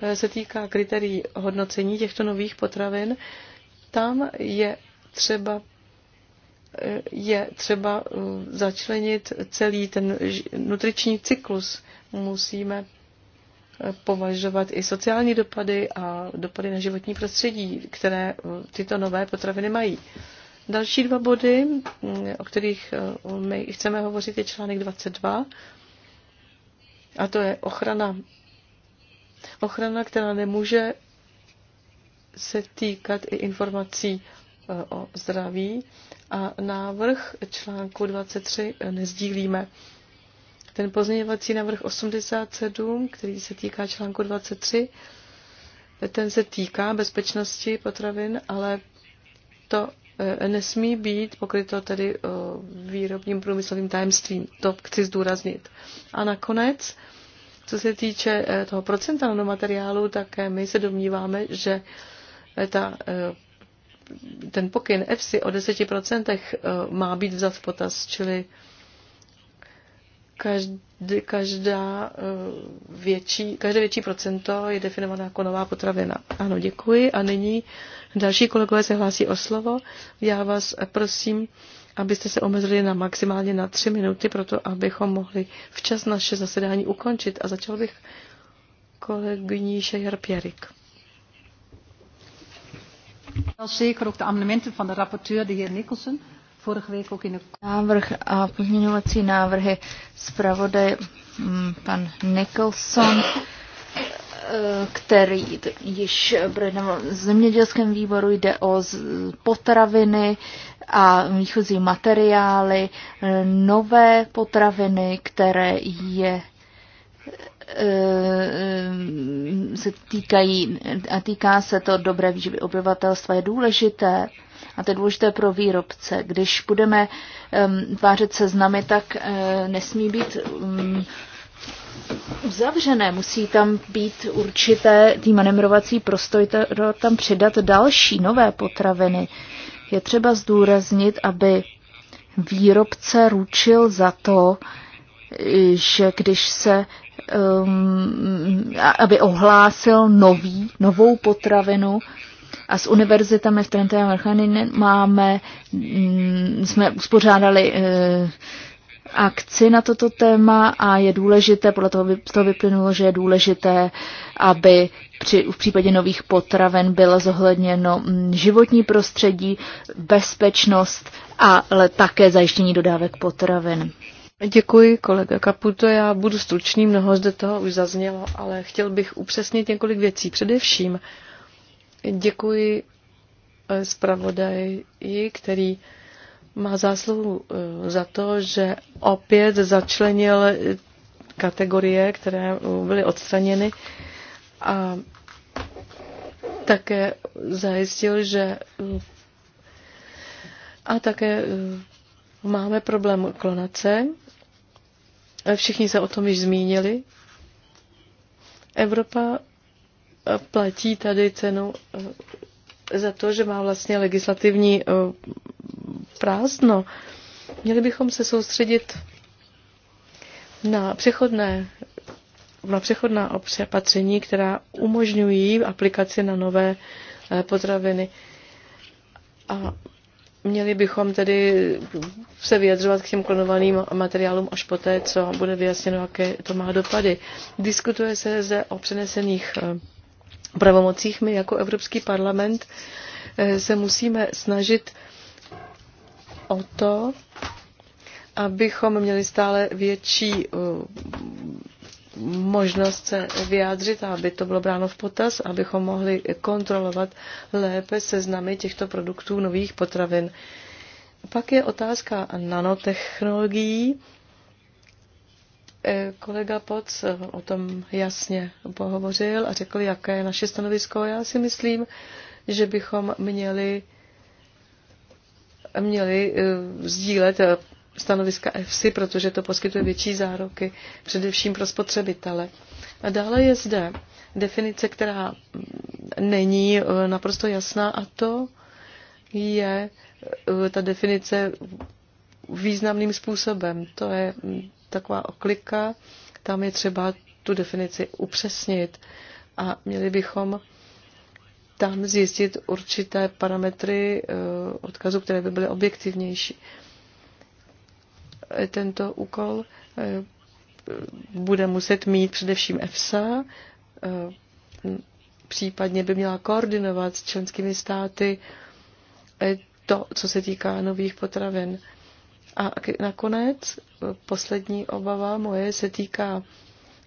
eh, se týká kritérií hodnocení těchto nových potravin. Tam je třeba je třeba eh, začlenit celý ten nutriční cyklus. Musíme eh, považovat i sociální dopady a dopady na životní prostředí, které eh, tyto nové potraviny mají. Další dva body, mm, o kterých my chceme hovořit, je článek 22. A to je ochrana. Ochrana, která nemůže se týkat i informací o zdraví a návrh článku 23 nezdílíme. Ten pozměňovací návrh 87, který se týká článku 23, ten se týká bezpečnosti potravin, ale to eh, nesmí být pokryto tedy eh, výrobním průmyslovým tajemstvím. To chci zdůraznit. A nakonec, co se týče eh, toho procenta materiálu, tak my se domníváme, že ta ten pokyn EFSI o 10% eh, má být vzat v potaz, čili každý, každá eh, větší, každé větší procento je definovaná jako nová potravina. Ano, děkuji. A nyní další kolegové se hlásí o slovo. Já vás prosím, abyste se omezili na maximálně na tři minuty, proto abychom mohli včas naše zasedání ukončit. A začal bych kolegyní Šejer Pěrik. Návrh a pozměňovací návrhy zpravodaje mm, pan Nicholson, eh, který již v zemědělském výboru, jde o potraviny a výchozí materiály, eh, nové potraviny, které je Eh, eh, se týkají a týká se to dobré výživy obyvatelstva, je důležité a to je důležité pro výrobce. Když budeme tvářet se znamy, tak eh, nesmí být uzavřené, musí tam být určité tý manemrovací prostor, tam přidat další nové potraviny. Je třeba zdůraznit, aby výrobce ručil za to, že když se um, aby ohlásil nový, novou potravinu. A s univerzitami v Trenté a Marchanine máme, um, jsme uspořádali uh, akci na toto téma a je důležité, podle toho, z toho vyplynulo, že je důležité, aby při, v případě nových potraven bylo zohledněno mm, životní prostředí, bezpečnost a ale také zajištění dodávek potravin. Děkuji, kolega Kaputo. Já budu stručný, mnoho zde toho už zaznělo, ale chtěl bych upřesnit několik věcí. Především děkuji eh, zpravodaji, který má zásluhu eh, za to, že opět začlenil eh, kategorie, které byly odstraněny a také zajistil, že a také máme problém klonace Všichni se o tom již zmínili. Evropa eh, platí tady cenu eh, za to, že má vlastně legislativní eh, prázdno. Měli bychom se soustředit na přechodné na přechodná opatření, která umožňují aplikaci na nové potraviny. A Měli bychom tedy se vyjadřovat k těm klonovaným materiálům až poté, co bude vyjasněno, jaké to má dopady. Diskutuje se zde o přenesených eh, pravomocích. My jako Evropský parlament eh, se musíme snažit o to, abychom měli stále větší eh, možnost se vyjádřit, aby to bylo bráno v potaz, abychom mohli kontrolovat lépe seznamy těchto produktů nových potravin. Pak je otázka nanotechnologií. Eh, kolega Poc o tom jasně pohovořil a řekl, jaké je naše stanovisko. Já si myslím, že bychom měli měli eh, sdílet stanoviska EFSI, protože to poskytuje větší zároky, především pro spotřebitele. A dále je zde definice, která není eh, naprosto jasná, a to je eh, ta definice významným způsobem. To je hm, taková oklika, tam je třeba tu definici upřesnit a měli bychom tam zjistit určité parametry eh, odkazu, které by byly objektivnější tento úkol eh, bude muset mít především EFSA, eh, případně by měla koordinovat s členskými státy eh, to, co se týká nových potravin. A nakonec poslední obava moje se týká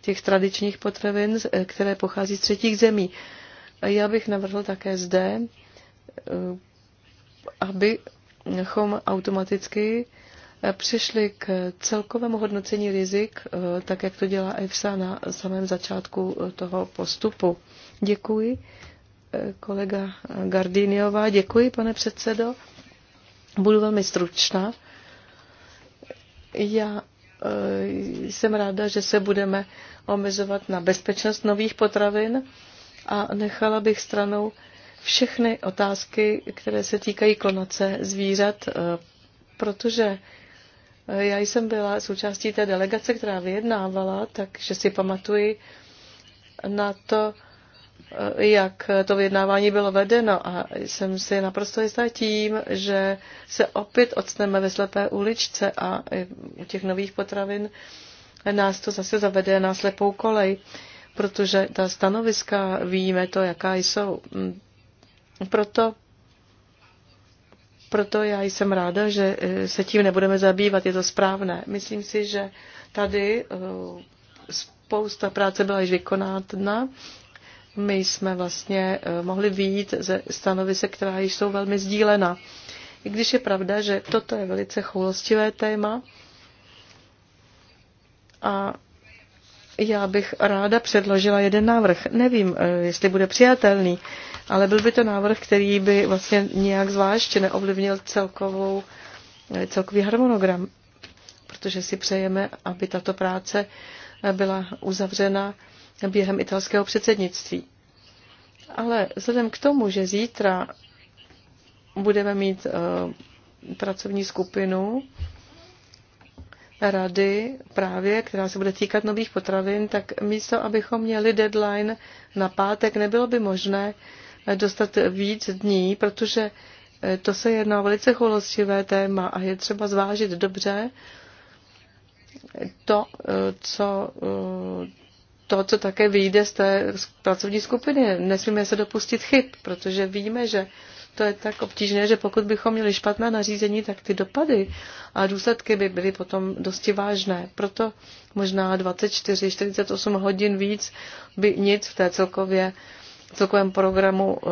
těch tradičních potravin, které pochází z třetích zemí. Já bych navrhl také zde, abychom automaticky přišli k celkovému hodnocení rizik, eh, tak jak to dělá EFSA na samém začátku eh, toho postupu. Děkuji, eh, kolega Gardiniová. Děkuji, pane předsedo. Budu velmi stručná. Já jsem ráda, že se budeme omezovat na bezpečnost nových potravin a nechala bych stranou všechny otázky, které se týkají klonace zvířat, protože já jsem byla součástí té delegace, která vyjednávala, takže si pamatuji na to, jak to vyjednávání bylo vedeno a jsem si naprosto jistá tím, že se opět odstneme ve slepé uličce a u těch nových potravin nás to zase zavede na slepou kolej, protože ta stanoviska víme to, jaká jsou. Proto proto já jsem ráda, že eh, se tím nebudeme zabývat, je to správné. Myslím si, že tady eh, spousta práce byla již vykonána. My jsme vlastně eh, mohli výjít ze stanovisek, která již jsou velmi sdílena. I když je pravda, že toto je velice choulostivé téma a já bych ráda předložila jeden návrh. Nevím, eh, jestli bude přijatelný, ale byl by to návrh, který by vlastně nějak zvlášť neovlivnil celkovou, eh, celkový harmonogram, protože si přejeme, aby tato práce eh, byla uzavřena během italského předsednictví. Ale vzhledem k tomu, že zítra budeme mít pracovní skupinu rady právě, která se bude týkat nových potravin, tak místo, abychom měli deadline na pátek, nebylo by možné eh, dostat víc dní, protože eh, to se jedná o velice choulostivé téma a je třeba zvážit dobře to, eh, co, to, co také vyjde z té pracovní skupiny. Nesmíme se dopustit chyb, protože víme, že to je tak obtížné, že pokud bychom měli špatná nařízení, tak ty dopady a důsledky by byly potom dosti vážné. Proto možná 24, 48 hodin víc by nic v té celkově celkovém programu eh,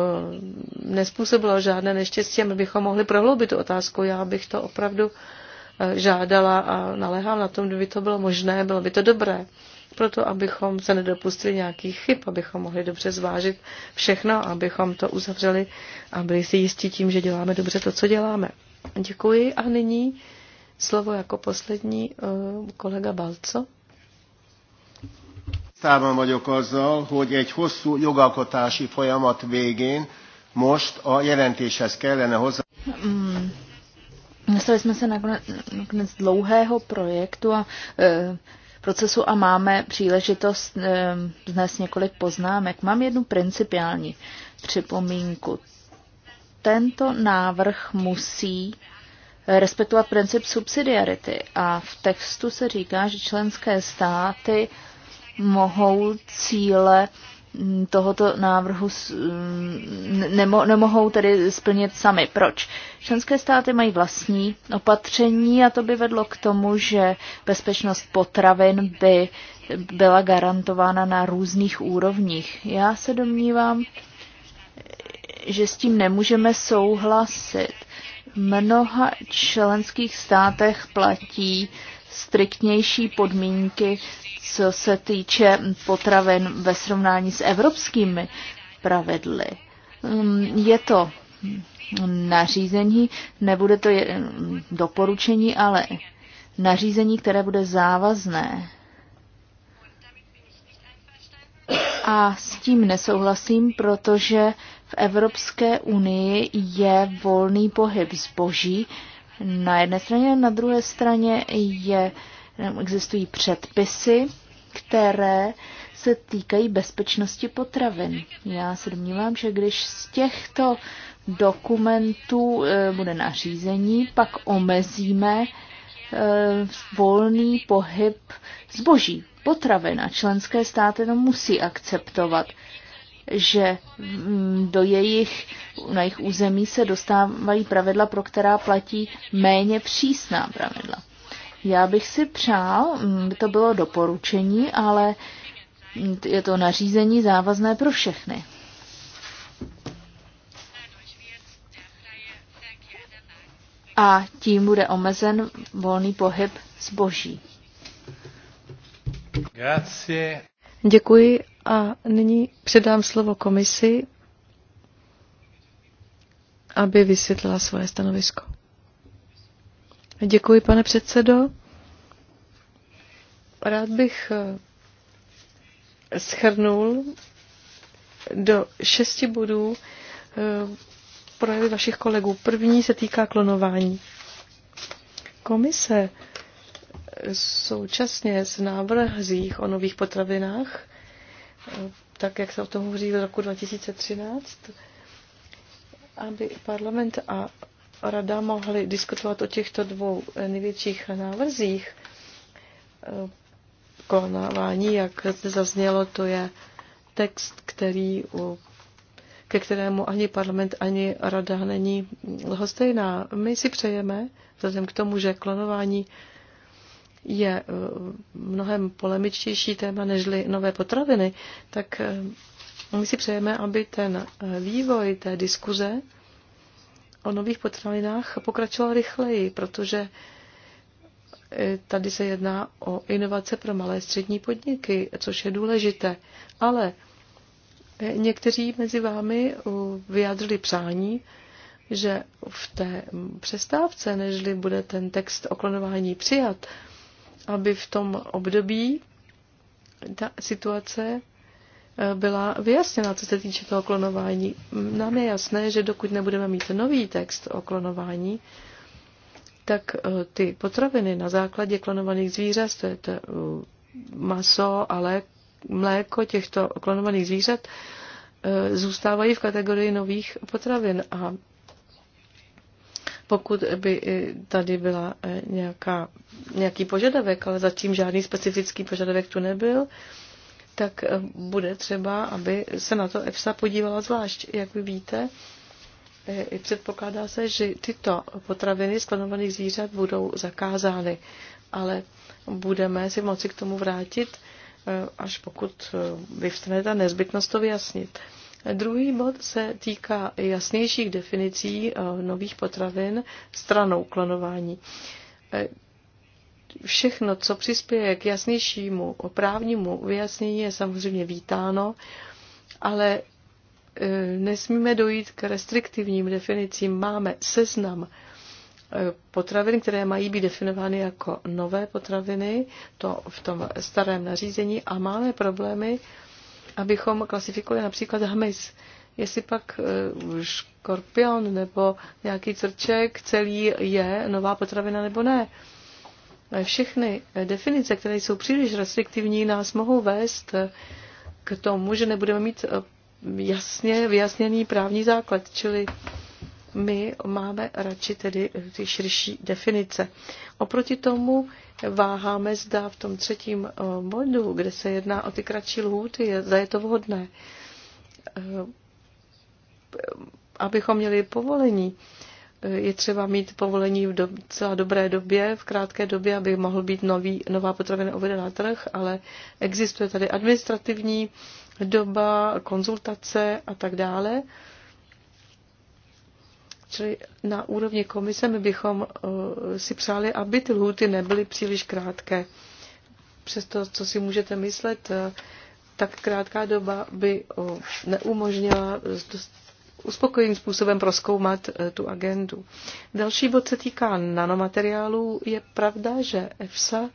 nespůsobilo žádné neštěstí my bychom mohli prohloubit tu otázku. Já bych to opravdu eh, žádala a naléhám na tom, kdyby to bylo možné, bylo by to dobré proto abychom se nedopustili nějakých chyb, abychom mohli dobře zvážit všechno, abychom to uzavřeli a byli si jistí tím, že děláme dobře to, co děláme. Děkuji a nyní slovo jako poslední eh, kolega Balco. Tisztában vagyok azzal, hogy egy hosszú jogalkotási folyamat végén most a jelentéshez kellene hozzá. Mm. Dostali jsme se nakonec, nakonec dlouhého projektu a eh, procesu a máme příležitost dnes eh, několik poznámek. Mám jednu principiální připomínku. Tento návrh musí respektovat princip subsidiarity a v textu se říká, že členské státy mohou cíle Mm, tohoto návrhu mm, nemo, nemohou tedy splnit sami. Proč? Členské státy mají vlastní opatření a to by vedlo k tomu, že bezpečnost potravin by byla garantována na různých úrovních. Já se domnívám, že s tím nemůžeme souhlasit. V mnoha členských státech platí uh, striktnější podmínky, co se týče potravin ve srovnání s evropskými pravidly. Um, je to nařízení, nebude to um, doporučení, ale nařízení, které bude závazné. A s tím nesouhlasím, protože v Evropské unii je volný pohyb zboží, na jedné straně, na druhé straně je, existují předpisy, které se týkají bezpečnosti potravin. Já se domnívám, že když z těchto dokumentů e, bude nařízení, pak omezíme e, volný pohyb zboží, potravin a členské státy to musí akceptovat že mm, do jejich, na jejich území se dostávají pravidla, pro která platí méně přísná pravidla. Já bych si přál, mm, by to bylo doporučení, ale je to nařízení závazné pro všechny. A tím bude omezen volný pohyb zboží. Děkuji a nyní předám slovo komisi, aby vysvětlila svoje stanovisko. Děkuji, pane předsedo. Rád bych eh, schrnul do šesti bodů eh, projevy vašich kolegů. První se týká klonování. Komise současně s návrhzích o nových potravinách tak jak se o tom hovoří v roku 2013, aby parlament a rada mohly diskutovat o těchto dvou největších návrzích konávání, jak zde zaznělo, to je text, který ke kterému ani parlament, ani rada není lhostejná. My si přejeme, vzhledem k tomu, že klonování je eh, mnohem polemičtější téma nežli nové potraviny, tak eh, my si přejeme, aby ten eh, vývoj té diskuze o nových potravinách pokračoval rychleji, protože tady se jedná o inovace pro malé střední podniky, což je důležité. Ale někteří mezi vámi vyjádřili přání, že v té mm, přestávce, nežli bude ten text o klonování přijat, aby v tom období ta situace eh, byla vyjasněna, co se týče toho klonování. Nám je jasné, že dokud nebudeme mít nový text o klonování, tak eh, ty potraviny na základě klonovaných zvířat, to je to eh, maso, ale mléko těchto klonovaných zvířat, zůstávají v kategorii nových potravin a pokud by eh, tady byla eh, nějaká, nějaký požadavek, ale zatím žádný specifický požadavek tu nebyl, tak eh, bude třeba, aby se na to EFSA podívala zvlášť. Jak vy víte, předpokládá se, že tyto potraviny z klonovaných zvířat budou zakázány, ale budeme si moci k tomu vrátit, až pokud vyvstane ta nezbytnost to vyjasnit. Druhý bod se týká jasnějších definicí eh, nových potravin stranou klonování. Eh, všechno, co přispěje k jasnějšímu právnímu vyjasnění, je samozřejmě vítáno, ale eh, nesmíme dojít k restriktivním definicím. Máme seznam potravin, které mají být definovány jako nové potraviny, to v tom starém nařízení, a máme problémy abychom klasifikovali například hmyz. Jestli pak eh, škorpion nebo nějaký crček celý je nová potravina nebo ne. Eh, všechny eh, definice, které jsou příliš restriktivní, nás mohou vést k tomu, že nebudeme mít jasně vyjasněný právní základ, čili my máme radši tedy eh, ty širší definice. Oproti tomu váháme, zda v tom třetím modu, eh, kde se jedná o ty kratší lhůty, zda je to vhodné, eh, abychom měli povolení. Je třeba mít povolení v docela dobré době, v krátké době, aby mohl být nový, nová potravina uvedena na trh, ale existuje tady administrativní doba, konzultace a tak dále. Čili na úrovni komise my bychom uh, si přáli, aby ty lhuty nebyly příliš krátké. Přesto, co si můžete myslet, uh, tak krátká doba by uh, neumožnila uspokojivým způsobem proskoumat tu agendu. Další bod se týká nanomateriálů. Je pravda, že EFSA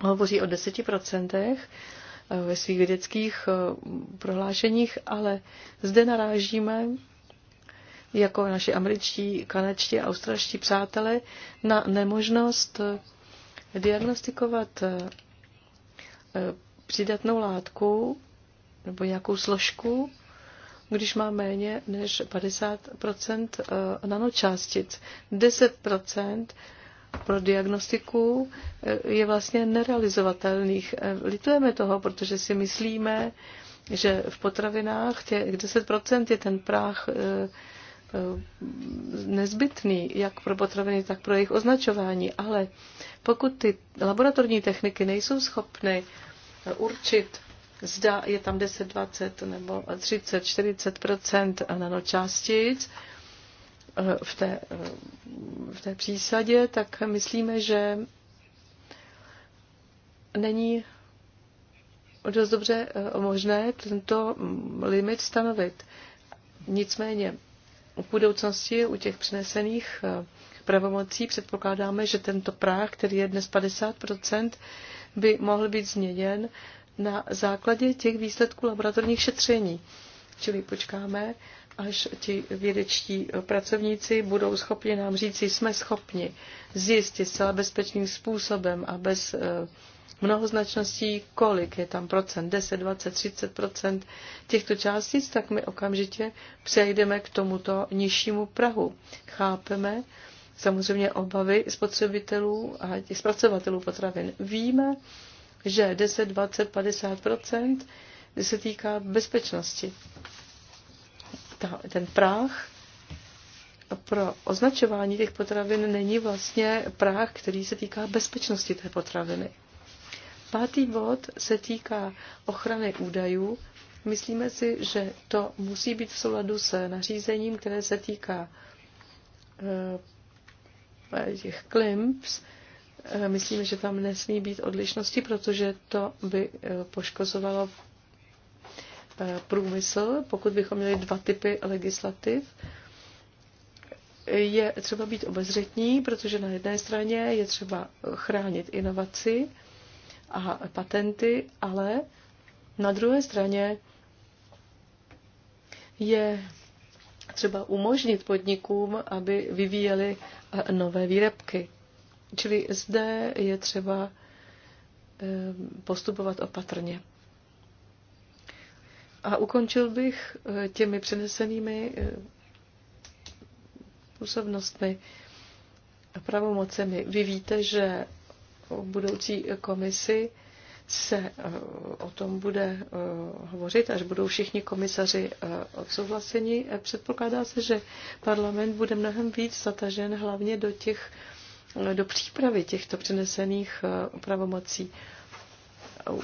hovoří o 10% ve svých vědeckých prohlášeních, ale zde narážíme jako naši američtí, kanadští, australští přátelé na nemožnost eh, diagnostikovat eh, eh, přidatnou látku nebo nějakou složku, když má méně než 50 nanočástic. 10 pro diagnostiku je vlastně nerealizovatelných. Litujeme toho, protože si myslíme, že v potravinách těch 10% je ten práh Eh, nezbytný, jak pro potraviny, tak pro jejich označování. Ale pokud ty laboratorní techniky nejsou schopny eh, určit, zda je tam 10, 20 nebo 30, 40 nanočástic eh, v té, v té přísadě, tak myslíme, že není dost dobře možné tento limit stanovit. Nicméně v budoucnosti u těch přinesených eh, pravomocí předpokládáme, že tento práh, který je dnes 50%, by mohl být změněn na základě těch výsledků laboratorních šetření. Čili počkáme, až ti vědečtí pracovníci budou schopni nám říct, jsme schopni zjistit zcela bezpečným způsobem a bez eh, mnohoznačností, kolik je tam procent, 10, 20, 30 procent těchto částic, tak my okamžitě přejdeme k tomuto nižšímu Prahu. Chápeme samozřejmě obavy spotřebitelů a těch zpracovatelů potravin. Víme, že 10, 20, 50 procent se týká bezpečnosti. Ta, ten práh pro označování těch potravin není vlastně práh, který se týká bezpečnosti té potraviny. Pátý bod se týká ochrany údajů. Myslíme si, že to musí být v souladu s nařízením, které se týká eh, těch klimps. Eh, myslíme, že tam nesmí být odlišnosti, protože to by eh, poškozovalo průmysl, pokud bychom měli dva typy legislativ je třeba být obezřetní, protože na jedné straně je třeba chránit inovaci, a patenty, ale na druhé straně je třeba umožnit podnikům, aby vyvíjeli eh, nové výrobky. Čili zde je třeba eh, postupovat opatrně. A ukončil bych eh, těmi přenesenými působnostmi a pravomocemi. Vy víte, že budoucí komisi se eh, o tom bude eh, hovořit, až budou všichni komisaři eh, odsouhlaseni. Předpokládá se, že parlament bude mnohem víc zatažen hlavně do, těch, do přípravy těchto přenesených pravomocí.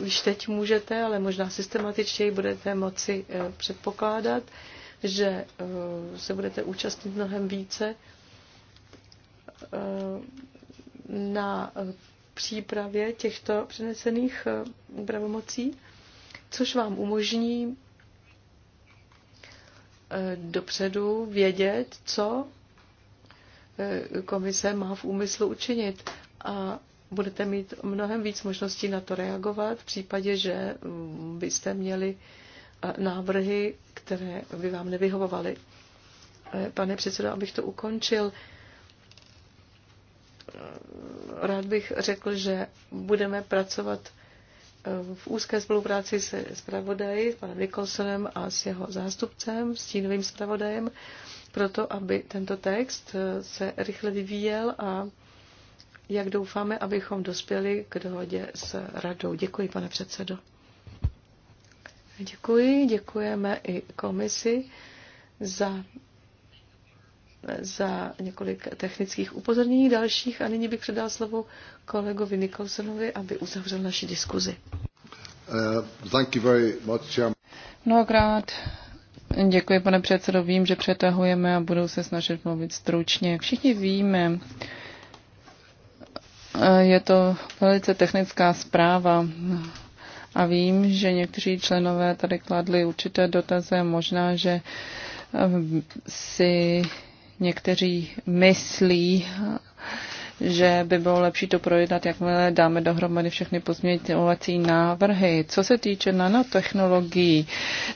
Už teď můžete, ale možná systematičtěji budete moci předpokládat, že se budete účastnit mnohem více na přípravě těchto přenesených eh, pravomocí, což vám umožní eh, dopředu vědět, co eh, komise má v úmyslu učinit a budete mít mnohem víc možností na to reagovat v případě, že mm, byste měli návrhy, které by vám nevyhovovaly. Pane předsedo, abych to ukončil, rád bych řekl, že budeme pracovat eh, v úzké spolupráci se zpravodaji, panem Nikolsonem a s jeho zástupcem, stínovým zpravodajem, proto, aby tento text eh, se rychle vyvíjel a jak doufáme, abychom dospěli k dohodě s radou. Děkuji, pane předsedo. Děkuji, děkujeme i komisi za za několik technických upozornění dalších a nyní bych předal slovo kolegovi Nikolsonovi, aby uzavřel naši diskuzi. Uh, thank you very much, Mnohokrát děkuji, pane předsedo. Vím, že přetahujeme a budou se snažit mluvit stručně. všichni víme, eh, je to velice technická zpráva a vím, že někteří členové tady kladli určité dotazy. Možná, že eh, si Někteří myslí, že by bylo lepší to projednat, jakmile dáme dohromady všechny pozměňovací návrhy. Co se týče nanotechnologií,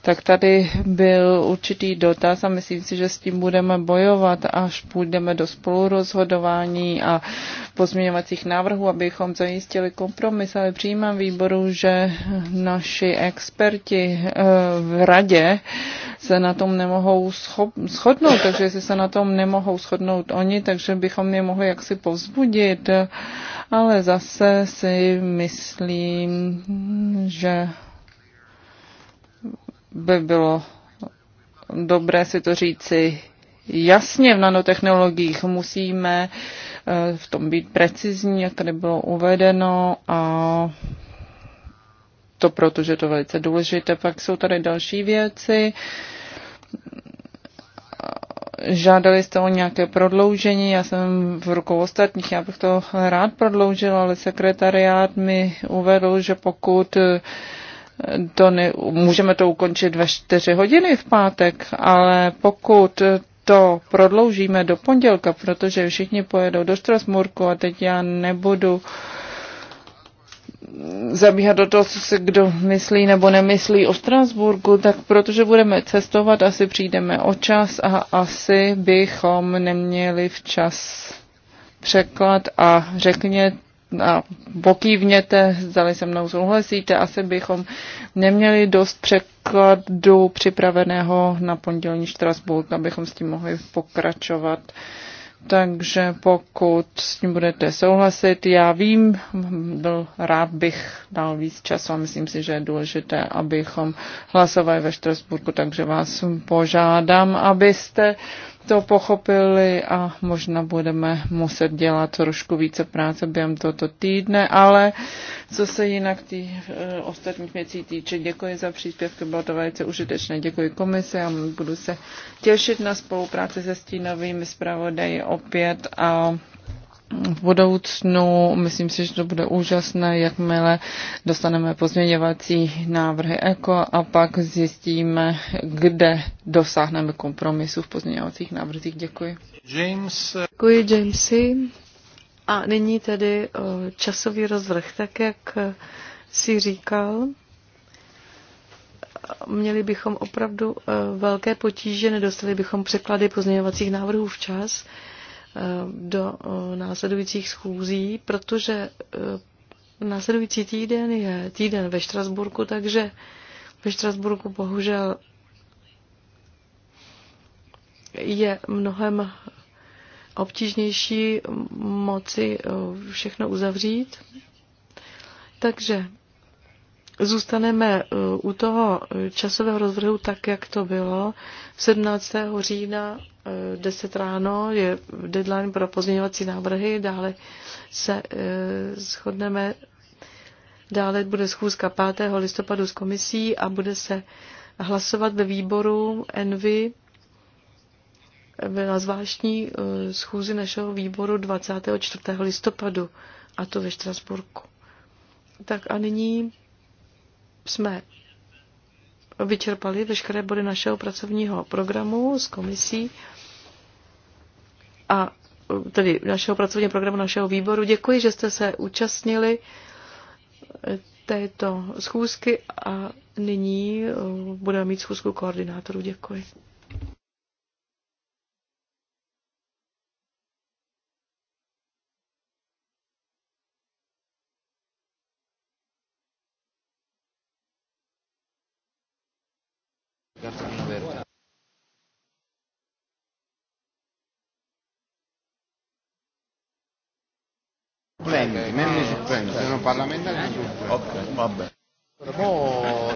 tak tady byl určitý dotaz a myslím si, že s tím budeme bojovat, až půjdeme do spolurozhodování a pozměňovacích návrhů, abychom zajistili kompromis, ale přijímám výboru, že naši experti eh, v radě se na tom nemohou shodnout, takže jestli se na tom nemohou shodnout oni, takže bychom je mohli jaksi povzbudit. Ale zase si myslím, že by bylo dobré si to říci jasně v nanotechnologiích. Musíme eh, v tom být precizní, jak tady bylo uvedeno a to proto, že to je velice důležité. Pak jsou tady další věci, Žádali jste o nějaké prodloužení, já jsem v rukou ostatních, já bych to rád prodloužil, ale sekretariát mi uvedl, že pokud to ne, můžeme to ukončit ve 4 hodiny v pátek, ale pokud to prodloužíme do pondělka, protože všichni pojedou do Strasmurku a teď já nebudu uh, zabíhat do toho, co se kdo myslí nebo nemyslí o Strasburgu, tak protože budeme cestovat, asi přijdeme o čas a asi bychom neměli včas překlad a řekněte a pokývněte, zdali se mnou souhlasíte, asi bychom neměli dost překladu připraveného na pondělní Štrasburg, abychom s tím mohli pokračovat. Takže pokud s tím budete souhlasit, já vím, byl rád bych dal víc času a myslím si, že je důležité, abychom hlasovali ve Štrasburku, takže vás požádám, abyste to pochopili a možná budeme muset dělat trošku více práce během tohoto týdne, ale co se jinak tý, e, ostatních věcí týče, děkuji za příspěvky, bylo to velice užitečné, děkuji komise a budu se těšit na spolupráci se stínovými zpravodaji opět a v budoucnu. Myslím si, že to bude úžasné, jakmile dostaneme pozměňovací návrhy ECO a pak zjistíme, kde dosáhneme kompromisu v pozměňovacích návrzích. Děkuji. James. Děkuji, Jamesy. A nyní tedy eh, časový rozvrh, tak jak si říkal měli bychom opravdu eh, velké potíže, nedostali bychom překlady pozměňovacích návrhů včas. Eh, do eh, následujících schůzí, protože eh, následující týden je týden ve Štrasburku, takže ve Štrasburku bohužel je mnohem obtížnější moci všechno uzavřít. Takže zůstaneme u toho časového rozvrhu tak, jak to bylo 17. října 10 ráno je deadline pro pozměňovací návrhy, dále se e, shodneme, dále bude schůzka 5. listopadu s komisí a bude se hlasovat ve výboru Envy eh, na zvláštní e, schůzi našeho výboru 24. listopadu a to ve Štrasburku. Tak a nyní jsme vyčerpali veškeré body našeho pracovního programu s komisí a tedy našeho pracovního programu, našeho výboru. Děkuji, že jste se účastnili této schůzky a nyní budeme mít schůzku koordinátorů. Děkuji. supprendi, me ne supprendi, parlamentare e mi Ok, vabbè.